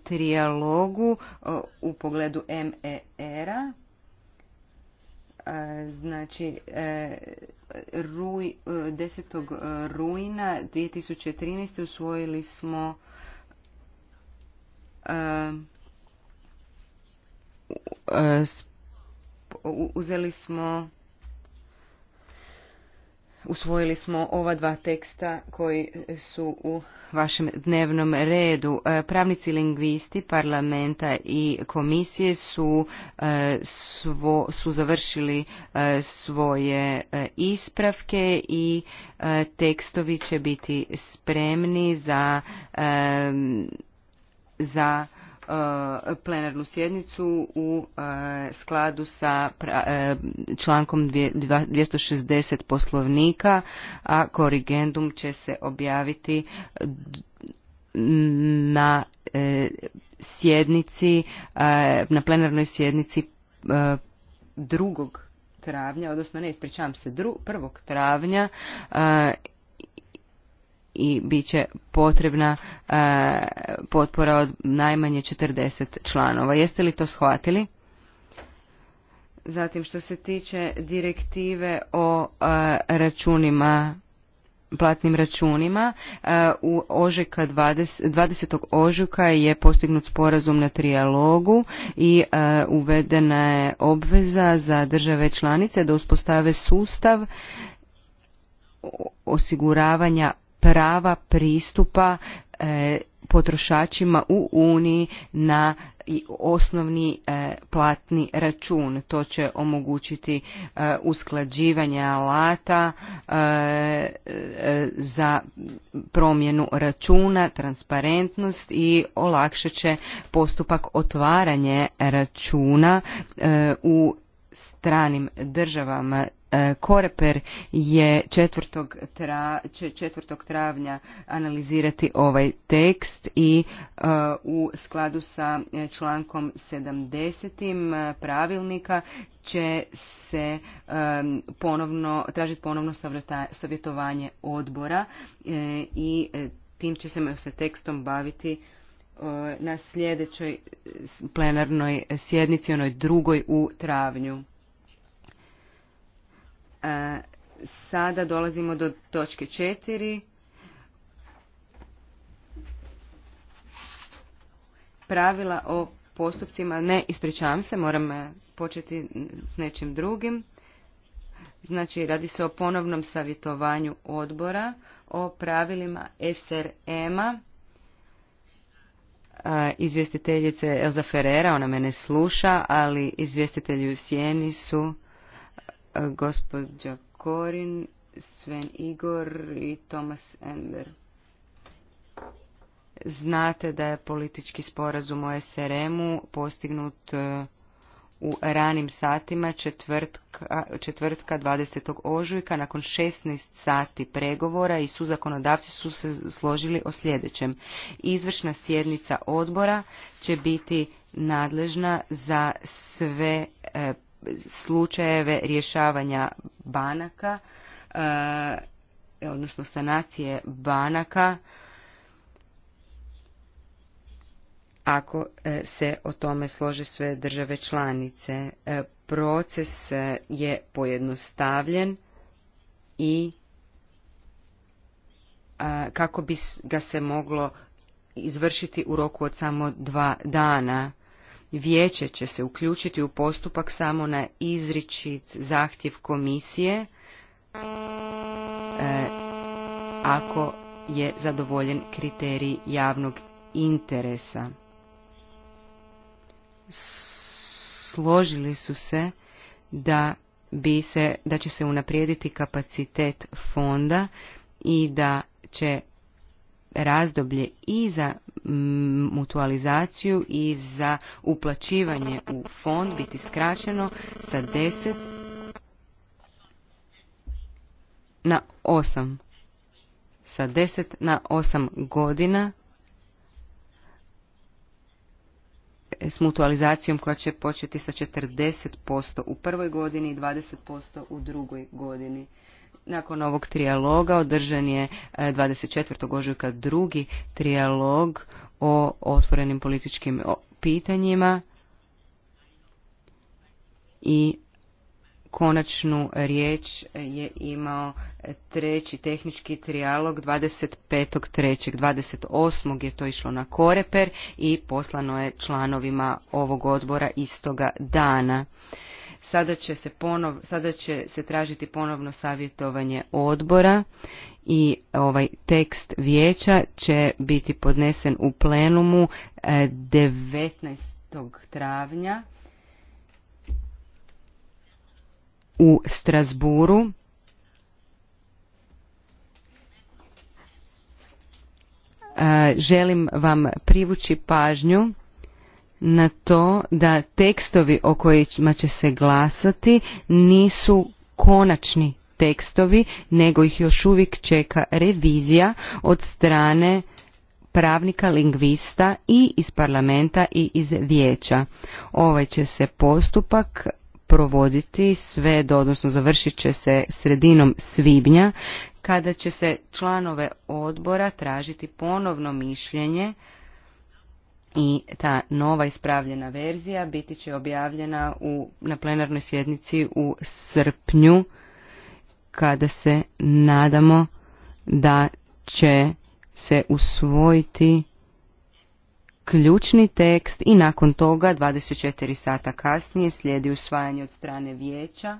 trijalogu e, u pogledu MER-a. E, znači, 10. E, rujna 2013. usvojili smo uzeli smo usvojili smo ova dva teksta koji su u vašem dnevnom redu. E, pravnici lingvisti parlamenta i komisije su, e, su završili e, svoje ispravke i tekstovi će biti spremni za, za E, plenarnu sjednicu u e, skladu sa e, člankom 260 poslovnika, a korigendum će se objaviti na sjednici, na plenarnoj sjednici 2. travnja, odnosno ne, ispričavam se, 1. travnja i bit će potrebna e, potpora od najmanje 40 članova. Jeste li to shvatili? Zatim što se tiče direktive o e, računima platnim računima. E, u ožuka 20. 20. ožujka je postignut sporazum na trijalogu i uvedena je obveza za države članice da uspostave sustav osiguravanja prava pristupa e, potrošačima u Uniji na osnovni e, platni račun. To će omogućiti e, usklađivanje alata za promjenu računa, transparentnost i olakšat će postupak otvaranje računa u stranim državama E, Koreper je 4. će travnja analizirati ovaj tekst i e, u skladu sa e, člankom 70. pravilnika će se ponovno, tražiti ponovno savjetovanje odbora i tim će se, se tekstom baviti na sljedećoj plenarnoj sjednici, onoj drugoj u travnju. E, sada dolazimo do točke četiri. Pravila o postupcima, ne ispričavam se, moram e, početi s nečim drugim. Znači, radi se o ponovnom savjetovanju odbora, o pravilima SRM-a. E, izvjestiteljice Elza Ferrera, ona mene sluša, ali izvjestitelji u Sijeni su gospođa Korin, Sven Igor i Thomas Ender. Znate da je politički sporazum o SRM-u postignut e, u ranim satima četvrtka, četvrtka 20. ožujka nakon 16 sati pregovora i su zakonodavci su se složili o sljedećem. Izvršna sjednica odbora će biti nadležna za sve e, slučajeve rješavanja banaka, e, odnosno sanacije banaka, ako e, se o tome slože sve države članice. E, proces je pojednostavljen i kako bi ga se moglo izvršiti u roku od samo dva dana. Vijeće će se uključiti u postupak samo na izričit zahtjev komisije e, ako je zadovoljen kriterij javnog interesa. Složili su se da bi se da će se unaprijediti kapacitet fonda i da će razdoblje i za mm, mutualizaciju i za uplaćivanje u fond biti skraćeno sa 10 na 8 sa 10 na 8 godina s mutualizacijom koja će početi sa 40% u prvoj godini i 20% u drugoj godini. Nakon ovog trijaloga održan je 24. E, ožujka drugi trijalog o otvorenim političkim pitanjima i konačnu riječ je imao treći tehnički trijalog 25.3. 28. je to išlo na Koreper i poslano je članovima ovog odbora istoga dana. Sada će se, ponov, sada će se tražiti ponovno savjetovanje odbora i ovaj tekst vijeća će biti podnesen u plenumu 19. E, travnja u Strasburu. E, želim vam privući pažnju na to da tekstovi o kojima će se glasati nisu konačni tekstovi, nego ih još uvijek čeka revizija od strane pravnika, lingvista i iz parlamenta i iz vijeća. Ovaj će se postupak provoditi sve, do, odnosno završit će se sredinom svibnja, kada će se članove odbora tražiti ponovno mišljenje i ta nova ispravljena verzija biti će objavljena u, na plenarnoj sjednici u srpnju kada se nadamo da će se usvojiti ključni tekst i nakon toga 24 sata kasnije slijedi usvajanje od strane vijeća.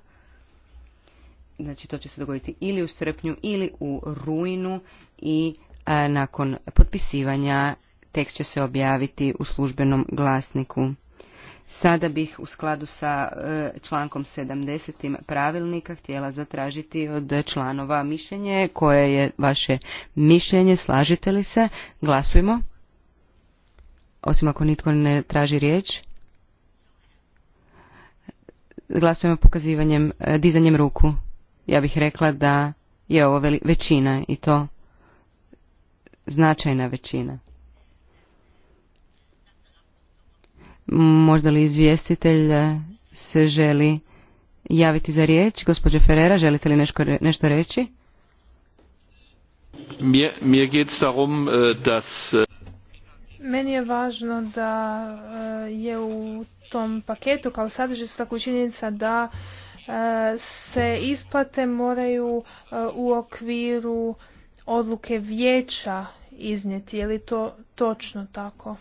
Znači to će se dogoditi ili u srpnju ili u rujnu i e, nakon potpisivanja tekst će se objaviti u službenom glasniku. Sada bih u skladu sa e, člankom 70. pravilnika htjela zatražiti od članova mišljenje. Koje je vaše mišljenje? Slažite li se? Glasujmo. Osim ako nitko ne traži riječ. Glasujemo pokazivanjem, e, dizanjem ruku. Ja bih rekla da je ovo većina i to značajna većina. Možda li izvjestitelj eh, se želi javiti za riječ? gospođa Ferera, želite li nešto, nešto reći? Eh, eh, Meni je važno da je u tom paketu kao sadržaj su tako činjenica da se isplate moraju u okviru odluke vijeća iznijeti. Je li to točno tako?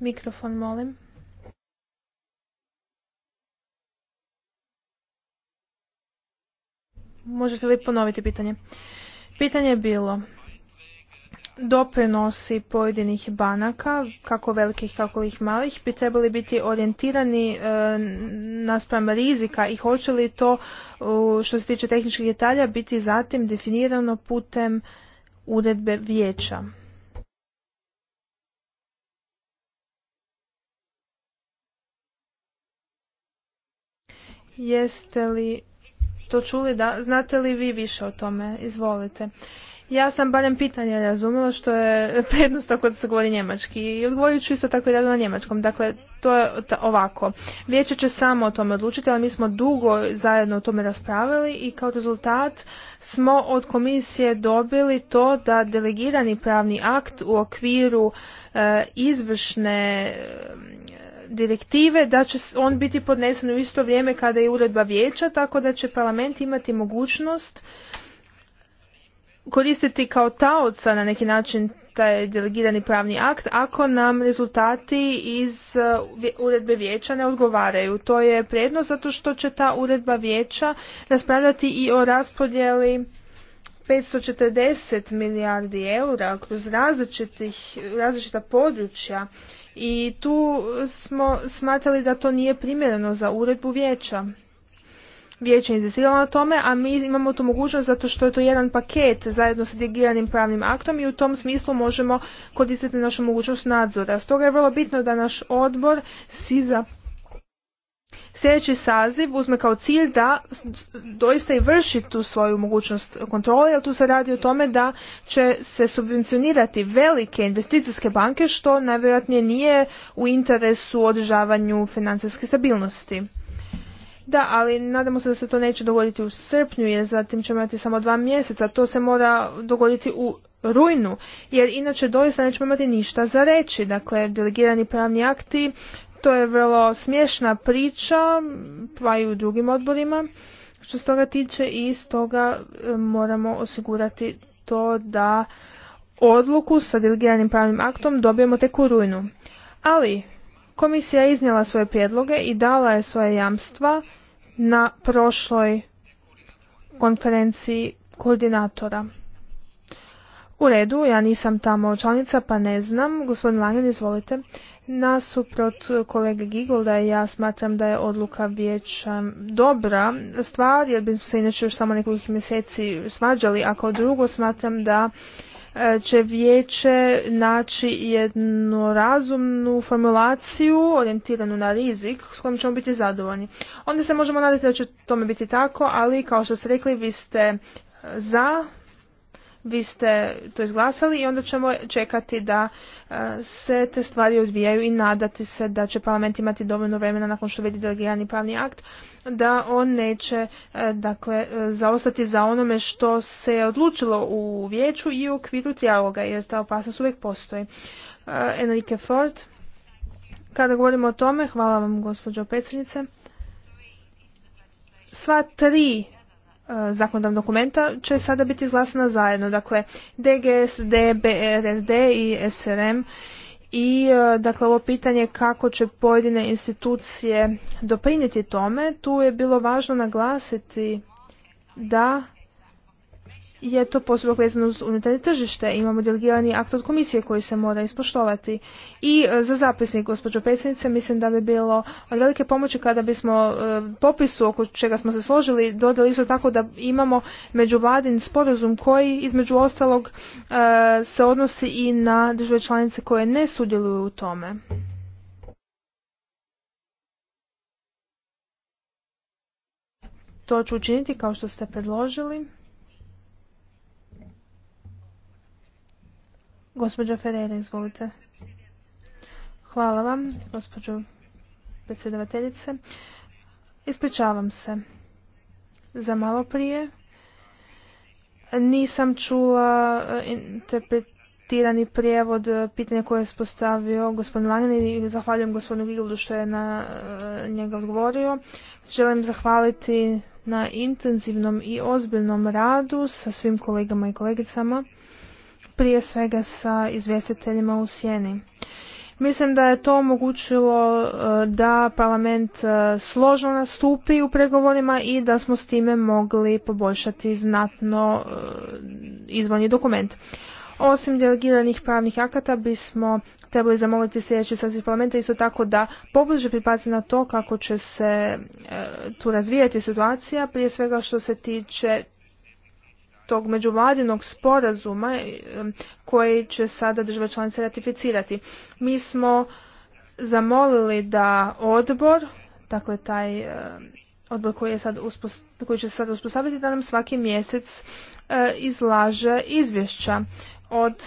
Mikrofon, molim. Možete li ponoviti pitanje? Pitanje je bilo doprinosi pojedinih banaka, kako velikih, kako ih malih, bi trebali biti orijentirani e, naspram rizika i hoće li to, što se tiče tehničkih detalja, biti zatim definirano putem uredbe vijeća. Jeste li to čuli? Da, znate li vi više o tome? Izvolite. Ja sam barem pitanje razumjela što je prednost tako da se govori njemački i odgovorit ću isto tako i na njemačkom. Dakle, to je ovako. Vijeće će samo o tome odlučiti, ali mi smo dugo zajedno o tome raspravili i kao rezultat smo od komisije dobili to da delegirani pravni akt u okviru e, izvršne direktive da će on biti podnesen u isto vrijeme kada je uredba vijeća, tako da će parlament imati mogućnost koristiti kao taoca na neki način taj delegirani pravni akt ako nam rezultati iz uh, uredbe vijeća ne odgovaraju. To je prednost zato što će ta uredba vijeća raspravljati i o raspodjeli 540 milijardi eura kroz različitih, različita područja i tu smo smatrali da to nije primjereno za uredbu vijeća. Vijeće je inzistiralo na tome, a mi imamo tu mogućnost zato što je to jedan paket zajedno sa digiranim pravnim aktom i u tom smislu možemo koristiti našu mogućnost nadzora. Stoga je vrlo bitno da naš odbor SIZA sljedeći saziv uzme kao cilj da doista i vrši tu svoju mogućnost kontrole, jer tu se radi o tome da će se subvencionirati velike investicijske banke, što najvjerojatnije nije u interesu održavanju financijske stabilnosti. Da, ali nadamo se da se to neće dogoditi u srpnju, jer zatim ćemo imati samo dva mjeseca. To se mora dogoditi u rujnu, jer inače doista nećemo imati ništa za reći. Dakle, delegirani pravni akti to je vrlo smiješna priča, pa i u drugim odborima. Što se toga tiče i stoga e, moramo osigurati to da odluku sa delegiranim pravnim aktom dobijemo tek u rujnu. Ali komisija je iznijela svoje prijedloge i dala je svoje jamstva na prošloj konferenciji koordinatora. U redu, ja nisam tamo članica pa ne znam. Gospodin Langen, izvolite. Nasuprot kolege Gigolda ja smatram da je odluka vijeća dobra stvar jer bi se inače još samo nekoliko mjeseci svađali, a kao drugo smatram da e, će vijeće naći jednu razumnu formulaciju orijentiranu na rizik s kojom ćemo biti zadovoljni. Onda se možemo nadati da će tome biti tako, ali kao što ste rekli vi ste za vi ste to izglasali i onda ćemo čekati da e, se te stvari odvijaju i nadati se da će parlament imati dovoljno vremena nakon što vidi delegirani pravni akt da on neće e, dakle, e, zaostati za onome što se odlučilo u vijeću i u okviru trijaloga jer ta opasnost uvijek postoji. Enrique Ford, kada govorimo o tome, hvala vam gospođo predsjednice, sva tri E, zakonodavnog dokumenta će sada biti izglasana zajedno. Dakle, DGS, BRSD i SRM i e, dakle ovo pitanje kako će pojedine institucije doprinijeti tome, tu je bilo važno naglasiti da je to postupak vezano uz unutarnje tržište. Imamo delegirani akt od komisije koji se mora ispoštovati. I e, za zapisnik, gospođo predsjednice, mislim da bi bilo velike pomoći kada bismo e, popisu oko čega smo se složili dodali isto tako da imamo međuvladin sporazum koji između ostalog e, se odnosi i na države članice koje ne sudjeluju u tome. To ću učiniti kao što ste predložili. Gospođa Ferreira, izvolite. Hvala vam, gospođo predsjedavateljice. Ispričavam se. Za malo prije nisam čula eh, interpretirani prijevod eh, pitanja koje je spostavio gospodin Langen i zahvaljujem gospodinu Gildu što je na eh, njega odgovorio. Želim zahvaliti na intenzivnom i ozbiljnom radu sa svim kolegama i kolegicama prije svega sa izvjestiteljima u sjeni. Mislim da je to omogućilo e, da parlament e, složno nastupi u pregovorima i da smo s time mogli poboljšati znatno e, izvorni dokument. Osim delegiranih pravnih akata bismo trebali zamoliti sljedeći saziv parlamenta isto tako da pobliže pripazi na to kako će se tu razvijati situacija, prije svega što se tiče tog međuvladinog sporazuma e, koji će sada države članice ratificirati. Mi smo zamolili da odbor, dakle taj e, odbor koji, je sad koji će sad uspostaviti, da nam svaki mjesec e, izlaže izvješća od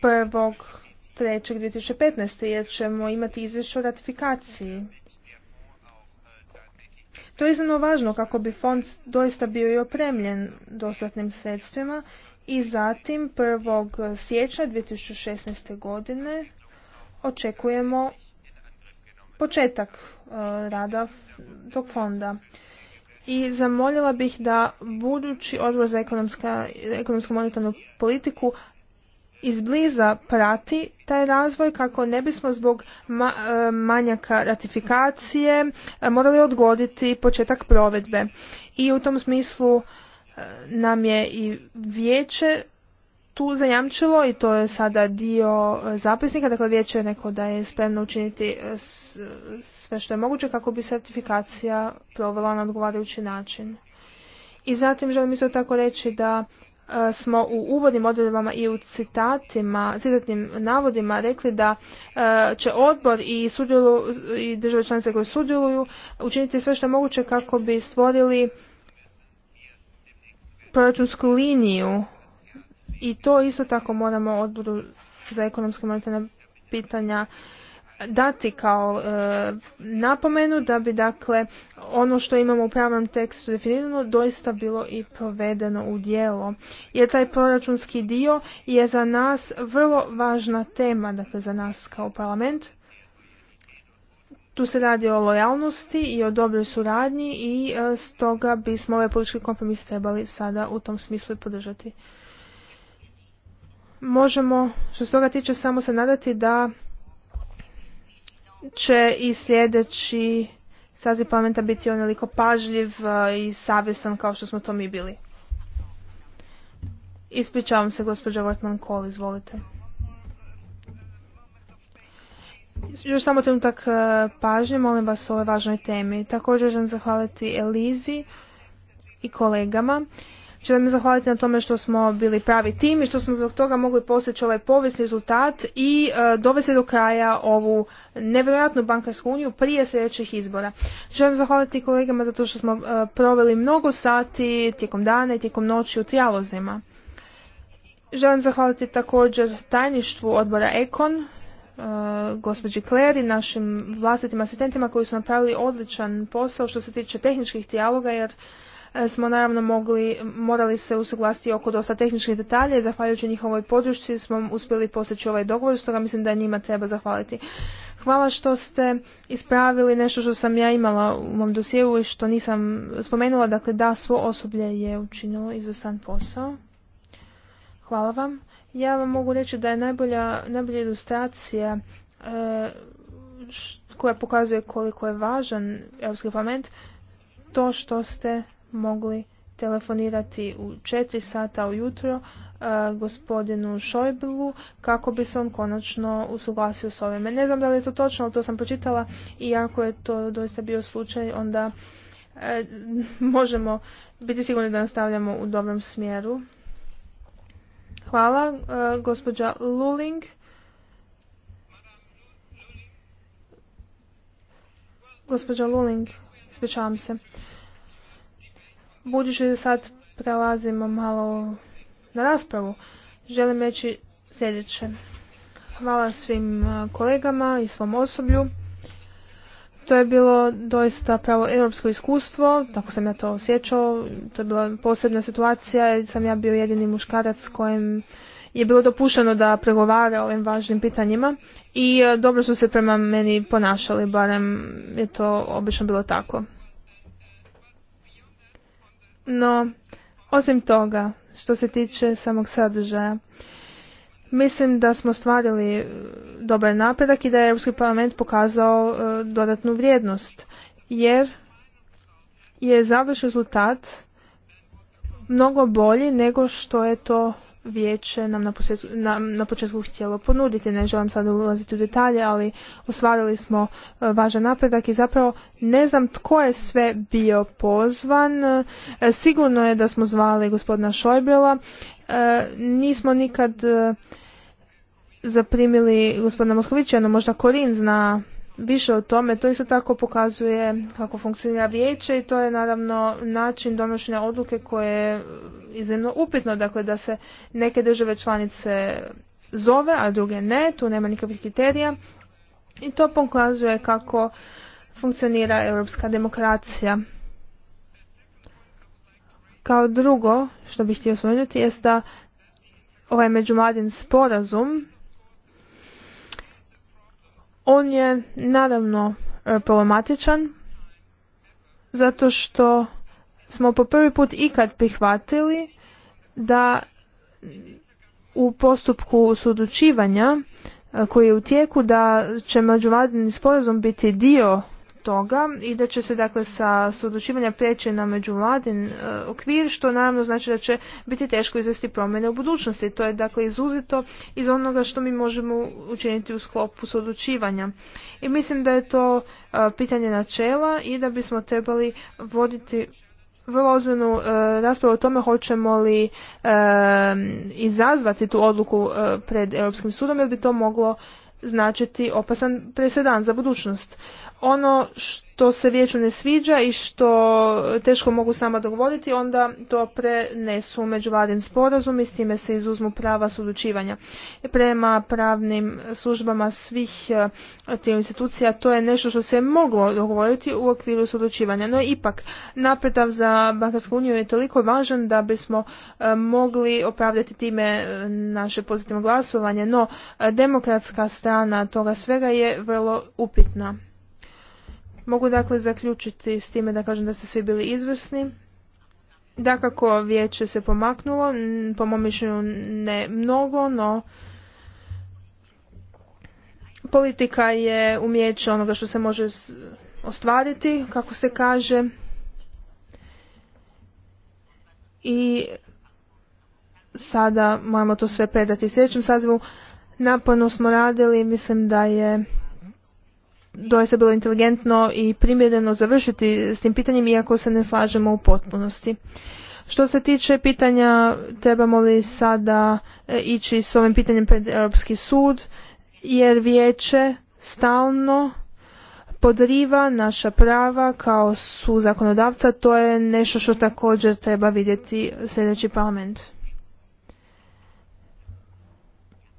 prvog petnaest jer ćemo imati izvješće o ratifikaciji. To je iznimno važno kako bi fond doista bio i opremljen dostatnim sredstvima i zatim 1. siječnja 2016. godine očekujemo početak e, rada tog fonda. I zamoljila bih da budući odbor za ekonomsku monetarnu politiku izbliza prati taj razvoj kako ne bismo zbog e, manjaka ratifikacije e, morali odgoditi početak provedbe. I u tom smislu e, nam je i vijeće tu zajamčilo i to je sada dio zapisnika, dakle vijeće je neko da je spremno učiniti sve što je moguće kako bi sertifikacija provela na odgovarajući način. I zatim želim isto tako reći da E, smo u uvodnim odredbama i u citatima, citatnim navodima rekli da e, će odbor i, i države članice koje sudjeluju učiniti sve što je moguće kako bi stvorili proračunsku liniju i to isto tako moramo odboru za ekonomske monetarne pitanja dati kao e, napomenu da bi dakle ono što imamo u pravnom tekstu definirano doista bilo i provedeno u djelo. Jer taj proračunski dio je za nas vrlo važna tema, dakle za nas kao parlament. Tu se radi o lojalnosti i o dobroj suradnji i e, stoga bismo ove ovaj politički kompromis trebali sada u tom smislu i podržati. Možemo, što se toga tiče, samo se nadati da će i sljedeći saziv pamenta biti onoliko pažljiv e, i savjestan kao što smo to mi bili. Ispričavam se, gospođa Wortman Kohl, izvolite. Još samo trenutak e, pažnje, molim vas o ovoj važnoj temi. Također želim zahvaliti Elizi i kolegama Želim zahvaliti na tome što smo bili pravi tim i što smo zbog toga mogli postići ovaj povijesni rezultat i e, dovesti do kraja ovu nevjerojatnu bankarsku uniju prije sljedećih izbora. Želim zahvaliti kolegama zato što smo e, proveli mnogo sati tijekom dana i tijekom noći u trijalozima. Želim zahvaliti također tajništvu odbora Ekon, e, gospođi Kleri, našim vlastitim asistentima koji su napravili odličan posao što se tiče tehničkih dijaloga jer E, smo naravno mogli, morali se usuglasiti oko dosta tehničkih detalja i zahvaljujući njihovoj podršci smo uspjeli postići ovaj dogovor, stoga mislim da njima treba zahvaliti. Hvala što ste ispravili nešto što sam ja imala u mom dosjeu i što nisam spomenula, dakle da svo osoblje je učinilo izvrstan posao. Hvala vam. Ja vam mogu reći da je najbolja, najbolja ilustracija e, koja pokazuje koliko je važan Europski parlament to što ste mogli telefonirati u 4 sata ujutro e, gospodinu Šojblu kako bi se on konačno usuglasio s ovime. Ne znam da li je to točno, ali to sam počitala i ako je to doista bio slučaj, onda e, možemo biti sigurni da nastavljamo u dobrom smjeru. Hvala, e, gospođa Luling. Gospođa Luling, ispričavam se. Budući da sad prelazimo malo na raspravu, želim reći sljedeće. Hvala svim kolegama i svom osoblju. To je bilo doista pravo europsko iskustvo, tako sam ja to osjećao, to je bila posebna situacija jer sam ja bio jedini muškarac kojem je bilo dopušteno da pregovara o ovim važnim pitanjima i dobro su se prema meni ponašali, barem je to obično bilo tako. No, osim toga, što se tiče samog sadržaja, mislim da smo stvarili e, dobar napredak i da je Europski parlament pokazao e, dodatnu vrijednost, jer je završen rezultat mnogo bolji nego što je to vijeće nam na, početku htjelo ponuditi. Ne želim sad ulaziti u detalje, ali ostvarili smo e, važan napredak i zapravo ne znam tko je sve bio pozvan. E, sigurno je da smo zvali gospodina Šojbjela. E, nismo nikad zaprimili gospodina Moskovića, no možda Korin zna više o tome. To isto tako pokazuje kako funkcionira vijeće i to je naravno način donošenja odluke koje je iznimno upitno, dakle da se neke države članice zove, a druge ne, tu nema nikakvih kriterija i to pokazuje kako funkcionira europska demokracija. Kao drugo što bih htio spomenuti jest da ovaj međumladin sporazum on je naravno e, problematičan zato što smo po prvi put ikad prihvatili da u postupku sudučivanja e, koji je u tijeku da će međuvladini sporazum biti dio toga i da će se dakle sa sudučivanja prijeći na međuvladin e, okvir što naravno znači da će biti teško izvesti promjene u budućnosti. To je dakle izuzeto iz onoga što mi možemo učiniti u sklopu suodlučivanja. I mislim da je to e, pitanje načela i da bismo trebali voditi vrlo ozbiljnu e, raspravu o tome hoćemo li izazvati tu odluku pred Europskim sudom jer bi to moglo značiti opasan presedan za budućnost ono što se vijeću ne sviđa i što teško mogu sama dogovoriti, onda to prenesu međuvladin sporazum i s time se izuzmu prava sudučivanja. Prema pravnim službama svih e, tih institucija to je nešto što se moglo dogovoriti u okviru sudučivanja. No ipak, napredak za Bankarsku uniju je toliko važan da bismo e, mogli opravdati time e, naše pozitivno glasovanje, no demokratska strana toga svega je vrlo upitna. Mogu dakle zaključiti s time da kažem da ste svi bili izvrsni. Dakako, vijeće se pomaknulo, po mom mišljenju ne mnogo, no politika je umjeće onoga što se može ostvariti, kako se kaže. I sada moramo to sve predati sljedećem sazivu. Naporno smo radili, mislim da je doista bilo inteligentno i primjereno završiti s tim pitanjem iako se ne slažemo u potpunosti. Što se tiče pitanja trebamo li sada e, ići s ovim pitanjem pred Europski sud jer vijeće stalno podriva naša prava kao su zakonodavca, to je nešto što također treba vidjeti sljedeći parlament.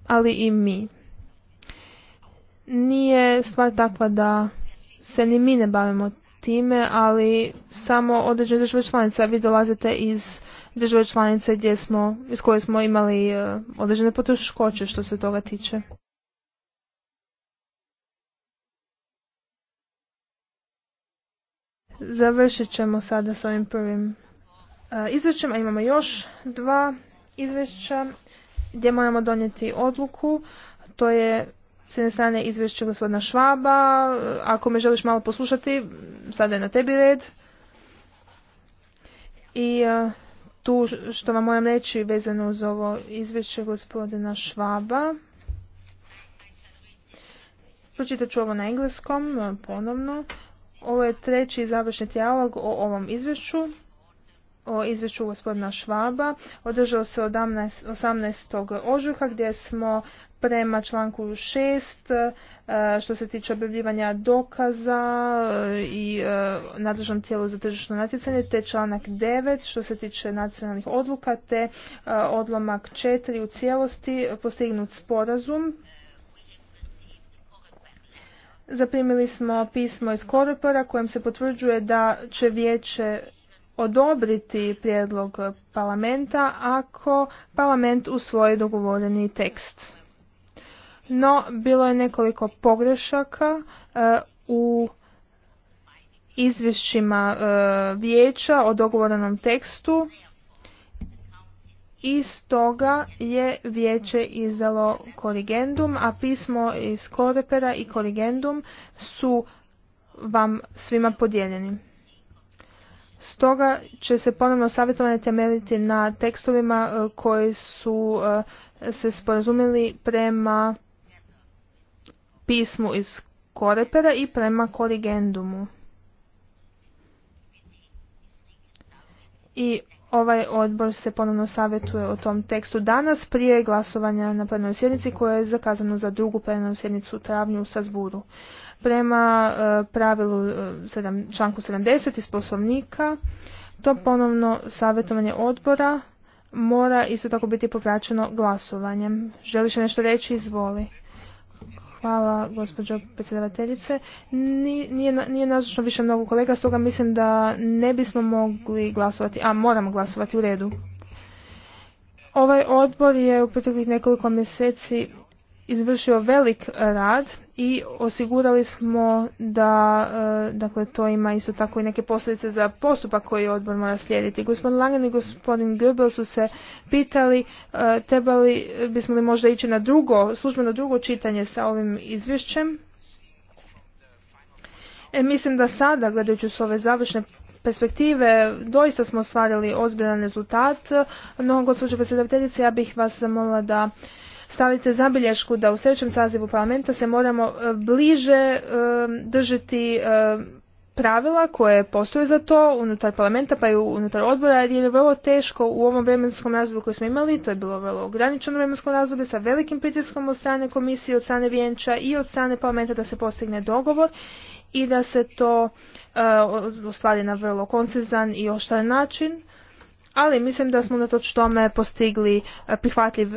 Ali i mi nije stvar takva da se ni mi ne bavimo time, ali samo određene države članice. Vi dolazite iz države članice gdje smo, iz koje smo imali e, određene poteškoće što se toga tiče. Završit ćemo sada s ovim prvim e, izvješćem, a imamo još dva izvješća gdje moramo donijeti odluku. To je s jedne strane izvješće gospodina Švaba, ako me želiš malo poslušati, sada je na tebi red. I e, tu što vam moram reći vezano uz ovo izvješće gospodina Švaba. Pročitat ću ovo na engleskom e, ponovno. Ovo je treći završni dijalog o ovom izvješću o izvješću gospodina Švaba održao se 18. 18. ožujka gdje smo prema članku 6 e, što se tiče objavljivanja dokaza e, i e, nadležnom tijelu za tržišno natjecanje te članak 9 što se tiče nacionalnih odluka te odlomak 4 u cijelosti postignut sporazum Zaprimili smo pismo iz Korepora kojem se potvrđuje da će vijeće odobriti prijedlog parlamenta ako parlament usvoji dogovoreni tekst. No, bilo je nekoliko pogrešaka e, u izvješćima e, vijeća o dogovorenom tekstu i stoga je vijeće izdalo korigendum, a pismo iz Korepera i korigendum su vam svima podijeljeni. Stoga će se ponovno savjetovanje temeljiti na tekstovima e, koji su e, se sporazumili prema pismu iz Korepera i prema korigendumu. I ovaj odbor se ponovno savjetuje o tom tekstu danas prije glasovanja na plenarnoj sjednici koja je zakazano za drugu plenarnu sjednicu u travnju u Sazburu. Prema e, pravilu e, članku 70 iz poslovnika to ponovno savjetovanje odbora mora isto tako biti popraćeno glasovanjem. Želiš nešto reći? Izvoli. Hvala, gospođo predsjedavateljice. Nije, nije nazočno više mnogo kolega, stoga mislim da ne bismo mogli glasovati, a moramo glasovati u redu. Ovaj odbor je u proteklih nekoliko mjeseci izvršio velik rad i osigurali smo da e, dakle, to ima isto tako i neke posljedice za postupak koji odbor mora slijediti. Gospodin Langen i gospodin Goebel su se pitali e, trebali bismo li možda ići na drugo, službeno drugo čitanje sa ovim izvješćem. E, mislim da sada, gledajući s ove završne perspektive doista smo ostvarili ozbiljan rezultat, no gospođo predsjedateljice ja bih vas zamolila da stavite zabilješku da u sljedećem sazivu parlamenta se moramo e, bliže e, držati e, pravila koje postoje za to unutar parlamenta pa i unutar odbora jer je vrlo teško u ovom vremenskom razdoblju koji smo imali, to je bilo vrlo ograničeno vremenskom razdoblje sa velikim pritiskom od strane komisije, od strane vijenča i od strane parlamenta da se postigne dogovor i da se to ostvari na vrlo koncizan i oštar način. Ali mislim da smo na toč tome postigli prihvatljiv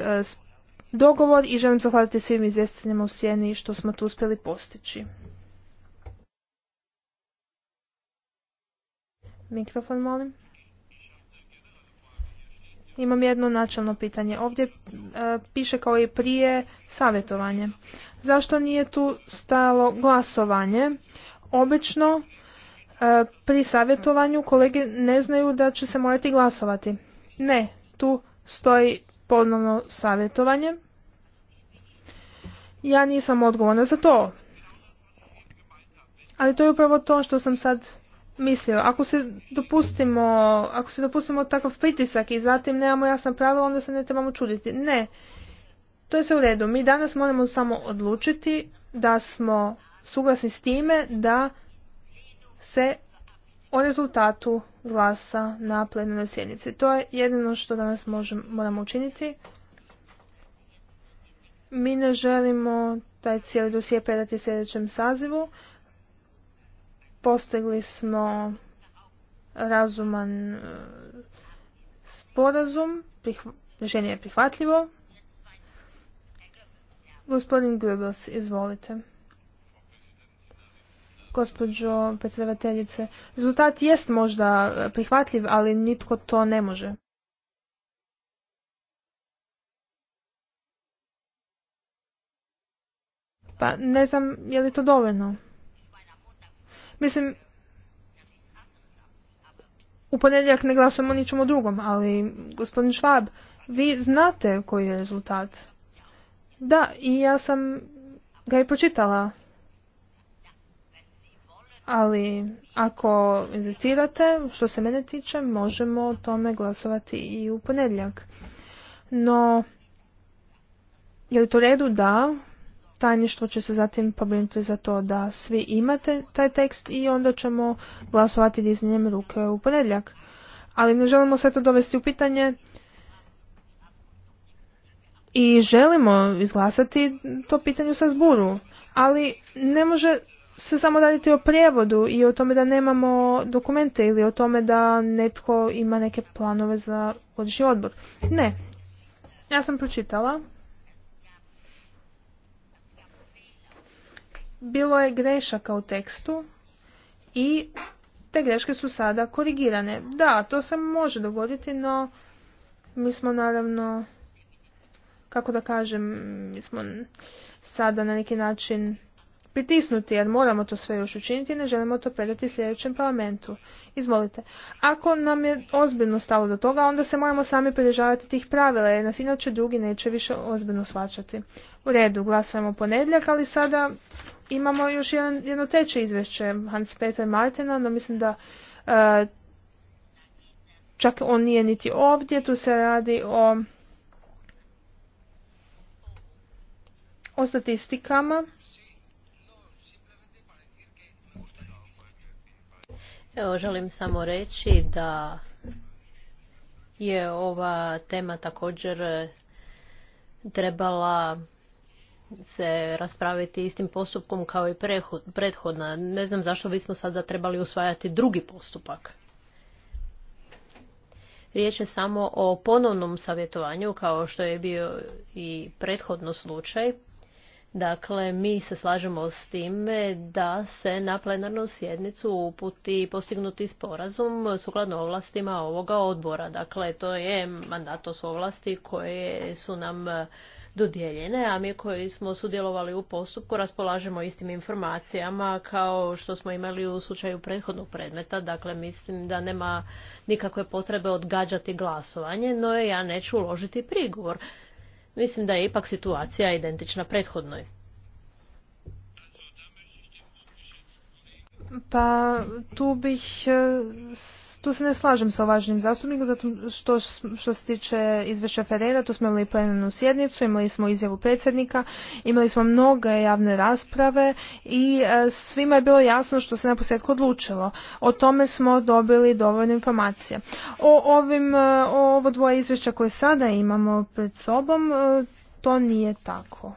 dogovor i želim zahvaliti svim izvjestiteljima u Sjeni što smo tu uspjeli postići. Mikrofon molim. Imam jedno načelno pitanje. Ovdje e, piše kao i prije savjetovanje. Zašto nije tu stajalo glasovanje? Obično e, pri savjetovanju kolege ne znaju da će se morati glasovati. Ne, tu stoji ponovno savjetovanje. Ja nisam odgovorna za to. Ali to je upravo to što sam sad mislio. Ako se dopustimo, ako se dopustimo takav pritisak i zatim nemamo jasan pravila, onda se ne trebamo čuditi. Ne. To je sve u redu. Mi danas moramo samo odlučiti da smo suglasni s time da se o rezultatu glasa na plenarnoj sjednici. To je jedino što danas moramo učiniti. Mi ne želimo taj cijeli dosije predati sljedećem sazivu. Postigli smo razuman e, sporazum, rješenje je prihvatljivo. Gospodin Goebbels, izvolite. Gospođo predsjedavateljice, rezultat jest možda prihvatljiv, ali nitko to ne može. Pa ne znam je li to dovoljno. Mislim, u ponedjeljak ne glasujemo ničemu drugom, ali gospodin Švab, vi znate koji je rezultat. Da, i ja sam ga i pročitala. Ali ako inzistirate, što se mene tiče, možemo o tome glasovati i u ponedjeljak. No, je li to redu? Da, Tajništvo će se zatim pobrinuti za to da svi imate taj tekst i onda ćemo glasovati dizanjem ruke u ponedljak. Ali ne želimo sve to dovesti u pitanje i želimo izglasati to pitanje sa zburu, ali ne može se samo raditi o prijevodu i o tome da nemamo dokumente ili o tome da netko ima neke planove za godišnji odbor. Ne. Ja sam pročitala bilo je grešaka u tekstu i te greške su sada korigirane. Da, to se može dogoditi, no mi smo naravno, kako da kažem, mi smo sada na neki način pritisnuti jer moramo to sve još učiniti i ne želimo to predati sljedećem parlamentu. Izvolite. Ako nam je ozbiljno stalo do toga, onda se moramo sami pridržavati tih pravila jer nas inače drugi neće više ozbiljno svačati. U redu, glasujemo ponedjeljak, ali sada imamo još jedan, jedno treće izvješće Hans Peter Martina, no mislim da e, čak on nije niti ovdje, tu se radi o o statistikama. Evo, želim samo reći da je ova tema također trebala se raspraviti istim postupkom kao i prethodna. Ne znam zašto bismo sada trebali usvajati drugi postupak. Riječ je samo o ponovnom savjetovanju kao što je bio i prethodno slučaj. Dakle, mi se slažemo s time da se na plenarnu sjednicu uputi postignuti sporazum sukladno ovlastima ovoga odbora. Dakle, to je mandat, ovlasti koje su nam dodijeljene, a mi koji smo sudjelovali u postupku raspolažemo istim informacijama kao što smo imali u slučaju prethodnog predmeta. Dakle, mislim da nema nikakve potrebe odgađati glasovanje, no ja neću uložiti prigovor. Mislim da je ipak situacija identična prethodnoj. Pa tu bih eh, tu se ne slažem sa uvaženim zastupnikom, zato što, što se tiče izvješća Ferreira, tu smo imali plenarnu sjednicu, imali smo izjavu predsjednika, imali smo mnoge javne rasprave i e, svima je bilo jasno što se na posljedku odlučilo. O tome smo dobili dovoljno informacije. O, ovim, e, o ovo dvoje izvješća koje sada imamo pred sobom, e, to nije tako.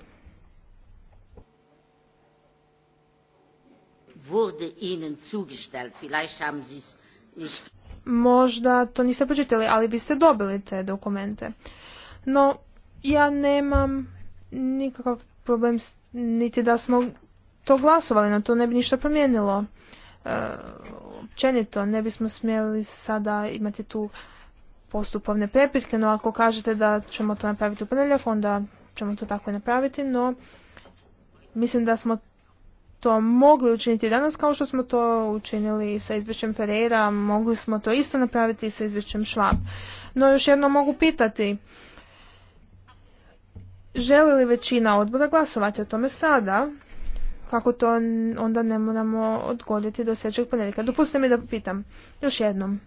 wurde ihnen zugestellt. Vielleicht haben sie es nicht možda to niste pročitali, ali biste dobili te dokumente. No, ja nemam nikakav problem niti da smo to glasovali, na to ne bi ništa promijenilo. E, općenito, ne bismo smjeli sada imati tu postupovne prepirke, no ako kažete da ćemo to napraviti u ponedjeljak, onda ćemo to tako i napraviti, no mislim da smo to mogli učiniti danas kao što smo to učinili sa izvješćem Ferreira. mogli smo to isto napraviti i sa izvješćem Švab. No još jedno mogu pitati, želi li većina odbora glasovati o tome sada? Kako to onda ne moramo odgoditi do sljedećeg ponedjeljka? Dopustite mi da pitam još jednom.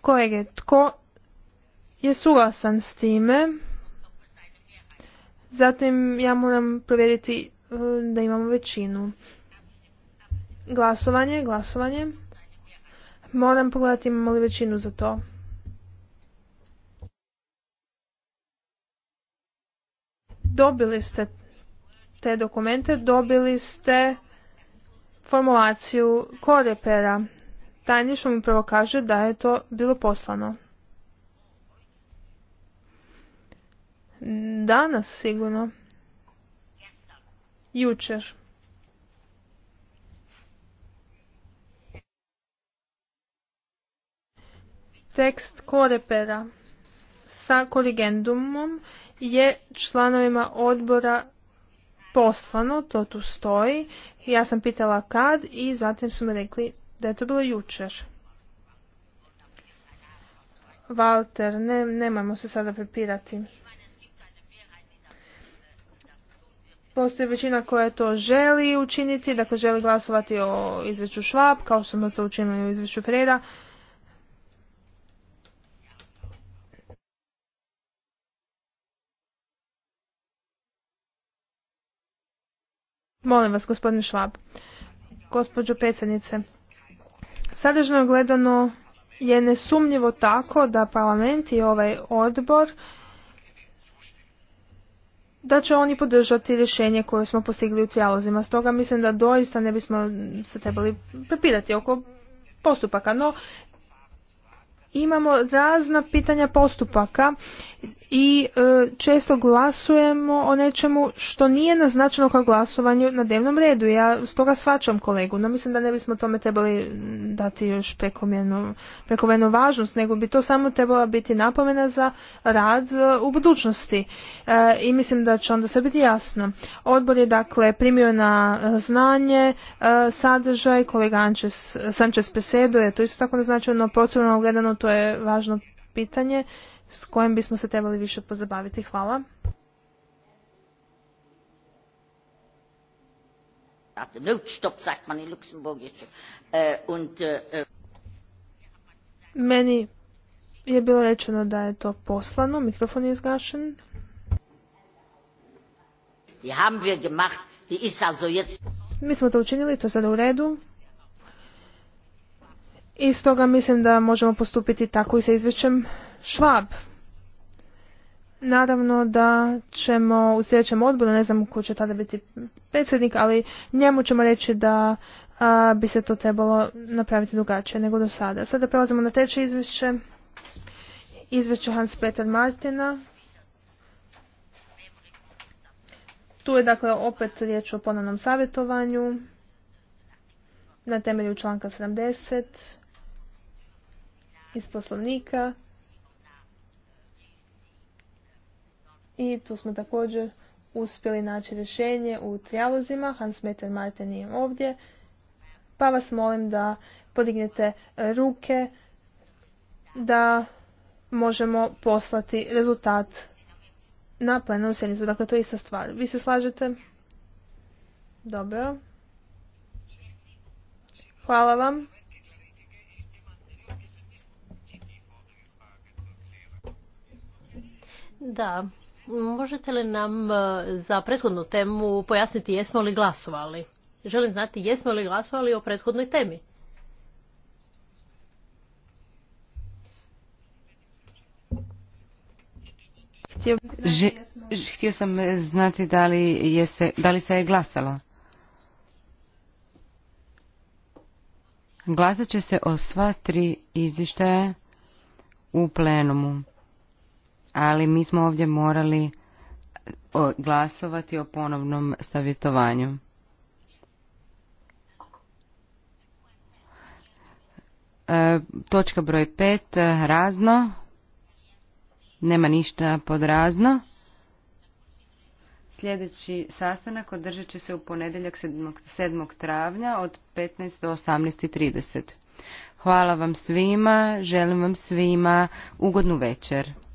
Kolege, tko je suglasan s time Zatim ja moram provjeriti e, da imamo većinu. Glasovanje, glasovanje. Moram pogledati imamo li većinu za to. Dobili ste te dokumente, dobili ste formulaciju korepera. Tajništvo mi prvo kaže da je to bilo poslano. Danas sigurno. Jučer. Tekst korepera sa korigendumom je članovima odbora poslano, to tu stoji. Ja sam pitala kad i zatim su mi rekli da je to bilo jučer. Walter, ne, nemojmo se sada prepirati. postoji većina koja to želi učiniti, dakle želi glasovati o izveću Švab, kao što smo to učinili u izveću Preda. Molim vas, gospodine Švab, gospođo predsjednice, sadržno gledano je nesumnjivo tako da parlament i ovaj odbor da će oni podržati rješenje koje smo postigli u trijalozima. Stoga mislim da doista ne bismo se trebali prepirati oko postupaka, no imamo razna pitanja postupaka i e, često glasujemo o nečemu što nije naznačeno kao glasovanju na dnevnom redu. Ja stoga svačam kolegu, no mislim da ne bismo tome trebali dati još prekomjernu važnost, nego bi to samo trebala biti napomena za rad e, u budućnosti. E, I mislim da će onda sve biti jasno. Odbor je dakle primio na znanje sadržaj, kolega Sančes Sanchez Pesedo je to isto tako naznačeno, proceduralno gledano to to je važno pitanje s kojim bismo se trebali više pozabaviti. Hvala. Meni je bilo rečeno da je to poslano, mikrofon je izgašen. Mi smo to učinili, to je sada u redu. I stoga mislim da možemo postupiti tako i sa izvješćem Švab. Naravno da ćemo u sljedećem odboru, ne znam ko će tada biti predsjednik, ali njemu ćemo reći da bi se to trebalo napraviti drugačije nego do sada. Sada prelazimo na treće izvješće. Izvješće Hans Peter Martina. Tu je dakle opet riječ o ponovnom savjetovanju na temelju članka 70 iz poslovnika i tu smo također uspjeli naći rješenje u trijalozima. Hans Meter Martin nije ovdje, pa vas molim da podignete ruke da možemo poslati rezultat na plenarnu sjednicu. Dakle, to je ista stvar. Vi se slažete? Dobro. Hvala vam. Da, možete li nam e, za prethodnu temu pojasniti jesmo li glasovali? Želim znati jesmo li glasovali o prethodnoj temi. Htio, sam e, znati da li, se, da li se je glasalo. Glasat će se o sva tri izvještaja u plenumu ali mi smo ovdje morali glasovati o ponovnom savjetovanju. E, točka broj 5, razno. Nema ništa pod razno. Sljedeći sastanak održat će se u ponedjeljak 7. 7. travnja od 15 do 18.30. Hvala vam svima, želim vam svima ugodnu večer.